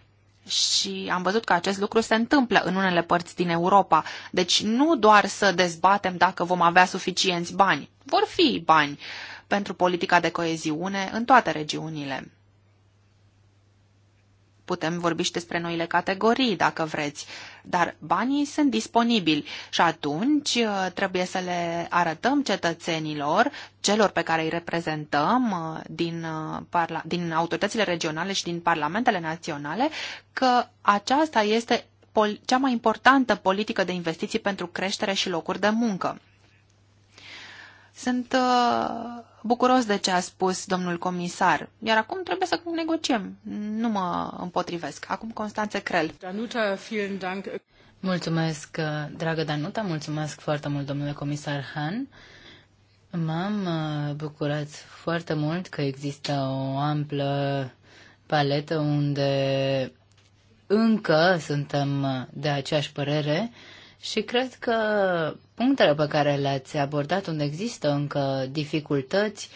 și am văzut că acest lucru se întâmplă în unele părți din Europa. Deci nu doar să dezbatem dacă vom avea suficienți bani, vor fi bani pentru politica de coeziune în toate regiunile. Putem vorbi și despre noile categorii, dacă vreți, dar banii sunt disponibili și atunci uh, trebuie să le arătăm cetățenilor, celor pe care îi reprezentăm uh, din, uh, din autoritățile regionale și din parlamentele naționale, că aceasta este cea mai importantă politică de investiții pentru creștere și locuri de muncă. Sunt uh, bucuros de ce a spus domnul comisar, iar acum trebuie să negociem. Nu mă împotrivesc. Acum Constanțe Crel. Danuta, vielen Dank. Mulțumesc, dragă Danuta, mulțumesc foarte mult, domnule comisar Han. M-am uh, bucurat foarte mult că există o amplă paletă unde încă suntem de aceeași părere și cred că punctele pe care le-ați abordat, unde există încă dificultăți,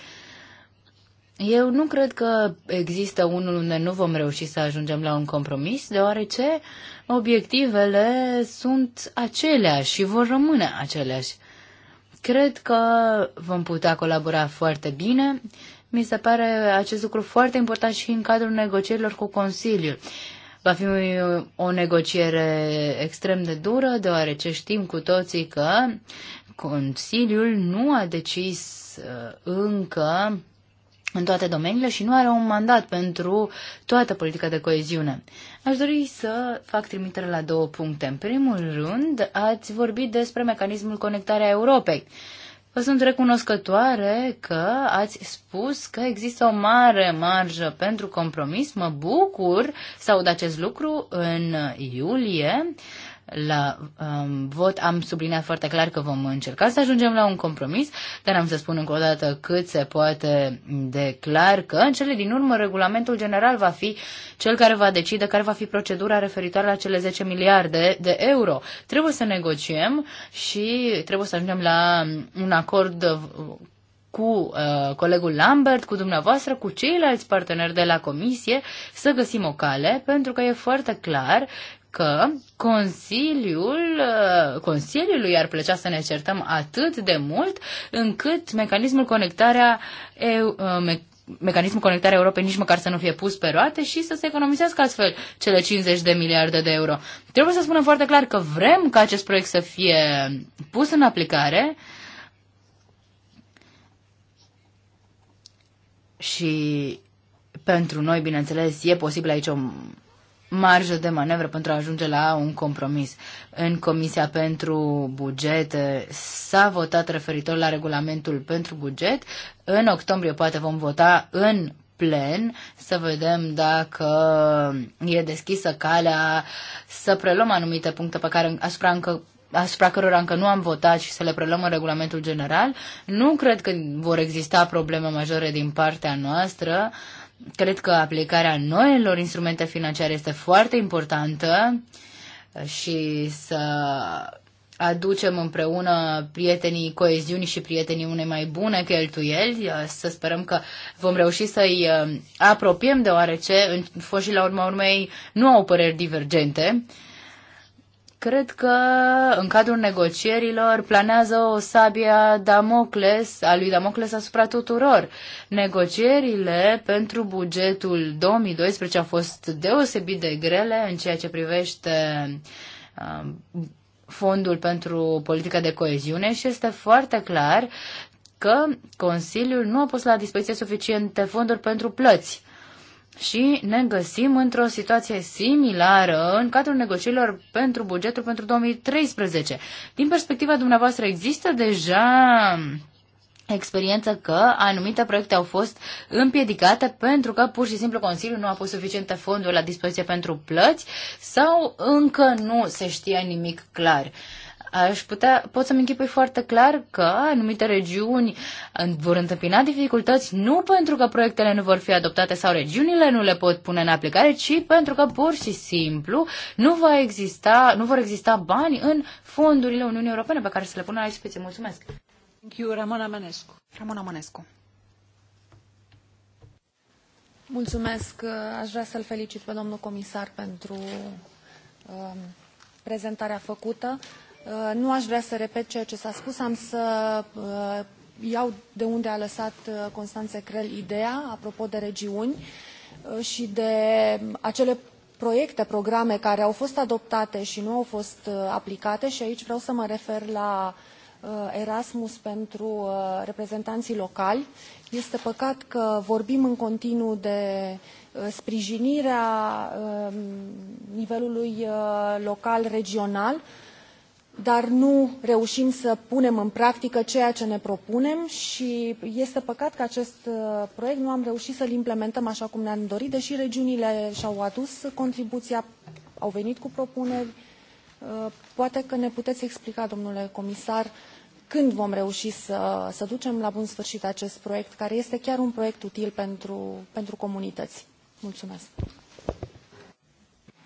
eu nu cred că există unul unde nu vom reuși să ajungem la un compromis, deoarece obiectivele sunt aceleași și vor rămâne aceleași. Cred că vom putea colabora foarte bine. Mi se pare acest lucru foarte important și în cadrul negocierilor cu Consiliul. Va fi o negociere extrem de dură, deoarece știm cu toții că Consiliul nu a decis uh, încă în toate domeniile și nu are un mandat pentru toată politica de coeziune. Aș dori să fac trimitere la două puncte. În primul rând, ați vorbit despre mecanismul conectarea Europei. Uh, Vă sunt recunoscătoare că ați spus că există o mare marjă pentru compromis. Mă bucur să aud acest lucru în iulie. Uh, la um, vot am subliniat foarte clar că vom încerca să ajungem la un compromis, dar am să spun încă o dată cât se poate de clar că în cele din urmă regulamentul general va fi cel care va decide care va fi procedura referitoare la cele 10 miliarde de euro. Trebuie să negociem și trebuie să ajungem la un acord cu uh, colegul Lambert, cu dumneavoastră, cu ceilalți parteneri de la comisie, să găsim o cale, pentru că e foarte clar că Consiliul, uh, Consiliului ar plăcea să ne certăm atât de mult încât mecanismul conectarea eu, uh, me, mecanismul conectarea Europei nici măcar să nu fie pus pe roate și să se economisească astfel cele 50 de miliarde de euro. Trebuie să spunem foarte clar că vrem ca acest proiect să fie pus în aplicare și pentru noi, bineînțeles, e posibil aici o marjă de manevră pentru a ajunge la un compromis. În Comisia pentru Buget s-a votat referitor la regulamentul pentru buget. În octombrie poate vom vota în plen, să vedem dacă e deschisă calea să preluăm anumite puncte pe care asupra încă asupra cărora încă nu am votat și să le preluăm în regulamentul general, nu cred că vor exista probleme majore din partea noastră. Cred că aplicarea noilor instrumente financiare este foarte importantă și să aducem împreună prietenii coeziunii și prietenii unei mai bune cheltuieli. Să sperăm că vom reuși să-i uh, apropiem, deoarece foșii la urma urmei nu au păreri divergente. Cred că în cadrul negocierilor planează o sabia Damocles, a lui Damocles asupra tuturor. Negocierile pentru bugetul 2012 au fost deosebit de grele în ceea ce privește um, fondul pentru politica de coeziune și este foarte clar că Consiliul nu a pus la dispoziție suficiente fonduri pentru plăți și ne găsim într-o situație similară în cadrul negocierilor pentru bugetul pentru 2013. Din perspectiva dumneavoastră, există deja experiență că anumite proiecte au fost împiedicate pentru că pur și simplu Consiliul nu a pus suficiente fonduri la dispoziție pentru plăți sau încă nu se știe nimic clar. Uh, aș putea, pot să-mi închipui foarte clar că anumite regiuni vor întâmpina dificultăți nu pentru că proiectele nu vor fi adoptate sau regiunile nu le pot pune în aplicare, ci pentru că pur și simplu nu, va exista, nu vor exista bani în fondurile Uniunii Europene pe care să le pună la dispoziție. Mulțumesc! Thank you, Ramona Manescu. Ramona Manescu. Mulțumesc. Aș vrea să-l felicit pe domnul comisar pentru um, prezentarea făcută. Uh, nu aș vrea să repet ceea ce s-a spus, am să uh, iau de unde a lăsat uh, Constanțe Crel ideea, apropo de regiuni și de um, acele proiecte, programe care au fost adoptate și nu au fost aplicate și aici vreau să mă refer la Erasmus pentru reprezentanții locali. Este păcat că vorbim în continuu de sprijinirea um, nivelului local, regional, dar nu reușim să punem în practică ceea ce ne propunem și este păcat că acest uh, proiect nu am reușit să-l implementăm așa cum ne-am dorit, deși regiunile și-au adus contribuția, au venit cu propuneri. Uh, poate că ne puteți explica, domnule comisar, când vom reuși să, să ducem la bun sfârșit acest proiect, care este chiar un proiect util pentru, pentru comunități. Mulțumesc!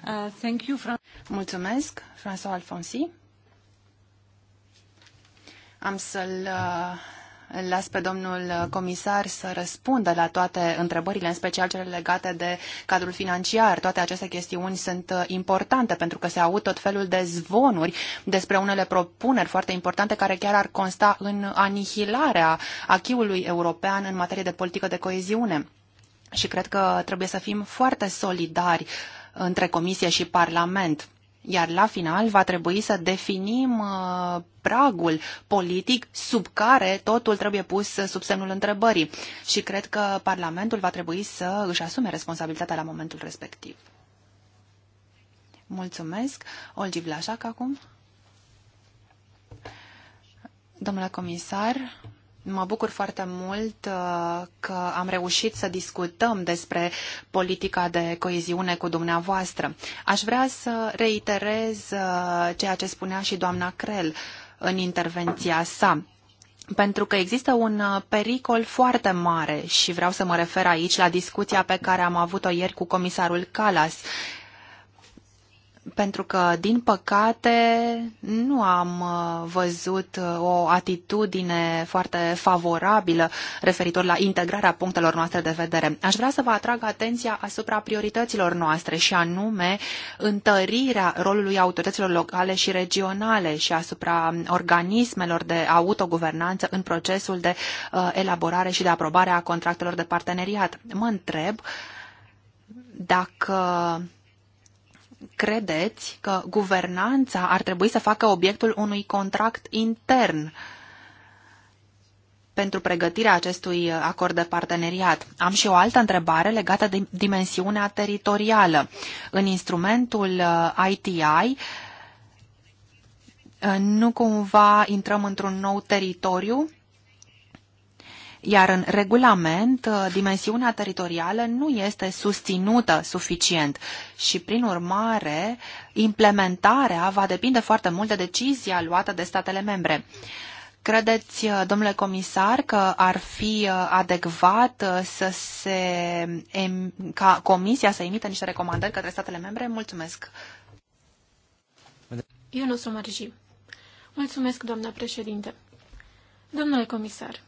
Uh, thank you, Fran Mulțumesc, François Alfonsi. Am să-l uh, las pe domnul comisar să răspundă la toate întrebările, în special cele legate de cadrul financiar. Toate aceste chestiuni sunt uh, importante pentru că se aud tot felul de zvonuri despre unele propuneri foarte importante care chiar ar consta în anihilarea achiului european în materie de politică de coeziune. Și cred că trebuie să fim foarte solidari între Comisie și Parlament iar la final va trebui să definim uh, pragul politic sub care totul trebuie pus sub semnul întrebării. Și cred că Parlamentul va trebui să își asume responsabilitatea la momentul respectiv. Mulțumesc. Olgi Vlașac acum. Domnule comisar, Mă bucur foarte mult uh, că am reușit să discutăm despre politica de coeziune cu dumneavoastră. Aș vrea să reiterez uh, ceea ce spunea și doamna Crel în intervenția sa pentru că există un uh, pericol foarte mare și vreau să mă refer aici la discuția pe care am avut-o ieri cu comisarul Calas pentru că, din păcate, nu am uh, văzut uh, o atitudine foarte favorabilă referitor la integrarea punctelor noastre de vedere. Aș vrea să vă atrag atenția asupra priorităților noastre și anume întărirea rolului autorităților locale și regionale și asupra organismelor de autoguvernanță în procesul de uh, elaborare și de aprobare a contractelor de parteneriat. Mă întreb dacă credeți că guvernanța ar trebui să facă obiectul unui contract intern pentru pregătirea acestui acord de parteneriat. Am și o altă întrebare legată de dimensiunea teritorială. În instrumentul ITI uh, uh, nu cumva intrăm într-un nou teritoriu iar în regulament uh, dimensiunea teritorială nu este susținută suficient și, prin urmare, implementarea va depinde foarte mult de decizia luată de statele membre. Credeți, uh, domnule comisar, că ar fi uh, adecvat să se, ca Comisia să emită niște recomandări către statele membre? Mulțumesc. Eu nu sunt Marji. Mulțumesc, doamna președinte. Domnule comisar,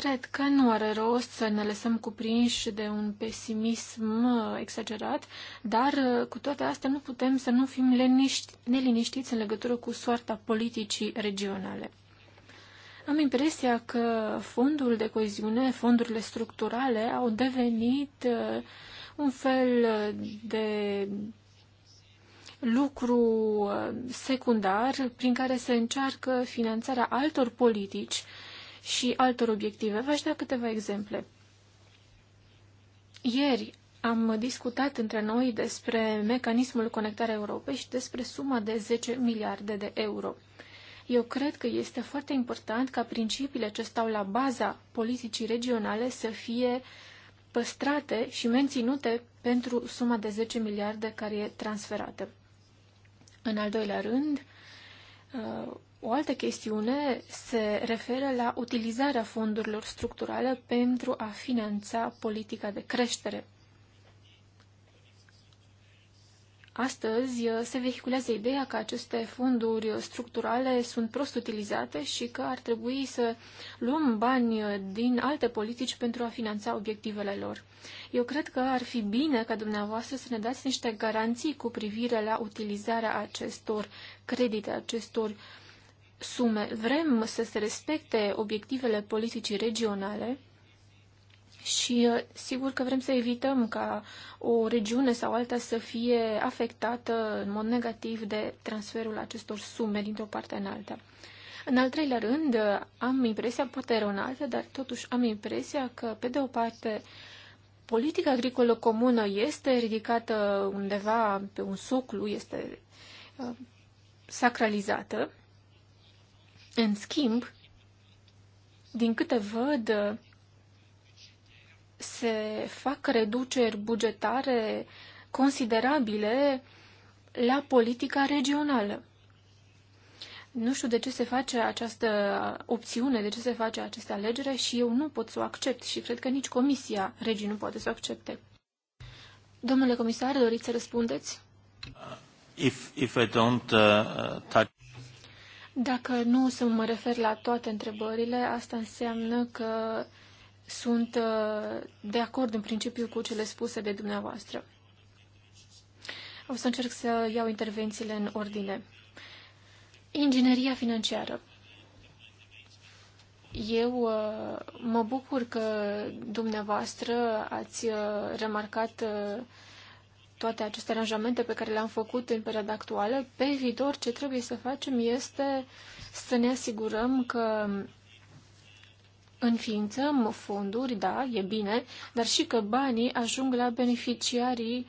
Cred că nu are rost să ne lăsăm cuprinși de un pesimism uh, exagerat, dar uh, cu toate astea nu putem să nu fim leniști, neliniștiți în legătură cu soarta politicii regionale. Am impresia că fondul de coeziune, fondurile structurale au devenit uh, un fel de lucru secundar prin care se încearcă finanțarea altor politici și altor obiective. Vă aș da câteva exemple. Ieri am discutat între noi despre mecanismul conectarea Europei și despre suma de 10 miliarde de euro. Eu cred că este foarte important ca principiile ce stau la baza politicii regionale să fie păstrate și menținute pentru suma de 10 miliarde care e transferată. În al doilea rând, o altă chestiune se referă la utilizarea fondurilor structurale pentru a finanța politica de creștere. Astăzi uh, se vehiculează ideea că aceste fonduri structurale sunt prost utilizate și că ar trebui să luăm bani uh, din alte politici pentru a finanța obiectivele lor. Eu cred că ar fi bine ca dumneavoastră să ne dați niște garanții cu privire la utilizarea acestor credite, acestor uh, sume. Vrem să se respecte obiectivele politicii regionale și uh, sigur că vrem să evităm ca o regiune sau alta să fie afectată în mod negativ de transferul acestor sume dintr-o parte în alta. În al treilea rând, uh, am impresia, poate eronată, dar totuși am impresia că, pe de o parte, politica agricolă comună este ridicată undeva pe un soclu, este uh, sacralizată în schimb, din câte văd, se fac reduceri bugetare considerabile la politica regională. Nu știu de ce se face această opțiune, de ce se face această alegere și eu nu pot să o accept și cred că nici Comisia Regii nu poate să o accepte. Domnule comisar, doriți să răspundeți? If, if I don't, uh, uh touch... Dacă nu o să mă refer la toate întrebările, asta înseamnă că sunt uh, de acord în principiu cu cele spuse de dumneavoastră. O să încerc să iau intervențiile în ordine. Ingineria financiară. Eu uh, mă bucur că dumneavoastră ați uh, remarcat toate aceste aranjamente pe care le-am făcut în perioada actuală, pe viitor ce trebuie să facem este să ne asigurăm că înființăm fonduri, da, e bine, dar și că banii ajung la beneficiarii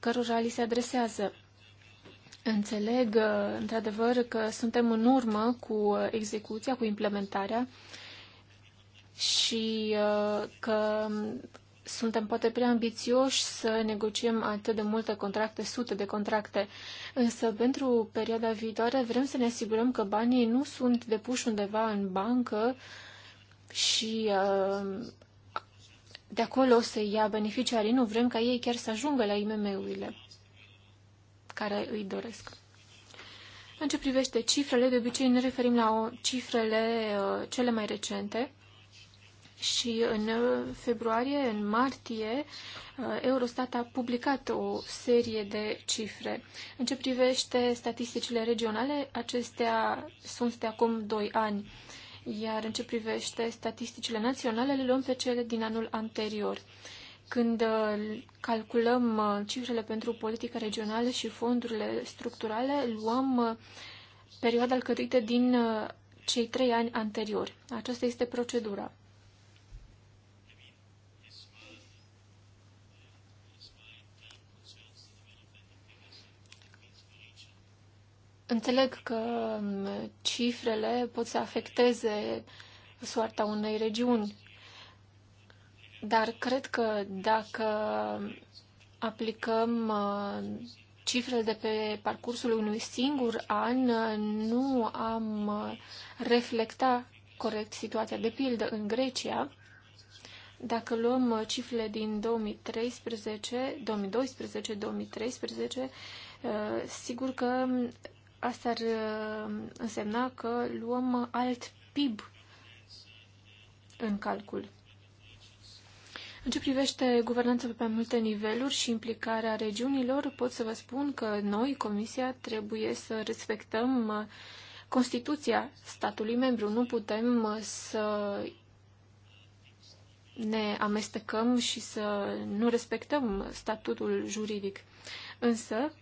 cărora li se adresează. Înțeleg, uh, într-adevăr, că suntem în urmă cu uh, execuția, cu implementarea și uh, că suntem poate prea ambițioși să negociem atât de multe contracte, sute de contracte, însă pentru perioada viitoare vrem să ne asigurăm că banii nu sunt depuși undeva în bancă și uh, de acolo să ia beneficiarii. Nu vrem ca ei chiar să ajungă la IMM-urile care îi doresc. În ce privește cifrele, de obicei ne referim la cifrele uh, cele mai recente și în uh, februarie, în martie, uh, Eurostat a publicat o serie de cifre. În ce privește statisticile regionale, acestea sunt de acum 2 ani, iar în ce privește statisticile naționale, le luăm pe cele din anul anterior. Când uh, calculăm cifrele pentru politica regională și fondurile structurale, luăm perioada alcătuită din cei trei ani anteriori. Aceasta este procedura. Înțeleg că mm, cifrele pot să afecteze soarta unei regiuni, dar cred că dacă aplicăm mm, cifrele de pe parcursul unui singur an, nu am mm, reflectat corect situația. De pildă, în Grecia, dacă luăm cifrele din 2013, 2012, 2013, sigur că Asta ar uh, însemna că luăm alt PIB în calcul. În ce privește guvernanța pe multe niveluri și implicarea regiunilor, pot să vă spun că noi, Comisia, trebuie să respectăm uh, Constituția statului membru. Nu putem uh, să ne amestecăm și să nu respectăm statutul juridic. Însă,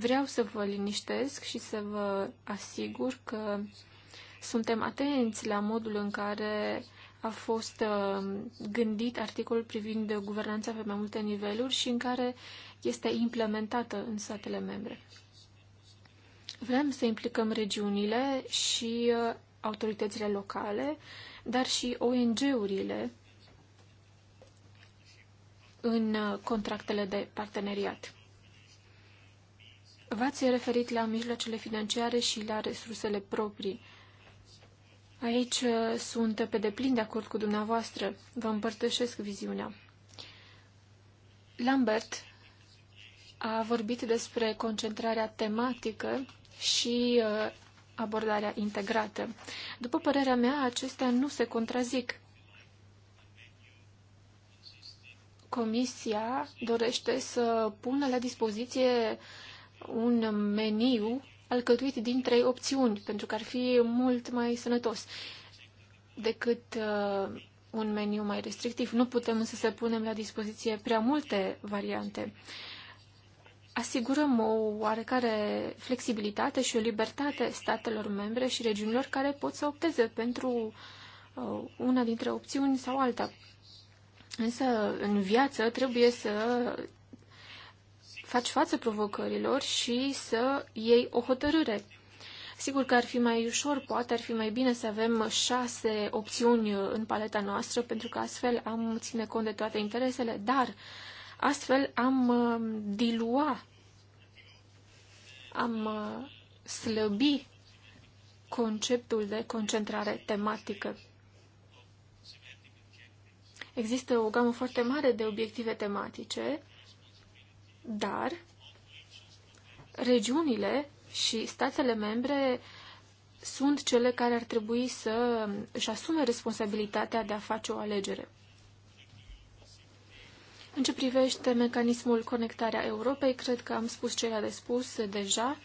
Vreau să vă liniștesc și să vă asigur că suntem atenți la modul în care a fost uh, gândit articolul privind guvernanța pe mai multe niveluri și în care este implementată în statele membre. Vrem să implicăm regiunile și uh, autoritățile locale, dar și ONG-urile în uh, contractele de parteneriat. V-ați referit la mijloacele financiare și la resursele proprii. Aici uh, sunt pe deplin de acord cu dumneavoastră. Vă împărtășesc viziunea. Lambert a vorbit despre concentrarea tematică și uh, abordarea integrată. După părerea mea, acestea nu se contrazic. Comisia dorește să pună la dispoziție un meniu alcătuit din trei opțiuni, pentru că ar fi mult mai sănătos decât uh, un meniu mai restrictiv. Nu putem însă să punem la dispoziție prea multe variante. Asigurăm o oarecare flexibilitate și o libertate statelor membre și regiunilor care pot să opteze pentru uh, una dintre opțiuni sau alta. Însă, în viață, trebuie să faci față provocărilor și să iei o hotărâre. Sigur că ar fi mai ușor, poate ar fi mai bine să avem șase opțiuni în paleta noastră, pentru că astfel am ține cont de toate interesele, dar astfel am uh, dilua, am uh, slăbi conceptul de concentrare tematică. Există o gamă foarte mare de obiective tematice dar regiunile și statele membre sunt cele care ar trebui să își asume responsabilitatea de a face o alegere. În ce privește mecanismul conectarea Europei, cred că am spus ce era de spus deja.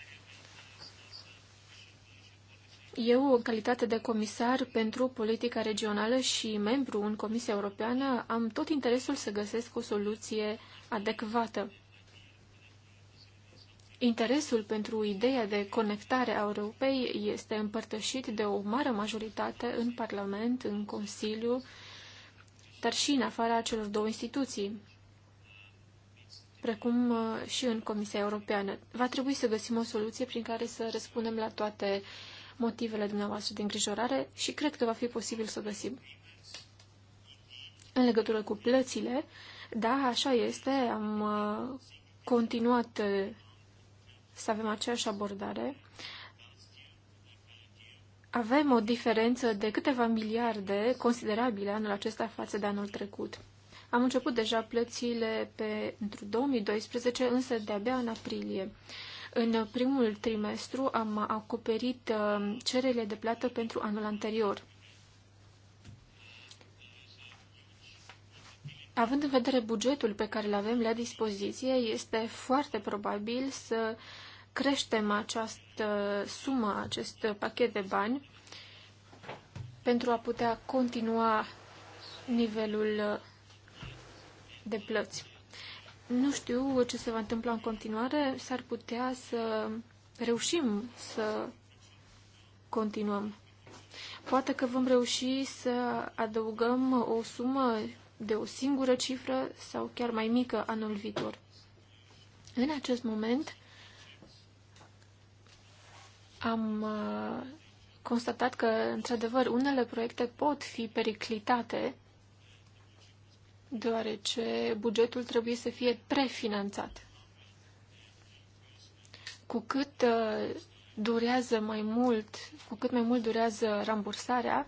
Eu, în calitate de comisar pentru politica regională și membru în Comisia Europeană, am tot interesul să găsesc o soluție adecvată. Interesul pentru ideea de conectare a Europei este împărtășit de o mare majoritate în Parlament, în Consiliu, dar și în afara celor două instituții, precum uh, și în Comisia Europeană. Va trebui să găsim o soluție prin care să răspundem la toate motivele dumneavoastră de îngrijorare și cred că va fi posibil să o găsim. În legătură cu plățile, da, așa este, am uh, continuat uh, să avem aceeași abordare. Avem o diferență de câteva miliarde considerabile anul acesta față de anul trecut. Am început deja plățile pentru 2012, însă de-abia în aprilie. În primul trimestru am acoperit uh, cererile de plată pentru anul anterior. Având în vedere bugetul pe care îl avem la dispoziție, este foarte probabil să creștem această sumă, acest pachet de bani, pentru a putea continua nivelul de plăți. Nu știu ce se va întâmpla în continuare, s-ar putea să reușim să continuăm. Poate că vom reuși să adăugăm o sumă de o singură cifră sau chiar mai mică anul viitor. În acest moment am uh, constatat că, într-adevăr, unele proiecte pot fi periclitate deoarece bugetul trebuie să fie prefinanțat. Cu cât uh, durează mai mult, cu cât mai mult durează rambursarea,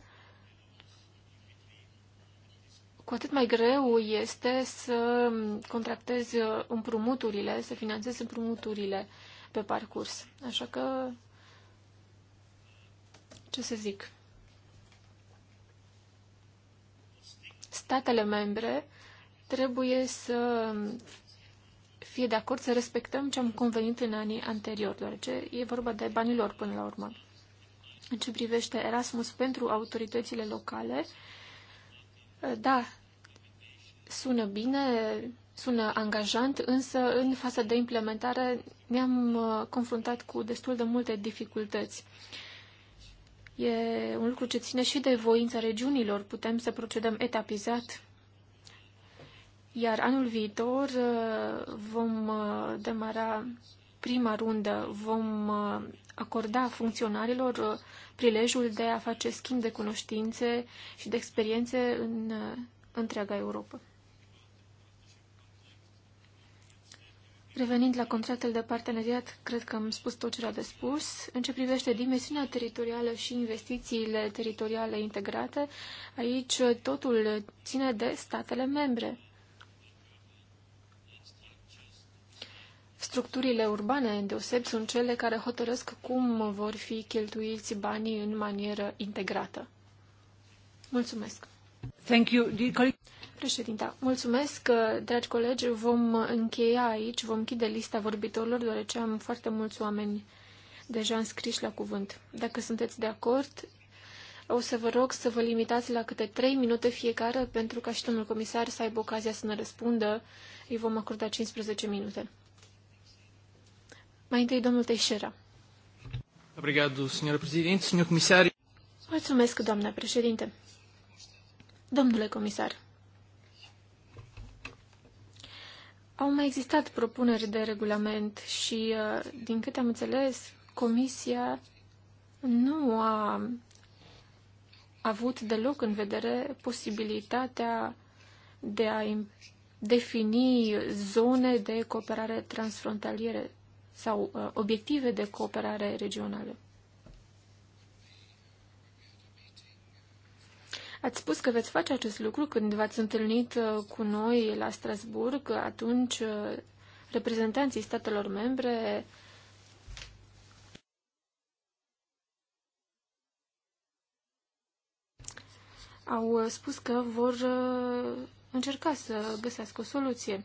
cu atât mai greu este să contractezi împrumuturile, să finanțezi împrumuturile pe parcurs. Așa că, ce să zic, statele membre trebuie să fie de acord să respectăm ce am convenit în anii anteriori, deoarece e vorba de banilor până la urmă. În ce privește Erasmus pentru autoritățile locale, da, sună bine, sună angajant, însă în fața de implementare ne-am uh, confruntat cu destul de multe dificultăți. E un lucru ce ține și de voința regiunilor. Putem să procedăm etapizat. Iar anul viitor uh, vom uh, demara prima rundă vom uh, acorda funcționarilor uh, prilejul de a face schimb de cunoștințe și de experiențe în uh, întreaga Europa. Revenind la contractul de parteneriat, cred că am spus tot ce era de spus. În ce privește dimensiunea teritorială și investițiile teritoriale integrate, aici totul ține de statele membre. Structurile urbane, îndeosebi, sunt cele care hotărăsc cum vor fi cheltuiți banii în manieră integrată. Mulțumesc! Thank you. Președinta, mulțumesc, dragi colegi. Vom încheia aici, vom închide lista vorbitorilor, deoarece am foarte mulți oameni deja înscriși la cuvânt. Dacă sunteți de acord, o să vă rog să vă limitați la câte trei minute fiecare, pentru ca și domnul comisar să aibă ocazia să ne răspundă. Îi vom acorda 15 minute. Mai întâi, domnul Teixeira. Obrigado, senhora presidente, senhor comissário. Mulțumesc, doamna președinte. Domnule comisar, au mai existat propuneri de regulament și, uh, din câte am înțeles, Comisia nu a avut deloc în vedere posibilitatea de a defini zone de cooperare transfrontaliere sau uh, obiective de cooperare regională. Ați spus că veți face acest lucru când v-ați întâlnit uh, cu noi la Strasburg, atunci uh, reprezentanții statelor membre au uh, spus că vor încerca să găsească o soluție.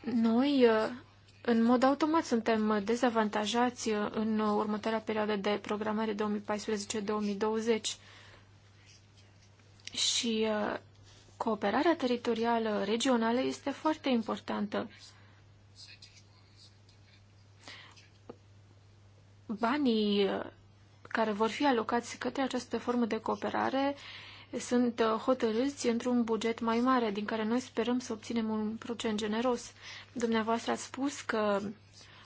Noi în mod automat suntem dezavantajați în următoarea perioadă de programare 2014-2020 și uh, cooperarea teritorială regională este foarte importantă. Banii uh, care vor fi alocați către această formă de cooperare sunt uh, hotărâți într-un buget mai mare, din care noi sperăm să obținem un procent generos. Dumneavoastră ați spus că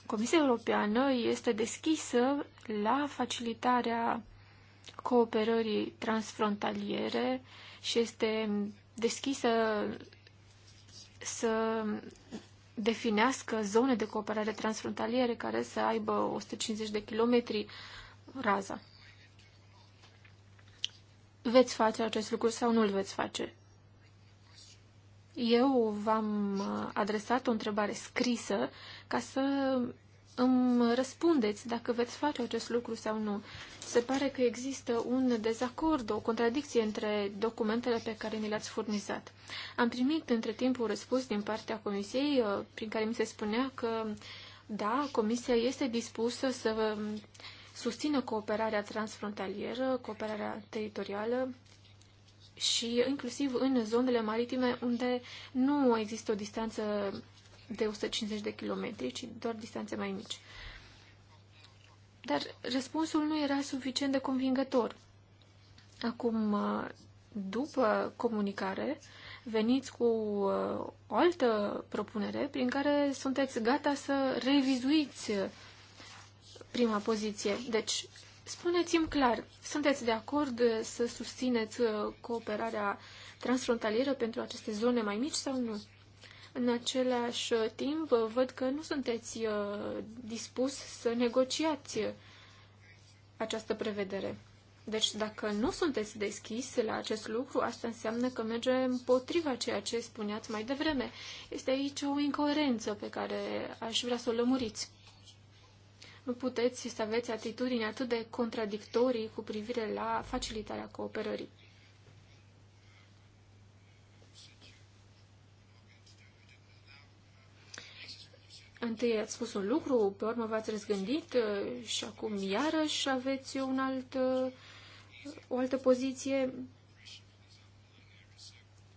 Comisia Europeană este deschisă la facilitarea cooperării transfrontaliere și este deschisă să definească zone de cooperare transfrontaliere care să aibă 150 de kilometri raza veți face acest lucru sau nu îl veți face. Eu v-am uh, adresat o întrebare scrisă ca să îmi răspundeți dacă veți face acest lucru sau nu. Se pare că există un dezacord, o contradicție între documentele pe care ni le-ați furnizat. Am primit între timp un răspuns din partea Comisiei uh, prin care mi se spunea că da, Comisia este dispusă să susțină cooperarea transfrontalieră, cooperarea teritorială și inclusiv în zonele maritime unde nu există o distanță de 150 de kilometri, ci doar distanțe mai mici. Dar răspunsul nu era suficient de convingător. Acum, după comunicare, veniți cu uh, o altă propunere prin care sunteți gata să revizuiți prima poziție. Deci, spuneți-mi clar, sunteți de acord eh, să susțineți eh, cooperarea transfrontalieră pentru aceste zone mai mici sau nu? În același eh, timp, văd că nu sunteți dispus să negociați această prevedere. Deci, dacă nu sunteți deschis la acest lucru, asta înseamnă că merge împotriva ceea ce spuneați mai devreme. Este aici o incoerență pe care aș vrea să o lămuriți nu puteți să aveți atitudini atât de contradictorii cu privire la facilitarea cooperării. Întâi ați spus un lucru, pe urmă v-ați răzgândit uh, și acum iarăși aveți un alt, uh, o altă poziție.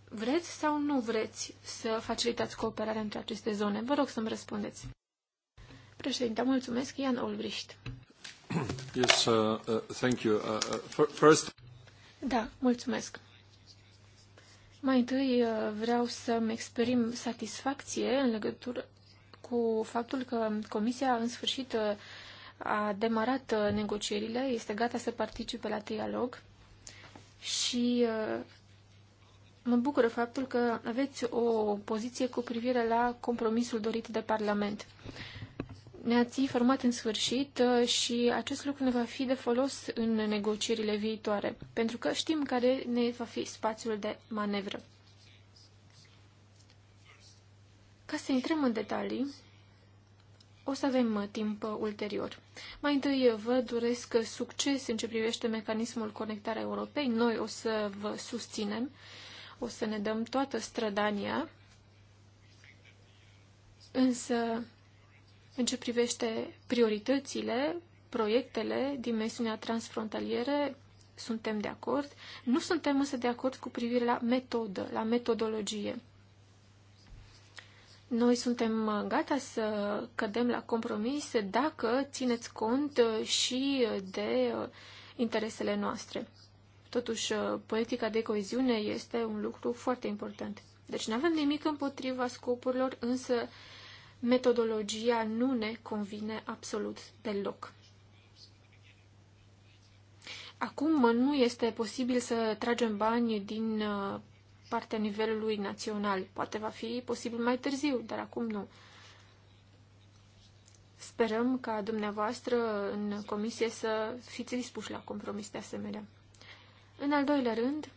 Vreți sau nu vreți să facilitați cooperarea între aceste zone? Vă rog să-mi răspundeți. Președinte, mulțumesc, Ian Olbricht. Yes, uh, uh thank you. Uh, uh first... Da, mulțumesc. Mai întâi uh, vreau să-mi exprim satisfacție în legătură cu faptul că Comisia în sfârșit a demarat negocierile, este gata să participe la trialog și mă bucură faptul că aveți o poziție cu privire la compromisul dorit de Parlament ne-ați informat în sfârșit uh, și acest lucru ne va fi de folos în negocierile viitoare, pentru că știm care ne va fi spațiul de manevră. Ca să intrăm în detalii, o să avem uh, timp uh, ulterior. Mai întâi vă doresc succes în ce privește mecanismul conectarea Europei. Noi o să vă susținem, o să ne dăm toată strădania, însă în ce privește prioritățile, proiectele, dimensiunea transfrontaliere, suntem de acord. Nu suntem însă de acord cu privire la metodă, la metodologie. Noi suntem gata să cădem la compromis dacă țineți cont și de interesele noastre. Totuși, politica de coeziune este un lucru foarte important. Deci nu avem nimic împotriva scopurilor, însă metodologia nu ne convine absolut deloc. Acum nu este posibil să tragem bani din uh, partea nivelului național. Poate va fi posibil mai târziu, dar acum nu. Sperăm ca dumneavoastră în comisie să fiți dispuși la compromis de asemenea. În al doilea rând,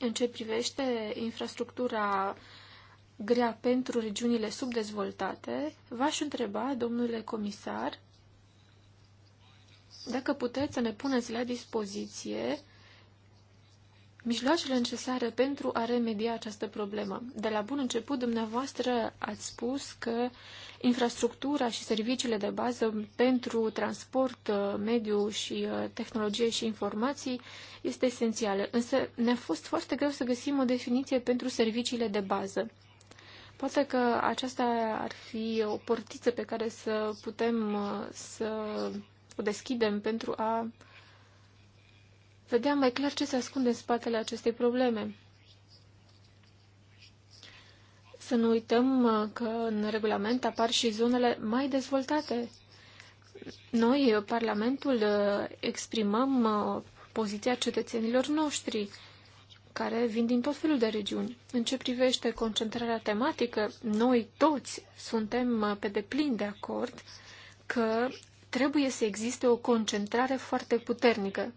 în ce privește infrastructura grea pentru regiunile subdezvoltate, v-aș întreba, domnule comisar, dacă puteți să ne puneți la dispoziție mijloacele necesare pentru a remedia această problemă. De la bun început, dumneavoastră ați spus că infrastructura și serviciile de bază pentru transport, uh, mediu și uh, tehnologie și informații este esențială, însă ne-a fost foarte greu să găsim o definiție pentru serviciile de bază. Poate că aceasta ar fi o portiță pe care să putem uh, să o deschidem pentru a vedea mai clar ce se ascunde în spatele acestei probleme. Să nu uităm uh, că în regulament apar și zonele mai dezvoltate. Noi, uh, Parlamentul, exprimăm poziția cetățenilor noștri care vin din tot felul de regiuni. În ce privește concentrarea tematică, noi toți suntem uh, pe deplin de acord că trebuie să existe o concentrare foarte puternică,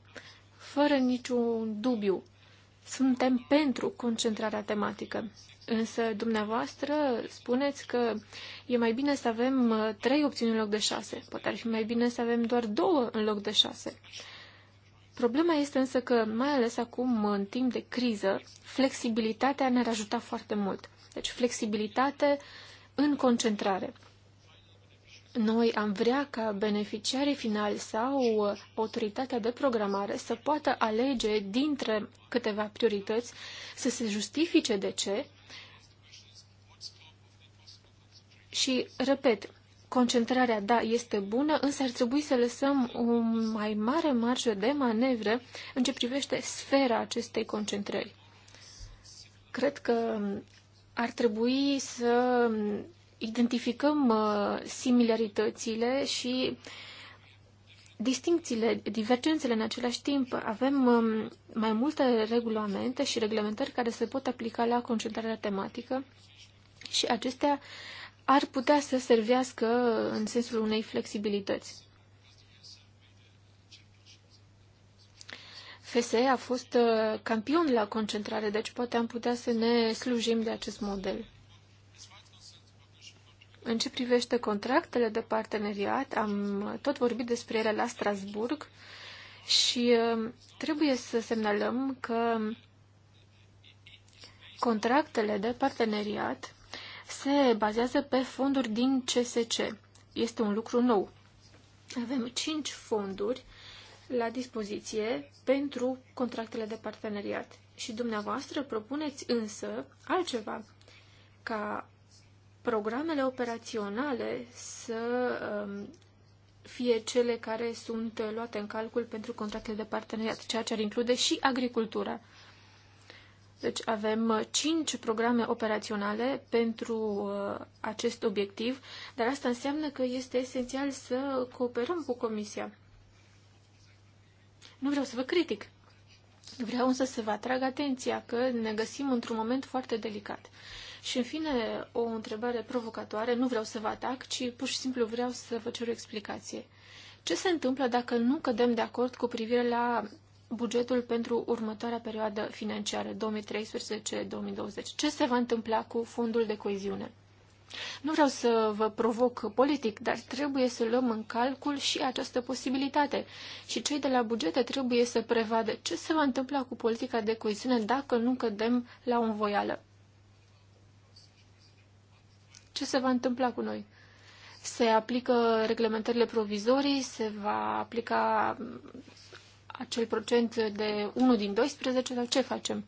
fără niciun dubiu. Suntem pentru concentrarea tematică. Însă, dumneavoastră, spuneți că e mai bine să avem uh, trei opțiuni în loc de șase. Poate ar fi mai bine să avem doar două în loc de șase. Problema este însă că, mai ales acum, în timp de criză, flexibilitatea ne-ar ajuta foarte mult. Deci flexibilitate în concentrare. Noi am vrea ca beneficiarii finali sau autoritatea de programare să poată alege dintre câteva priorități, să se justifice de ce și, repet, Concentrarea, da, este bună, însă ar trebui să lăsăm o mai mare marjă de manevră în ce privește sfera acestei concentrări. Cred că ar trebui să identificăm uh, similaritățile și distincțiile, divergențele în același timp. Avem um, mai multe regulamente și reglementări care se pot aplica la concentrarea tematică și acestea ar putea să servească în sensul unei flexibilități. FSE a fost uh, campion la concentrare, deci poate am putea să ne slujim de acest model. În ce privește contractele de parteneriat, am tot vorbit despre ele la Strasburg și uh, trebuie să semnalăm că contractele de parteneriat se bazează pe fonduri din CSC. Este un lucru nou. Avem cinci fonduri la dispoziție pentru contractele de parteneriat. Și dumneavoastră propuneți însă altceva, ca programele operaționale să um, fie cele care sunt uh, luate în calcul pentru contractele de parteneriat, ceea ce ar include și agricultura. Deci avem uh, cinci programe operaționale pentru uh, acest obiectiv, dar asta înseamnă că este esențial să cooperăm cu Comisia. Nu vreau să vă critic. Vreau însă să vă atrag atenția că ne găsim într-un moment foarte delicat. Și în fine, o întrebare provocatoare, nu vreau să vă atac, ci pur și simplu vreau să vă cer o explicație. Ce se întâmplă dacă nu cădem de acord cu privire la bugetul pentru următoarea perioadă financiară, 2013-2020. Ce se va întâmpla cu fondul de coeziune? Nu vreau să vă provoc politic, dar trebuie să luăm în calcul și această posibilitate. Și cei de la bugete trebuie să prevadă ce se va întâmpla cu politica de coeziune dacă nu cădem la o învoială. Ce se va întâmpla cu noi? Se aplică reglementările provizorii, se va aplica acel procent de 1 din 12 dar ce facem?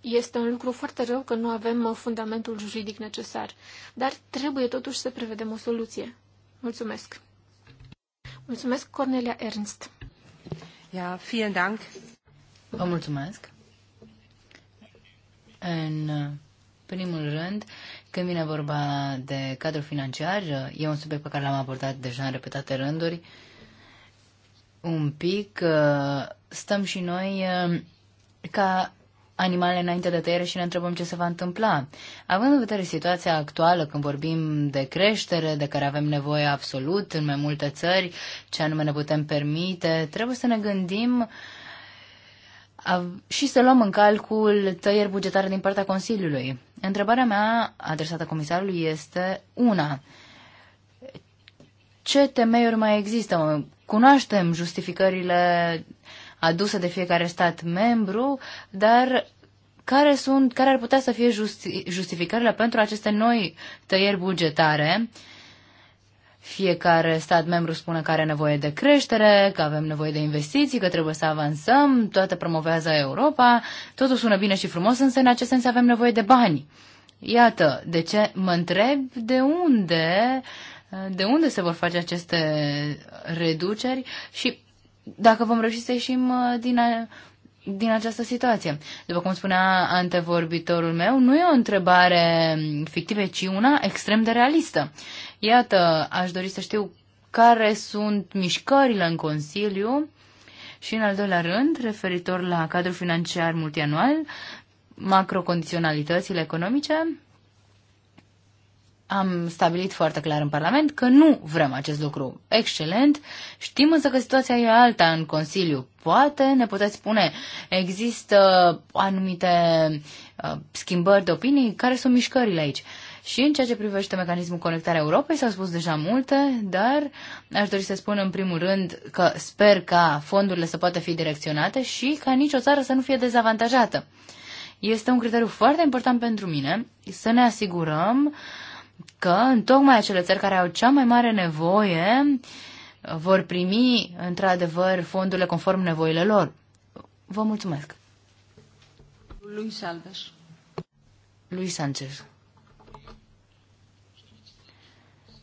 Este un lucru foarte rău că nu avem fundamentul juridic necesar, dar trebuie totuși să prevedem o soluție. Mulțumesc! Mulțumesc, Cornelia Ernst! Ja, vielen Dank! Vă mulțumesc! În primul rând, când vine vorba de cadru financiar, e un subiect pe care l-am abordat deja în repetate rânduri, un pic, uh, stăm și noi uh, ca animale înainte de tăiere și ne întrebăm ce se va întâmpla. Având în vedere situația actuală, când vorbim de creștere, de care avem nevoie absolut în mai multe țări, ce anume ne putem permite, trebuie să ne gândim și să luăm în calcul tăieri bugetare din partea Consiliului. Întrebarea mea adresată comisarului este una. Ce temeiuri mai există Cunoaștem justificările aduse de fiecare stat membru, dar care, sunt, care ar putea să fie justi- justificările pentru aceste noi tăieri bugetare? Fiecare stat membru spune că are nevoie de creștere, că avem nevoie de investiții, că trebuie să avansăm, toate promovează Europa, totul sună bine și frumos, însă în acest sens avem nevoie de bani. Iată, de ce mă întreb de unde uh, de unde se vor face aceste reduceri și dacă vom reuși să ieșim uh, din, a, din această situație. După cum spunea antevorbitorul meu, nu e o întrebare fictivă, ci una extrem de realistă. Iată, aș dori să știu care sunt mișcările în Consiliu și, în al doilea rând, referitor la cadrul financiar multianual, macrocondiționalitățile economice, am stabilit foarte clar în Parlament că nu vrem acest lucru. Excelent. Știm însă că situația e alta în Consiliu. Poate ne puteți spune, există anumite uh, schimbări de opinii? Care sunt mișcările aici? Și în ceea ce privește mecanismul conectarea Europei s-au spus deja multe, dar aș dori să spun în primul rând că sper ca fondurile să poată fi direcționate și ca nicio țară să nu fie dezavantajată. Este un criteriu foarte important pentru mine să ne asigurăm uh, că în tocmai acele țări care au cea mai mare nevoie vor primi într-adevăr fondurile conform nevoile lor. Vă mulțumesc. Luis Alves. Luis Sanchez.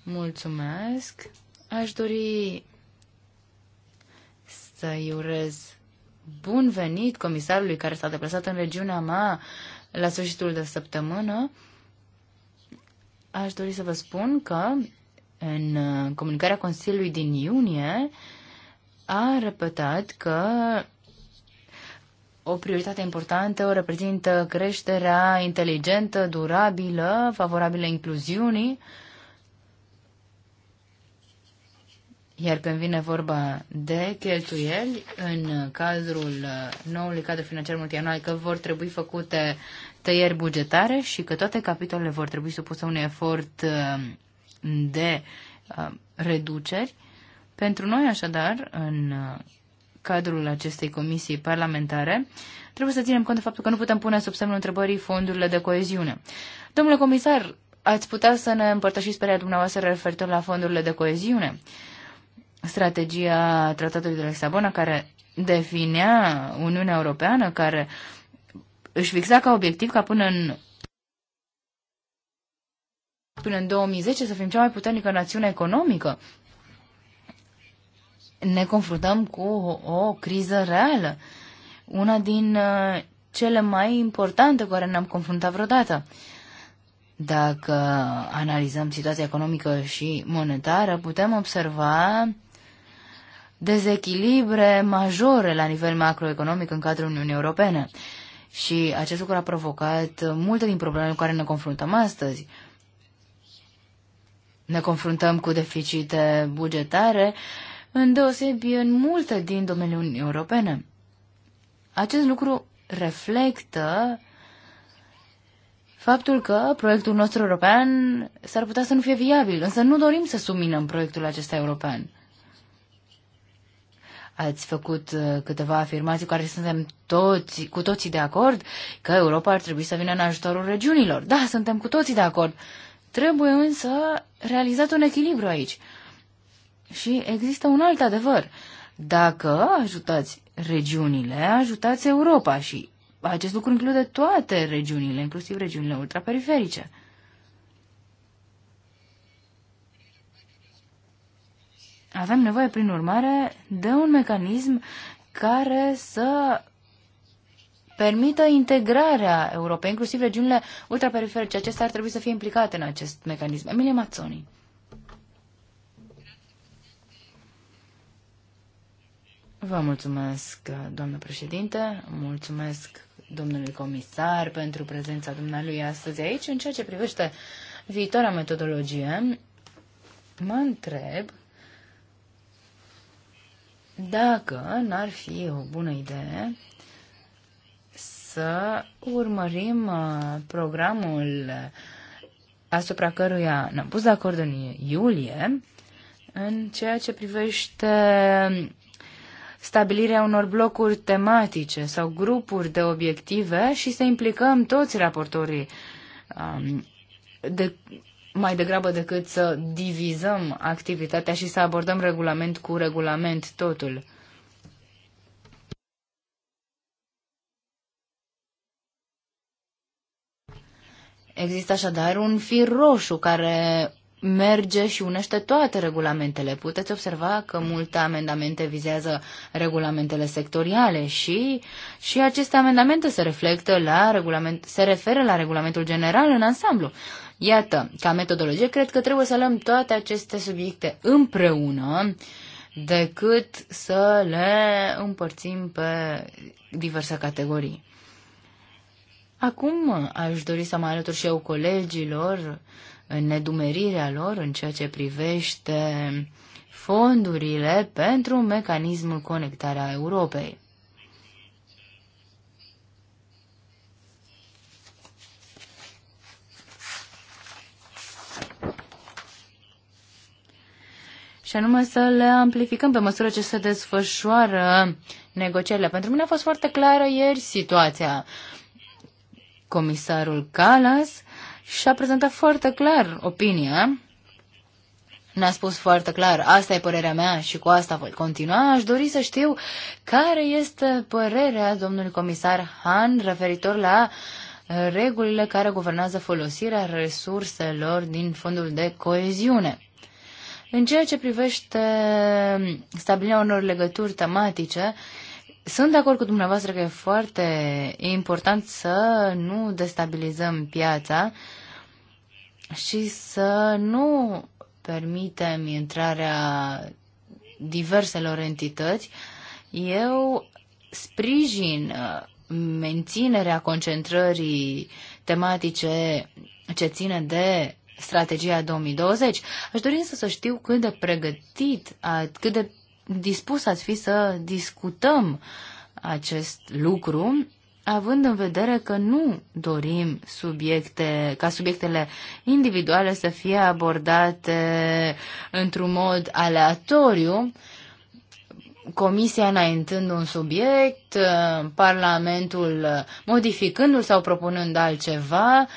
Mulțumesc. Aș dori să-i urez bun venit comisarului care s-a deplasat în regiunea mea la sfârșitul de săptămână aș dori să vă spun că în uh, comunicarea Consiliului din iunie a repetat că o prioritate importantă o reprezintă creșterea inteligentă, durabilă, favorabilă incluziunii. Iar când vine vorba de cheltuieli, în cadrul uh, noului cadru financiar multianual, că vor trebui făcute tăieri bugetare și că toate capitolele vor trebui supuse un efort um, de um, reduceri. Pentru noi, așadar, în uh, cadrul acestei comisii parlamentare, trebuie să ținem cont de faptul că nu putem pune sub semnul întrebării fondurile de coeziune. Domnule comisar, ați putea să ne împărtășiți părerea dumneavoastră referitor la fondurile de coeziune? Strategia Tratatului de Lisabona, care definea Uniunea Europeană, care uh, își fixa ca obiectiv ca până în până în 2010 să fim cea mai puternică națiune economică. Ne confruntăm cu o, o criză reală, una din uh, cele mai importante cu care ne-am confruntat vreodată. Dacă analizăm situația economică și monetară, putem observa dezechilibre majore la nivel macroeconomic în cadrul Uniunii Europene. Și acest lucru a provocat multe din problemele cu care ne confruntăm astăzi. Ne confruntăm cu deficite bugetare, în deosebi în multe din domeniul Uniunii Europene. Acest lucru reflectă faptul că proiectul nostru european s-ar putea să nu fie viabil, însă nu dorim să suminăm proiectul acesta european ați făcut uh, câteva afirmații cu care suntem toți, cu toții de acord că Europa ar trebui să vină în ajutorul regiunilor. Da, suntem cu toții de acord. Trebuie însă realizat un echilibru aici. Și există un alt adevăr. Dacă ajutați regiunile, ajutați Europa și acest lucru include toate regiunile, inclusiv regiunile ultraperiferice. Avem nevoie, prin urmare, de un mecanism care să permită integrarea Europei, inclusiv regiunile ultraperiferice. Deci acestea ar trebui să fie implicate în acest mecanism. Emilie Mazzoni. Vă mulțumesc, doamnă președinte, mulțumesc domnului comisar pentru prezența dumnealui astăzi aici. În ceea ce privește viitoarea metodologie, mă întreb dacă n-ar fi o bună idee să urmărim uh, programul uh, asupra căruia ne-am pus de acord în iulie, în ceea ce privește stabilirea unor blocuri tematice sau grupuri de obiective și să implicăm toți raportorii um, de mai degrabă decât să divizăm activitatea și să abordăm regulament cu regulament totul. Există așadar un fir roșu care merge și unește toate regulamentele. Puteți observa că multe amendamente vizează regulamentele sectoriale și, și aceste amendamente se reflectă la regulament, se referă la regulamentul general în ansamblu. Iată, ca metodologie, cred că trebuie să luăm toate aceste subiecte împreună decât să le împărțim pe diverse categorii. Acum aș dori să mă alătur și eu colegilor în nedumerirea lor în ceea ce privește fondurile pentru mecanismul conectarea Europei. și anume să le amplificăm pe măsură ce se desfășoară negocierile. Pentru mine a fost foarte clară ieri situația. Comisarul Calas și-a prezentat foarte clar opinia, ne-a spus foarte clar, asta e părerea mea și cu asta voi continua. Aș dori să știu care este părerea domnului comisar Han referitor la regulile care guvernează folosirea resurselor din fondul de coeziune. În ceea ce privește stabilirea unor legături tematice, sunt de acord cu dumneavoastră că e foarte important să nu destabilizăm piața și să nu permitem intrarea diverselor entități. Eu sprijin uh, menținerea concentrării tematice ce ține de strategia 2020. Aș dori însă să știu cât de pregătit, cât de dispus ați fi să discutăm acest lucru, având în vedere că nu dorim subiecte, ca subiectele individuale să fie abordate într-un mod aleatoriu, Comisia înaintând un subiect, Parlamentul modificându-l sau propunând altceva,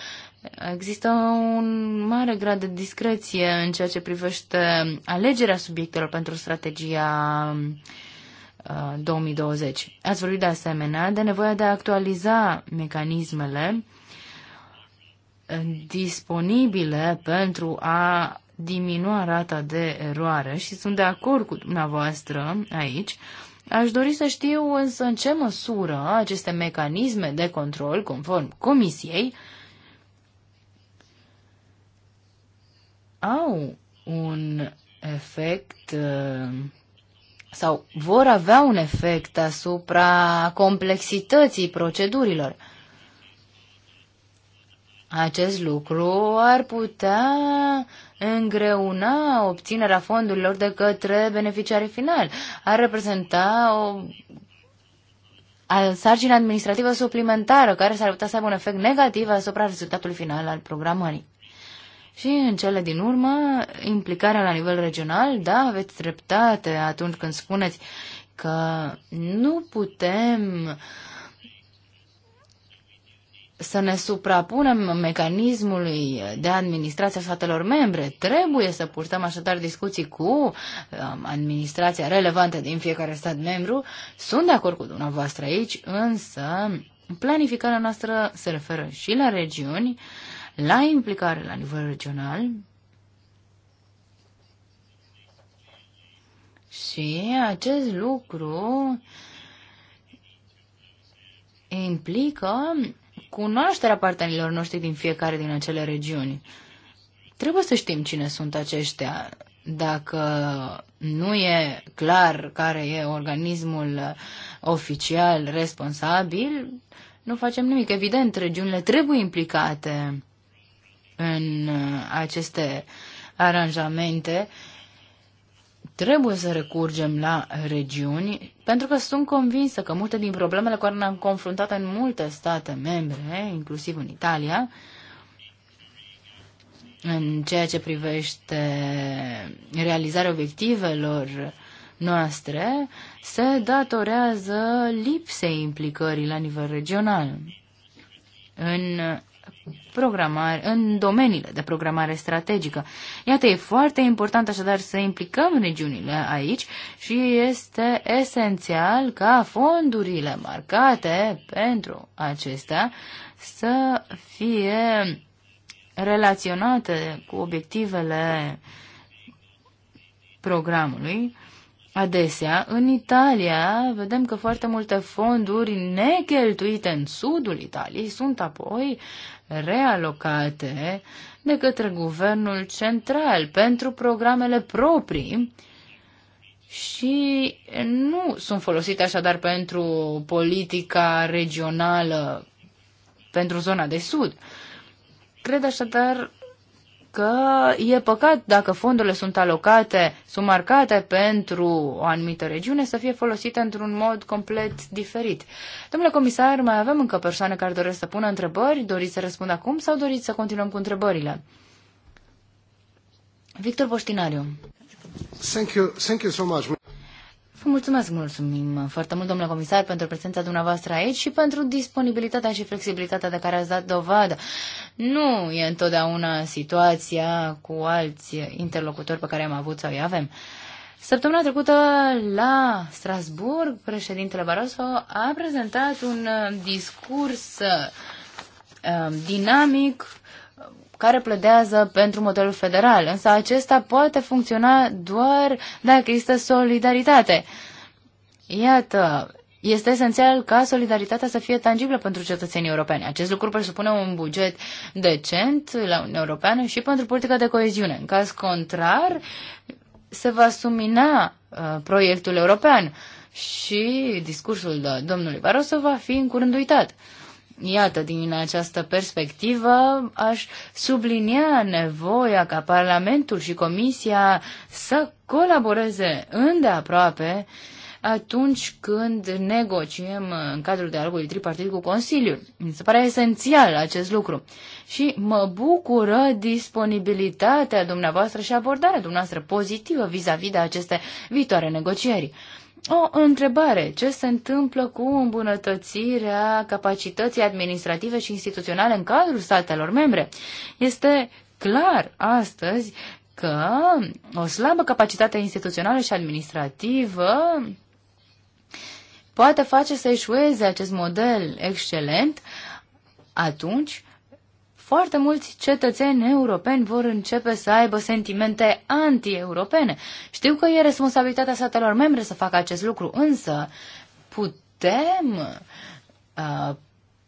Există un mare grad de discreție în ceea ce privește alegerea subiectelor pentru strategia 2020. Uh, Ați vorbit de asemenea de nevoia de a actualiza mecanismele disponibile pentru a diminua rata de eroare și sunt de acord cu dumneavoastră aici. Aș dori să știu însă în ce măsură aceste mecanisme de control, conform Comisiei, uh, au un efect uh, sau vor avea un efect asupra complexității procedurilor. Acest lucru ar putea îngreuna obținerea fondurilor de către beneficiarii final. Ar reprezenta o sarcină administrativă suplimentară care s-ar putea să aibă un efect negativ asupra rezultatului final al programării. Și în cele din urmă, implicarea la nivel regional, da, aveți dreptate atunci când spuneți că nu putem să ne suprapunem mecanismului de administrație a statelor membre. Trebuie să purtăm așadar discuții cu um, administrația relevantă din fiecare stat membru. Sunt de acord cu dumneavoastră aici, însă planificarea noastră se referă și la regiuni, la implicare la nivel regional și acest lucru implică cunoașterea partenerilor noștri din fiecare din acele regiuni. Trebuie să știm cine sunt aceștia. Dacă nu e clar care e organismul oficial responsabil, nu facem nimic. Evident, regiunile trebuie implicate în uh, aceste aranjamente, trebuie să recurgem la regiuni, pentru că sunt convinsă că multe din problemele cu care ne-am confruntat în multe state membre, inclusiv în Italia, în ceea ce privește realizarea obiectivelor noastre, se datorează lipsei implicării la nivel regional. În programare, în domeniile de programare strategică. Iată, e foarte important așadar să implicăm regiunile aici și este esențial ca fondurile marcate pentru acestea să fie relaționate cu obiectivele programului. Adesea, în Italia, vedem că foarte multe fonduri necheltuite în sudul Italiei sunt apoi realocate de către guvernul central pentru programele proprii și nu sunt folosite așadar pentru politica regională pentru zona de sud. Cred așadar că e păcat dacă fondurile sunt alocate, sunt marcate pentru o anumită regiune, să fie folosite într-un mod complet diferit. Domnule comisar, mai avem încă persoane care doresc să pună întrebări. Doriți să răspund acum sau doriți să continuăm cu întrebările? Victor Poștinariu. Thank you, thank you so much. Vă mulțumesc, mulțumim foarte mult, domnule comisar, pentru prezența dumneavoastră aici și pentru disponibilitatea și flexibilitatea de care ați dat dovadă. Nu e întotdeauna situația cu alți interlocutori pe care am avut sau îi avem. Săptămâna trecută la Strasburg, președintele Barroso a prezentat un uh, discurs uh, dinamic care pledează pentru modelul federal, însă acesta poate funcționa doar dacă există solidaritate. Iată, este esențial ca solidaritatea să fie tangibilă pentru cetățenii europeni. Acest lucru presupune un buget decent la Uniunea Europeană și pentru politica de coeziune. În caz contrar, se va sumina uh, proiectul european și discursul domnului Barroso va fi în curând uitat. Iată, din această perspectivă, aș sublinia nevoia ca Parlamentul și Comisia să colaboreze îndeaproape atunci când negociem în cadrul dialogului tripartit cu Consiliul. Mi se pare esențial acest lucru. Și mă bucură disponibilitatea dumneavoastră și abordarea dumneavoastră pozitivă vis-a-vis -vis de aceste viitoare negocieri o întrebare. Ce se întâmplă cu îmbunătățirea capacității administrative și instituționale în cadrul statelor membre? Este clar astăzi că o slabă capacitate instituțională și administrativă poate face să eșueze acest model excelent atunci foarte mulți cetățeni europeni vor începe să aibă sentimente anti-europene. Știu că e responsabilitatea statelor membre să facă acest lucru, însă putem uh,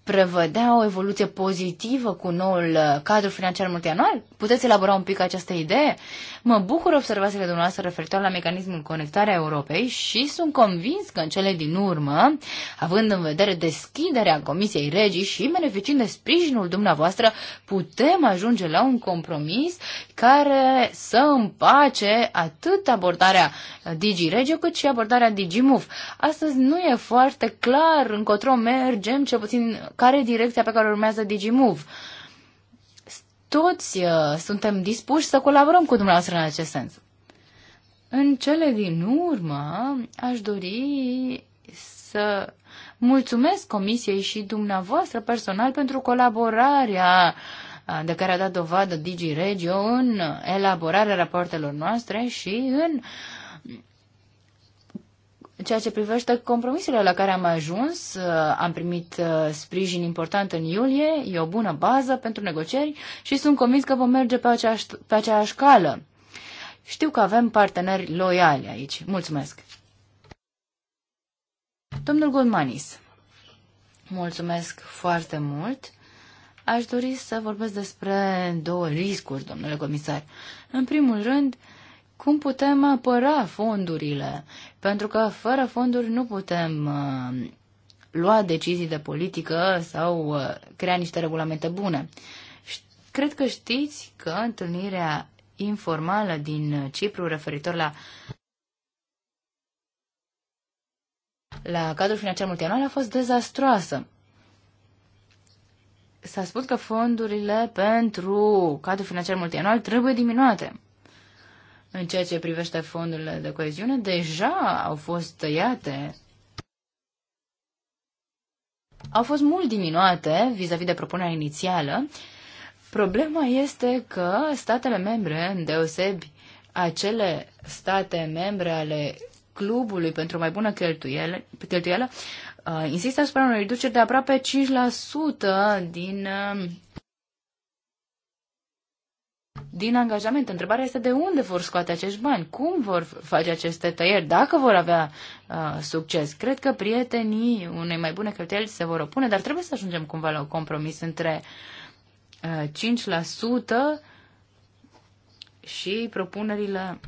prevedea o evoluție pozitivă cu noul uh, cadru financiar multianual? Puteți elabora un pic această idee? Mă bucur observațiile dumneavoastră referitor la mecanismul conectarea Europei și sunt convins că în cele din urmă, având în vedere deschiderea Comisiei Regii și beneficiind de sprijinul dumneavoastră, putem ajunge la un compromis care să împace atât abordarea uh, Digi Regio cât și abordarea DIGIMOV. Astăzi nu e foarte clar încotro mergem, cel puțin care e direcția pe care urmează DigiMove. Toți uh, suntem dispuși să colaborăm cu dumneavoastră în acest sens. În cele din urmă, aș dori să mulțumesc Comisiei și dumneavoastră personal pentru colaborarea uh, de care a dat dovadă DigiRegio în elaborarea rapoartelor noastre și în uh, în ceea ce privește compromisurile la care am ajuns, uh, am primit uh, sprijin important în iulie, e o bună bază pentru negocieri și sunt convins că vom merge pe aceeași, pe aceeași cală. Știu că avem parteneri loiali aici. Mulțumesc! Domnul Goldmanis, mulțumesc foarte mult. Aș dori să vorbesc despre două riscuri, domnule comisar. În primul rând, uh, cum putem apăra fondurile, pentru că fără fonduri nu putem uh, lua decizii de politică sau uh, crea niște regulamente bune. Cred că știți că întâlnirea informală din Cipru referitor la la cadrul financiar multianual a fost dezastroasă. S-a spus că fondurile pentru cadrul financiar multianual trebuie diminuate. În ceea ce privește fondurile de coeziune, deja au fost tăiate. Au fost mult diminuate vis-a-vis -vis de propunerea inițială. Problema este că statele membre, deosebi acele state membre ale clubului pentru mai bună cheltuială, cheltuială uh, insistă asupra unei reduceri de aproape 5% din um, din angajament. Întrebarea este de unde vor scoate acești bani, cum vor face aceste tăieri, dacă vor avea uh, succes. Cred că prietenii unei mai bune cheltuieli se vor opune, dar trebuie să ajungem cumva la un compromis între uh, 5% și propunerile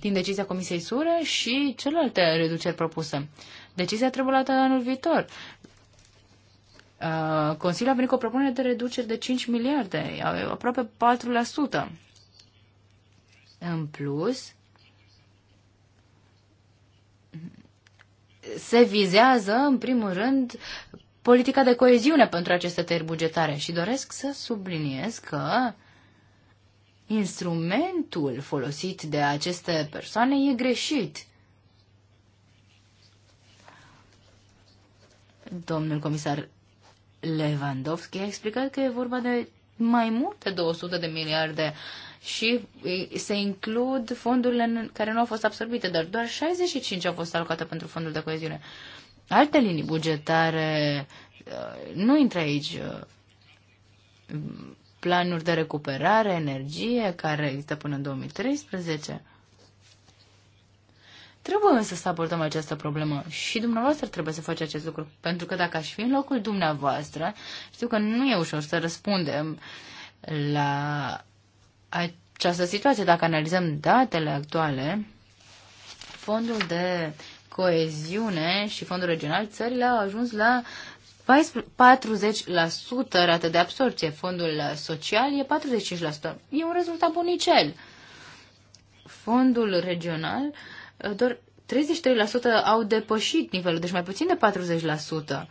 din decizia Comisiei Sure și celelalte reduceri propuse. Decizia trebuie luată anul viitor. Uh, Consiliul a venit cu o propunere de reducere de 5 miliarde, aproape 4%. În plus, se vizează, în primul rând, politica de coeziune pentru aceste tăieri bugetare și doresc să subliniez că instrumentul folosit de aceste persoane e greșit. Domnul comisar Lewandowski a explicat că e vorba de mai multe 200 de miliarde și se includ fondurile care nu au fost absorbite, dar doar 65 au fost alocate pentru fondul de coeziune. Alte linii bugetare uh, nu intră aici uh, planuri de recuperare, energie, care există până în 2013. Trebuie însă să abordăm această problemă și dumneavoastră trebuie să faceți acest lucru, pentru că dacă aș fi în locul dumneavoastră, știu că nu e ușor să răspundem la această situație. Dacă analizăm datele actuale, fondul de coeziune și fondul regional, țările au ajuns la 40% rată de absorție. Fondul social e 45%. E un rezultat bunicel. Fondul regional uh, Uh, doar 33% au depășit nivelul, deci mai puțin de 40%.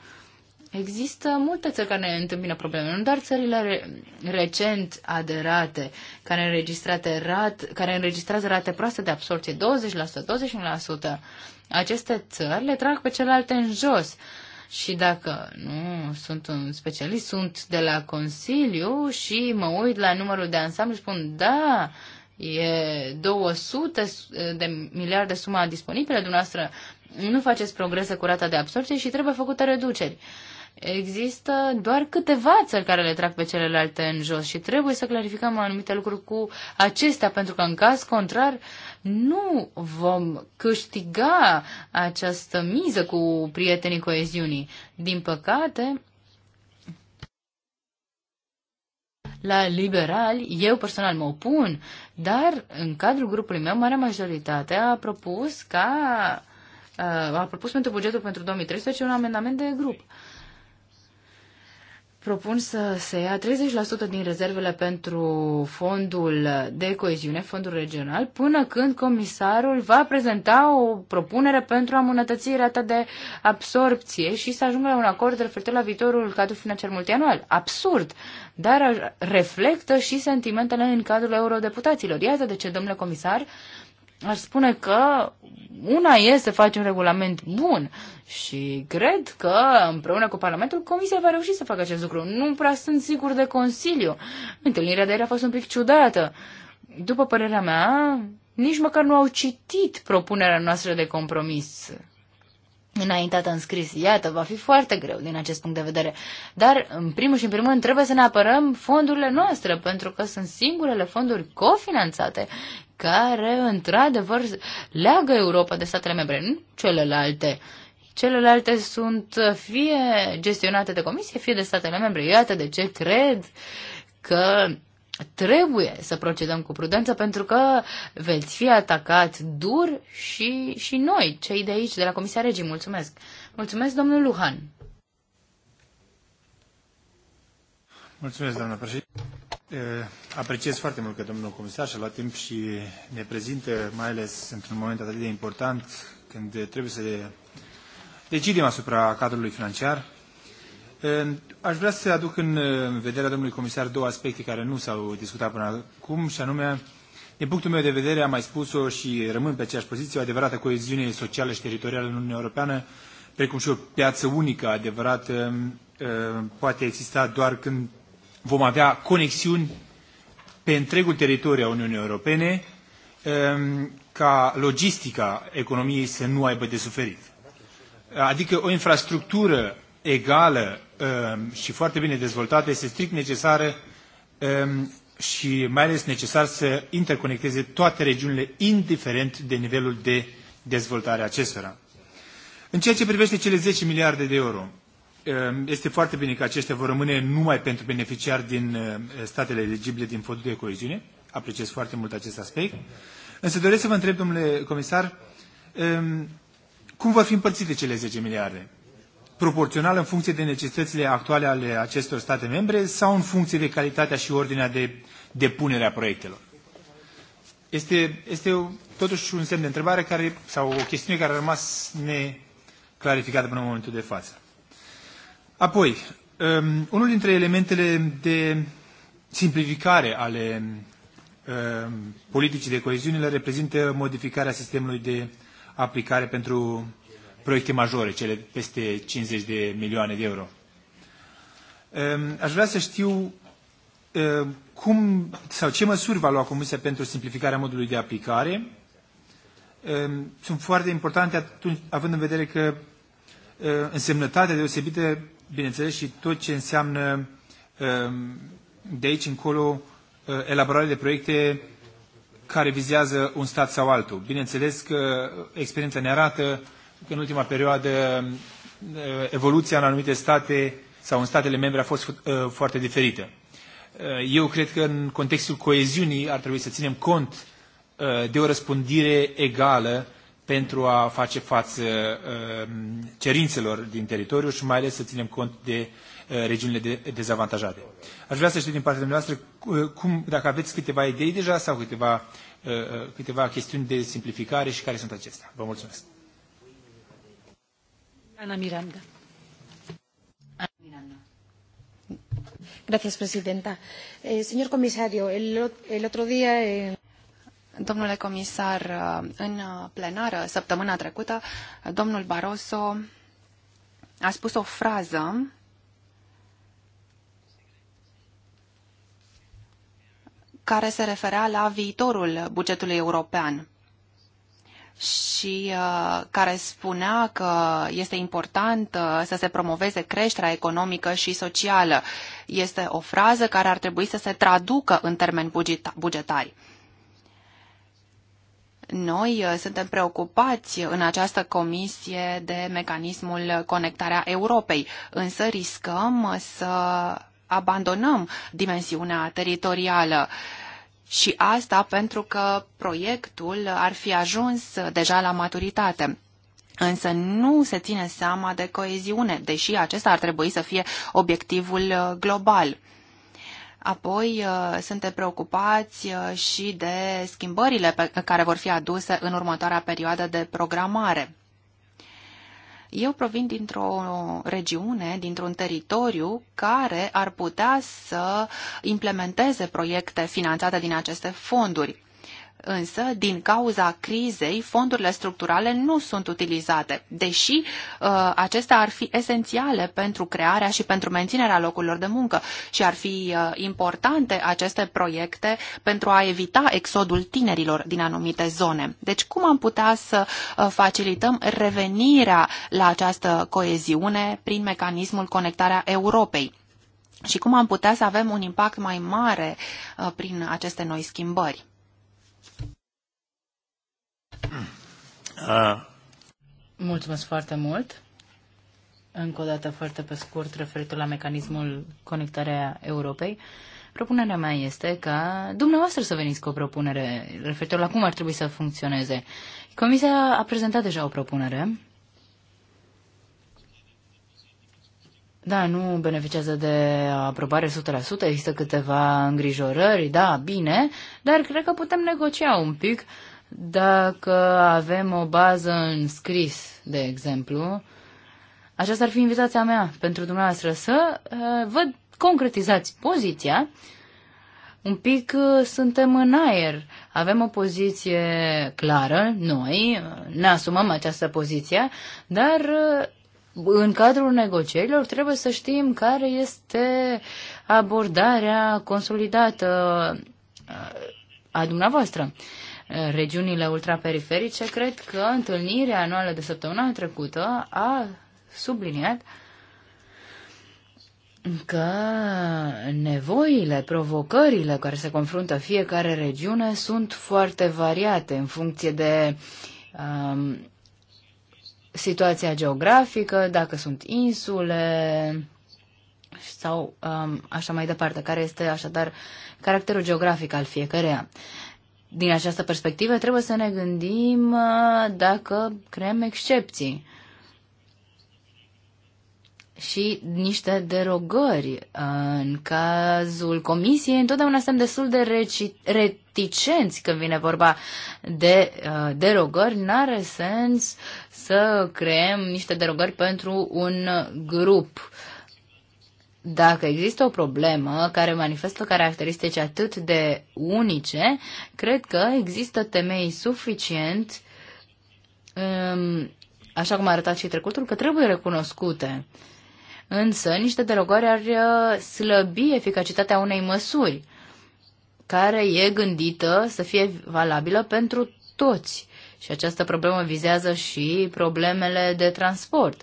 Există multe țări care ne întâmpină probleme, nu doar țările re- recent aderate, care, înregistrate rat, care înregistrează rate proaste de absorție, 20%, 21%. Aceste țări le trag pe celelalte în jos. Și dacă nu sunt un specialist, sunt de la Consiliu și mă uit la numărul de ansamblu și spun, da, e 200 de miliarde suma disponibilă, dumneavoastră nu faceți progrese cu rata de absorție și trebuie făcute reduceri. Există doar câteva țări care le trag pe celelalte în jos și trebuie să clarificăm anumite lucruri cu acestea, pentru că în caz contrar nu vom câștiga această miză cu prietenii coeziunii. Din păcate, la liberali, eu personal mă opun, dar în cadrul grupului meu, marea majoritate a propus ca uh, a propus pentru bugetul pentru 2013 un amendament de grup propun să se ia 30% din rezervele pentru fondul de coeziune, fondul regional, până când comisarul va prezenta o propunere pentru a îmbunătăți rata de absorpție și să ajungă la un acord referitor la viitorul cadru financiar multianual. Absurd, dar reflectă și sentimentele în cadrul eurodeputaților. Iată de ce, domnule comisar, aș spune că una e să faci un regulament bun și cred că împreună cu Parlamentul Comisia va reuși să facă acest lucru. Nu prea sunt sigur de Consiliu. Întâlnirea de aia a fost un pic ciudată. După părerea mea, nici măcar nu au citit propunerea noastră de compromis înaintată în scris. Iată, va fi foarte greu din acest punct de vedere. Dar, în primul și în primul rând, trebuie să ne apărăm fondurile noastre, pentru că sunt singurele fonduri cofinanțate care, într-adevăr, leagă Europa de statele membre, nu celelalte. Celelalte sunt fie gestionate de comisie, fie de statele membre. Iată de ce cred că trebuie să procedăm cu prudență pentru că veți fi atacat dur și, și noi, cei de aici, de la Comisia Regii. Mulțumesc. Mulțumesc, domnul Luhan. Mulțumesc, doamnă președinte. Eh, apreciez foarte mult că domnul comisar și-a luat timp și ne prezintă, mai ales într-un moment atât de important, când trebuie să decidem asupra cadrului financiar Aș vrea să aduc în vederea domnului comisar două aspecte care nu s-au discutat până acum, și anume, din punctul meu de vedere, am mai spus-o și rămân pe aceeași poziție, o adevărată coeziune socială și teritorială în Uniunea Europeană, precum și o piață unică adevărată, um, um, poate exista doar când vom avea conexiuni pe întregul teritoriu al Uniunii Europene, um, ca logistica economiei să nu aibă de suferit. Adică o infrastructură egală Um, și foarte bine dezvoltată este strict necesară um, și mai ales necesar să interconecteze toate regiunile, indiferent de nivelul de dezvoltare acestora. În ceea ce privește cele 10 miliarde de euro, um, este foarte bine că aceștia vor rămâne numai pentru beneficiari din uh, statele eligibile din fondul de coeziune. Apreciez foarte mult acest aspect. Însă doresc să vă întreb, domnule comisar, cum vor fi împărțite cele 10 miliarde? proporțională în funcție de necesitățile actuale ale acestor state membre sau în funcție de calitatea și ordinea de depunere a proiectelor. Este, este totuși un semn de întrebare care, sau o chestiune care a rămas neclarificată până în momentul de față. Apoi, um, unul dintre elementele de simplificare ale um, politicii de coeziune le reprezintă modificarea sistemului de aplicare pentru proiecte majore, cele peste 50 de milioane de euro. Ehm, aș vrea să știu ehm, cum sau ce măsuri va lua Comisia pentru simplificarea modului de aplicare. Ehm, sunt foarte importante atunci, având în vedere că însemnătatea deosebită, bineînțeles, și tot ce înseamnă de aici încolo elaborarea de proiecte care vizează un stat sau altul. Bineînțeles că experiența ne arată în ultima perioadă evoluția în anumite state sau în statele membre a fost uh, foarte diferită. Uh, eu cred că în contextul coeziunii ar trebui să ținem cont uh, de o răspundire egală pentru a face față cerințelor din teritoriu și mai ales să ținem cont de regiunile dezavantajate. Aș vrea să știu din partea dumneavoastră cum, dacă aveți câteva idei deja sau câteva, câteva chestiuni de simplificare și care sunt acestea. Vă mulțumesc. Ana Miranda. Ana presidenta. Eh, señor comisario, el, otro día. Eh, Domnule comisar, eh, în plenară, săptămâna trecută, domnul Barroso a spus o frază care se referea la viitorul bugetului european și uh, care spunea că este important uh, să se promoveze creșterea economică și socială. Este o frază care ar trebui să se traducă în termeni bugetari. Noi uh, suntem preocupați în această comisie de mecanismul conectarea Europei, însă riscăm să abandonăm dimensiunea teritorială. Uh, și asta pentru că proiectul ar fi ajuns deja la maturitate. Însă nu se ține seama de coeziune, deși acesta ar trebui să fie obiectivul uh, global. Apoi uh, suntem preocupați uh, și de schimbările pe care vor fi aduse în următoarea perioadă de programare. Eu provin dintr-o regiune, dintr-un teritoriu care ar putea să implementeze proiecte finanțate din aceste fonduri însă, din cauza crizei, fondurile structurale nu sunt utilizate, deși uh, acestea ar fi esențiale pentru crearea și pentru menținerea locurilor de muncă și ar fi uh, importante aceste proiecte pentru a evita exodul tinerilor din anumite zone. Deci, cum am putea să uh, facilităm revenirea la această coeziune prin mecanismul conectarea Europei? și cum am putea să avem un impact mai mare prin aceste noi schimbări. Ah. Mulțumesc foarte mult. Încă o dată, foarte pe scurt, referitor la mecanismul conectarea Europei. Propunerea mea este ca dumneavoastră să veniți cu o propunere referitor la cum ar trebui să funcționeze. Comisia a prezentat deja o propunere Da, nu beneficiază de aprobare 100%, există câteva îngrijorări, da, bine, dar cred că putem negocia un pic dacă avem o bază în scris, de exemplu. Aceasta ar fi invitația mea pentru dumneavoastră să uh, vă concretizați poziția. Un pic uh, suntem în aer, avem o poziție clară, noi uh, ne asumăm această poziție, dar uh, în cadrul negocierilor trebuie să știm care este abordarea consolidată uh, a dumneavoastră. Regiunile ultraperiferice cred că întâlnirea anuală de săptămâna trecută a subliniat că nevoile, provocările cu care se confruntă fiecare regiune sunt foarte variate în funcție de um, situația geografică, dacă sunt insule sau um, așa mai departe, care este așadar caracterul geografic al fiecăreia. Din această perspectivă trebuie să ne gândim uh, dacă creăm excepții și niște derogări. Uh, în cazul comisiei, întotdeauna suntem destul de reticenți când vine vorba de uh, derogări. N-are sens să creăm niște derogări pentru un grup. Dacă există o problemă care manifestă caracteristici atât de unice, cred că există temei suficient, um, așa cum a arătat și trecutul, că trebuie recunoscute. Însă, niște derogări ar uh, slăbi eficacitatea unei măsuri care e gândită să fie valabilă pentru toți. Și această problemă vizează și problemele de transport.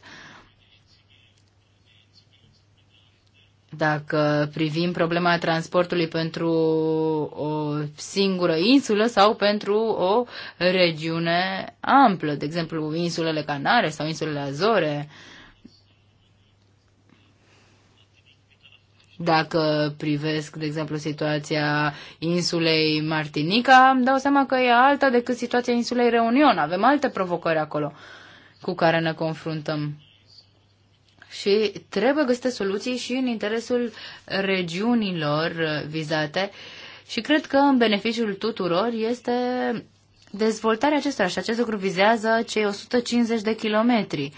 Dacă privim problema transportului pentru o singură insulă sau pentru o regiune amplă, de exemplu insulele Canare sau insulele Azore, uh, Dacă privesc, de exemplu, situația insulei Martinica, îmi dau seama că e alta decât situația insulei Reunion. Avem alte provocări acolo cu care ne confruntăm. Și trebuie găsite soluții și în interesul regiunilor vizate și cred că în beneficiul tuturor este dezvoltarea acestora și acest lucru vizează cei 150 de kilometri.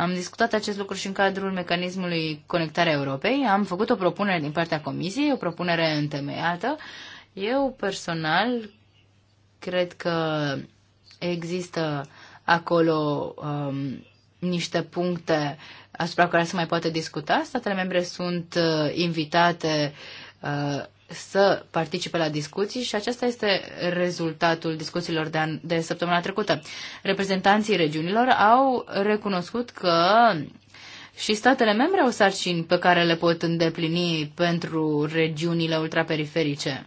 Am discutat acest lucru și în cadrul mecanismului Conectarea Europei. Am făcut o propunere din partea Comisiei, o propunere întemeiată. Eu personal cred că există acolo um, niște puncte asupra care se mai poate discuta. Statele membre sunt uh, invitate uh, să participe la discuții și acesta este rezultatul discuțiilor de, an, de săptămâna trecută. Reprezentanții regiunilor au recunoscut că și statele membre au sarcini pe care le pot îndeplini pentru regiunile ultraperiferice.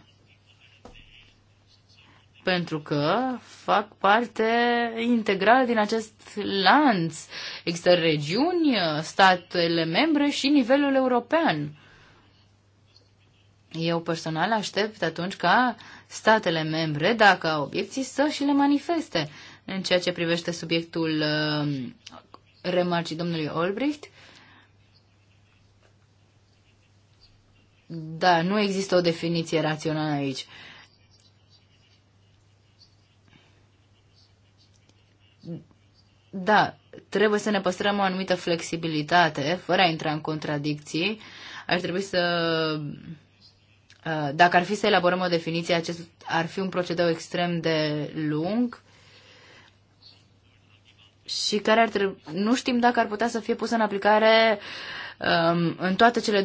Pentru că fac parte integral din acest lanț. Există regiuni, statele membre și nivelul european. Eu personal aștept atunci ca statele membre, dacă au obiecții, să și le manifeste. În ceea ce privește subiectul uh, remarcii domnului Olbricht, da, nu există o definiție rațională aici. Da, trebuie să ne păstrăm o anumită flexibilitate, fără a intra în contradicții. Ar trebui să Uh, dacă ar fi să elaborăm o definiție, acest ar fi un procedeu extrem de lung și care ar trebui, nu știm dacă ar putea să fie pusă în aplicare um, în toate cele 27-28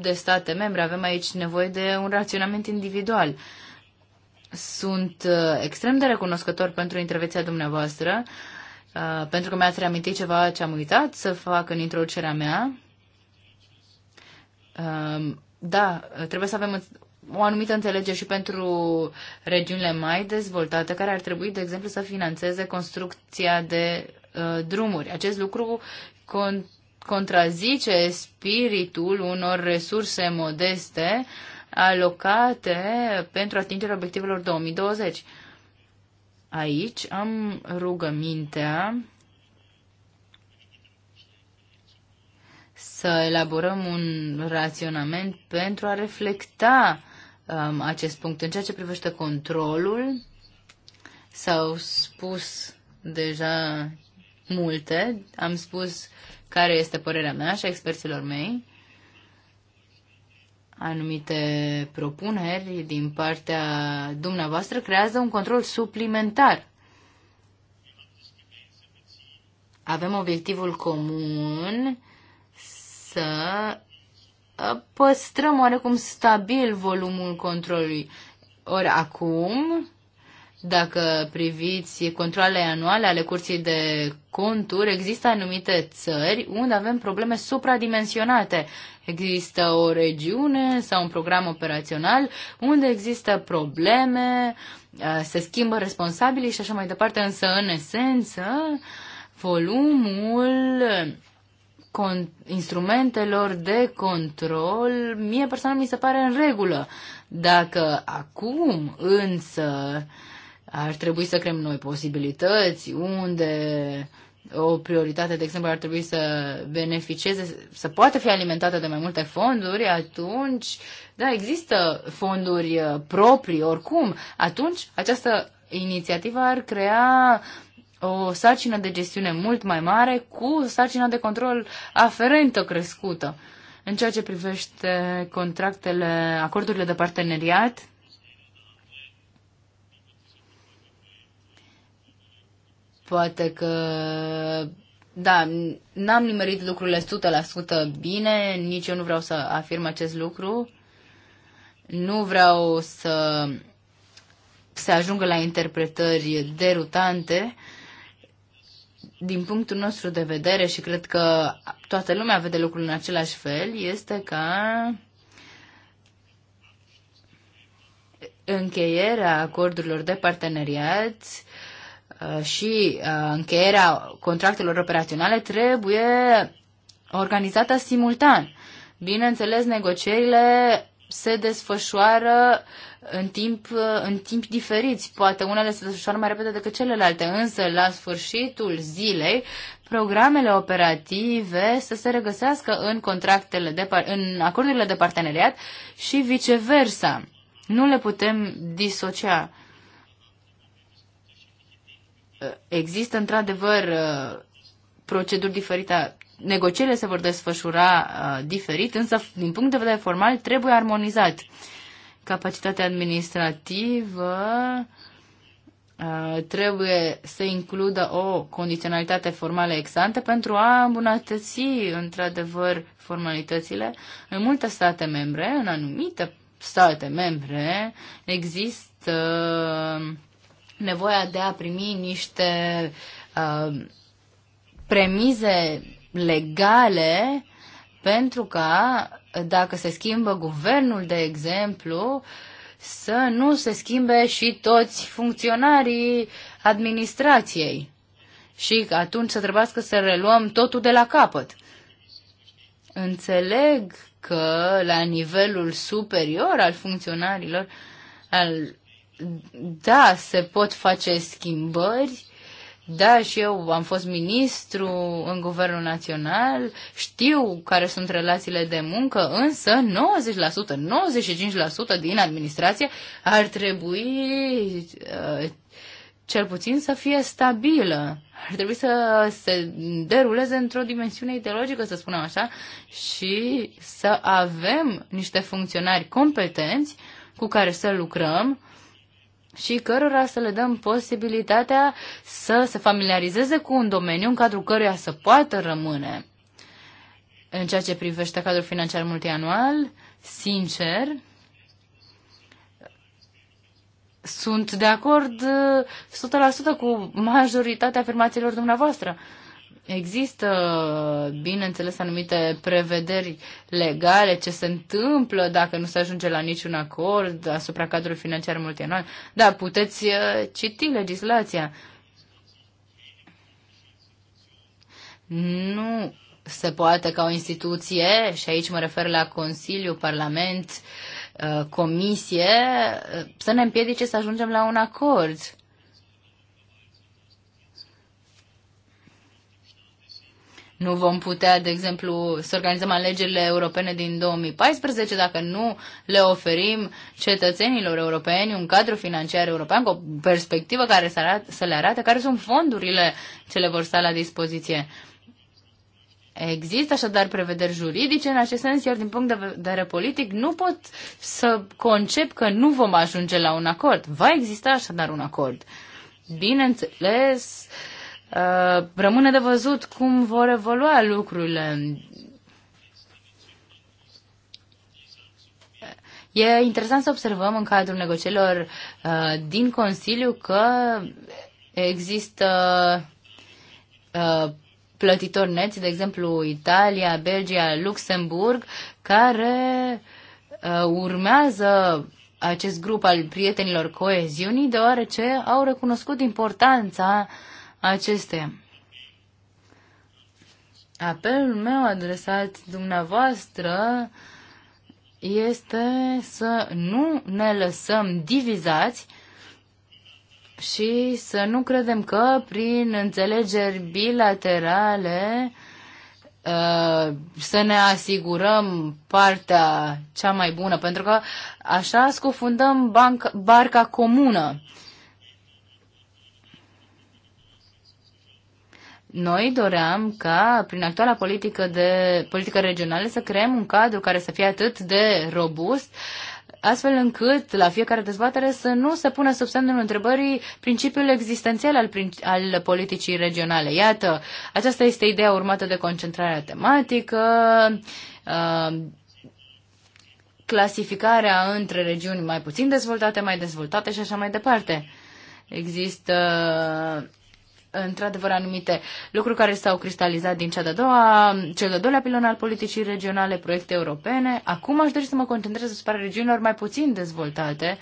de state membre. Avem aici nevoie de un raționament individual. Sunt uh, extrem de recunoscător pentru intervenția dumneavoastră, uh, pentru că mi-ați reamintit ceva ce am uitat să fac în introducerea mea. Um, da, trebuie să avem o anumită înțelegere și pentru regiunile mai dezvoltate, care ar trebui, de exemplu, să financeze construcția de uh, drumuri. Acest lucru con- contrazice spiritul unor resurse modeste alocate pentru atingerea obiectivelor 2020. Aici am rugămintea să elaborăm un raționament pentru a reflecta um, acest punct. În ceea ce privește controlul, s-au spus deja multe, am spus care este părerea mea și a experților mei. Anumite propuneri din partea dumneavoastră creează un control suplimentar. Avem obiectivul comun să ă, păstrăm oarecum stabil volumul controlului. Ori acum, dacă priviți controlele anuale ale curții de conturi, există anumite țări unde avem probleme supradimensionate. Există o regiune sau un program operațional unde există probleme, ă, se schimbă responsabilii și așa mai departe, însă în esență volumul instrumentelor de control, mie personal mi se pare în regulă. Dacă acum însă ar trebui să creăm noi posibilități unde o prioritate, de exemplu, ar trebui să beneficieze, să poată fi alimentată de mai multe fonduri, atunci, da, există fonduri uh, proprii oricum, atunci această inițiativă ar crea o sarcină de gestiune mult mai mare cu sarcină de control aferentă crescută. În ceea ce privește contractele, acordurile de parteneriat, poate că da, n-am nimerit lucrurile 100% bine, nici eu nu vreau să afirm acest lucru. Nu vreau să se ajungă la interpretări derutante, din punctul nostru de vedere, și cred că toată lumea vede lucrul în același fel, este ca încheierea acordurilor de parteneriat uh, și uh, încheierea contractelor operaționale trebuie organizată simultan. Bineînțeles, negocierile se desfășoară în timp, în timp diferiți. Poate unele se desfășoară mai repede decât celelalte, însă la sfârșitul zilei programele operative să se regăsească în contractele de, în acordurile de parteneriat și viceversa. Nu le putem disocia. Există într-adevăr uh, proceduri diferite negocierile se vor desfășura uh, diferit, însă, din punct de vedere formal, trebuie armonizat. Capacitatea administrativă uh, trebuie să includă o condiționalitate formală exantă pentru a îmbunătăți, într-adevăr, formalitățile. În multe state membre, în anumite state membre, există nevoia de a primi niște uh, premize legale pentru ca, dacă se schimbă guvernul, de exemplu, să nu se schimbe și toți funcționarii administrației și atunci să trebuiască să reluăm totul de la capăt. Înțeleg că la nivelul superior al funcționarilor, al, da, se pot face schimbări, da, și eu am fost ministru în Guvernul Național, știu care sunt relațiile de muncă, însă 90%, 95% din administrație ar trebui uh, cel puțin să fie stabilă. Ar trebui să se deruleze într-o dimensiune ideologică, să spunem așa, și să avem niște funcționari competenți cu care să lucrăm și cărora să le dăm posibilitatea să se familiarizeze cu un domeniu în cadrul căruia să poată rămâne. În ceea ce privește cadrul financiar multianual, sincer, sunt de acord uh, 100% cu majoritatea afirmațiilor dumneavoastră. Uh, Există, bineînțeles, anumite prevederi legale, ce se întâmplă dacă nu se ajunge la niciun acord asupra cadrului financiar multianual. Da, puteți uh, citi legislația. Nu se poate ca o instituție, și aici mă refer la Consiliu, Parlament, uh, Comisie, uh, să ne împiedice să ajungem la un acord Nu vom putea, de exemplu, să organizăm alegerile europene din 2014 dacă nu le oferim cetățenilor europeni un cadru financiar european cu o perspectivă care să, arat, să le arate care sunt fondurile ce le vor sta la dispoziție. Există așadar prevederi juridice în acest sens, iar din punct de vedere politic nu pot să concep că nu vom ajunge la un acord. Va exista așadar un acord. Bineînțeles, uh, Uh, rămâne de văzut cum vor evolua lucrurile. E interesant să observăm în cadrul negocierilor uh, din Consiliu că există uh, plătitori neți, de exemplu Italia, Belgia, Luxemburg, care urmează acest grup al prietenilor coeziunii, deoarece au recunoscut importanța uh, acesteia. Apelul meu adresat dumneavoastră este să nu ne lăsăm divizați și să nu credem că prin înțelegeri bilaterale uh, să ne asigurăm partea cea mai bună, pentru că așa scufundăm banca, barca comună. Noi doream ca, prin actuala politică, de, politică regională, să creăm un cadru care să fie atât de robust, astfel încât la fiecare dezbatere să nu se pună sub semnul întrebării principiul existențial al, al politicii regionale. Iată, aceasta este ideea urmată de concentrarea tematică, uh, clasificarea între regiuni mai puțin dezvoltate, mai dezvoltate și așa mai departe. Există într-adevăr anumite lucruri care s-au cristalizat din cea de-a doua, cel de-a doilea pilon al politicii regionale, proiecte europene. Acum aș dori să mă concentrez asupra regiunilor mai puțin dezvoltate.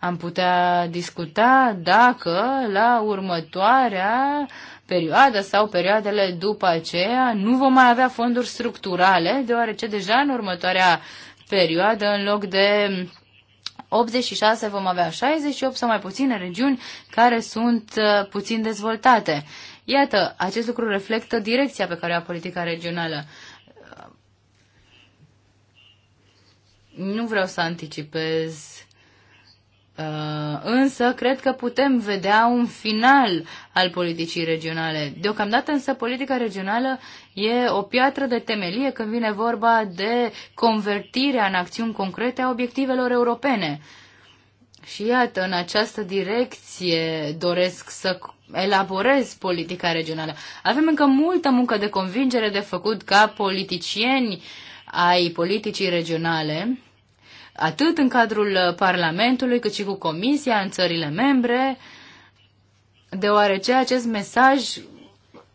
Am putea discuta dacă la următoarea perioadă sau perioadele după aceea nu vom mai avea fonduri structurale, deoarece deja în următoarea perioadă, în loc de 86 vom avea 68 sau mai puține regiuni care sunt uh, puțin dezvoltate. Iată, acest lucru reflectă direcția pe care o a politica regională. Nu vreau să anticipez Uh, însă, cred că putem vedea un final al politicii regionale. Deocamdată, însă, politica regională e o piatră de temelie când vine vorba de convertirea în acțiuni concrete a obiectivelor europene. Și iată, în această direcție doresc să elaborez politica regională. Avem încă multă muncă de convingere de făcut ca politicieni ai politicii regionale atât în cadrul uh, Parlamentului, cât și cu Comisia în țările membre, deoarece acest mesaj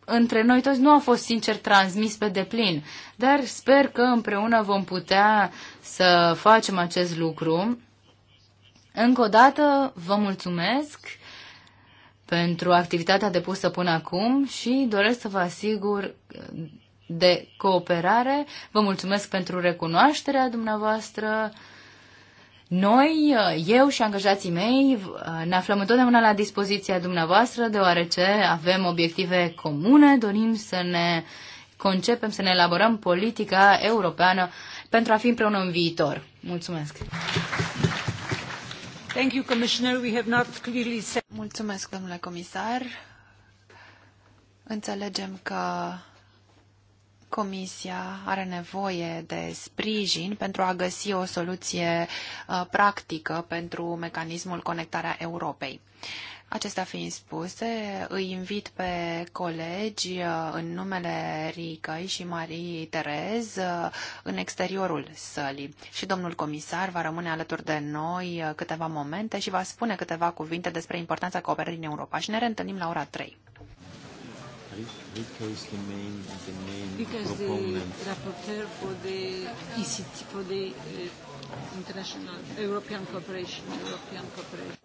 între noi toți nu a fost sincer transmis pe deplin, dar sper că împreună vom putea să facem acest lucru. Încă o dată vă mulțumesc pentru activitatea depusă până acum și doresc să vă asigur de cooperare. Vă mulțumesc pentru recunoașterea dumneavoastră noi, uh, eu și angajații mei, uh, ne aflăm întotdeauna la dispoziția dumneavoastră, deoarece avem obiective comune, dorim să ne concepem, să ne elaborăm politica europeană pentru a fi împreună în viitor. Mulțumesc! Thank you, Commissioner. We have not clearly said... Mulțumesc, domnule comisar. Înțelegem că Comisia are nevoie de sprijin pentru a găsi o soluție uh, practică pentru mecanismul conectarea Europei. Acestea fiind spuse, îi invit pe colegi uh, în numele Ricăi și Marie Terez uh, în exteriorul sălii. Și domnul comisar va rămâne alături de noi câteva momente și va spune câteva cuvinte despre importanța cooperării în Europa. Și ne reîntâlnim la ora 3. Rika is the main, the main because proponent. the rapporteur for the ECT, for the uh, international European cooperation, European cooperation.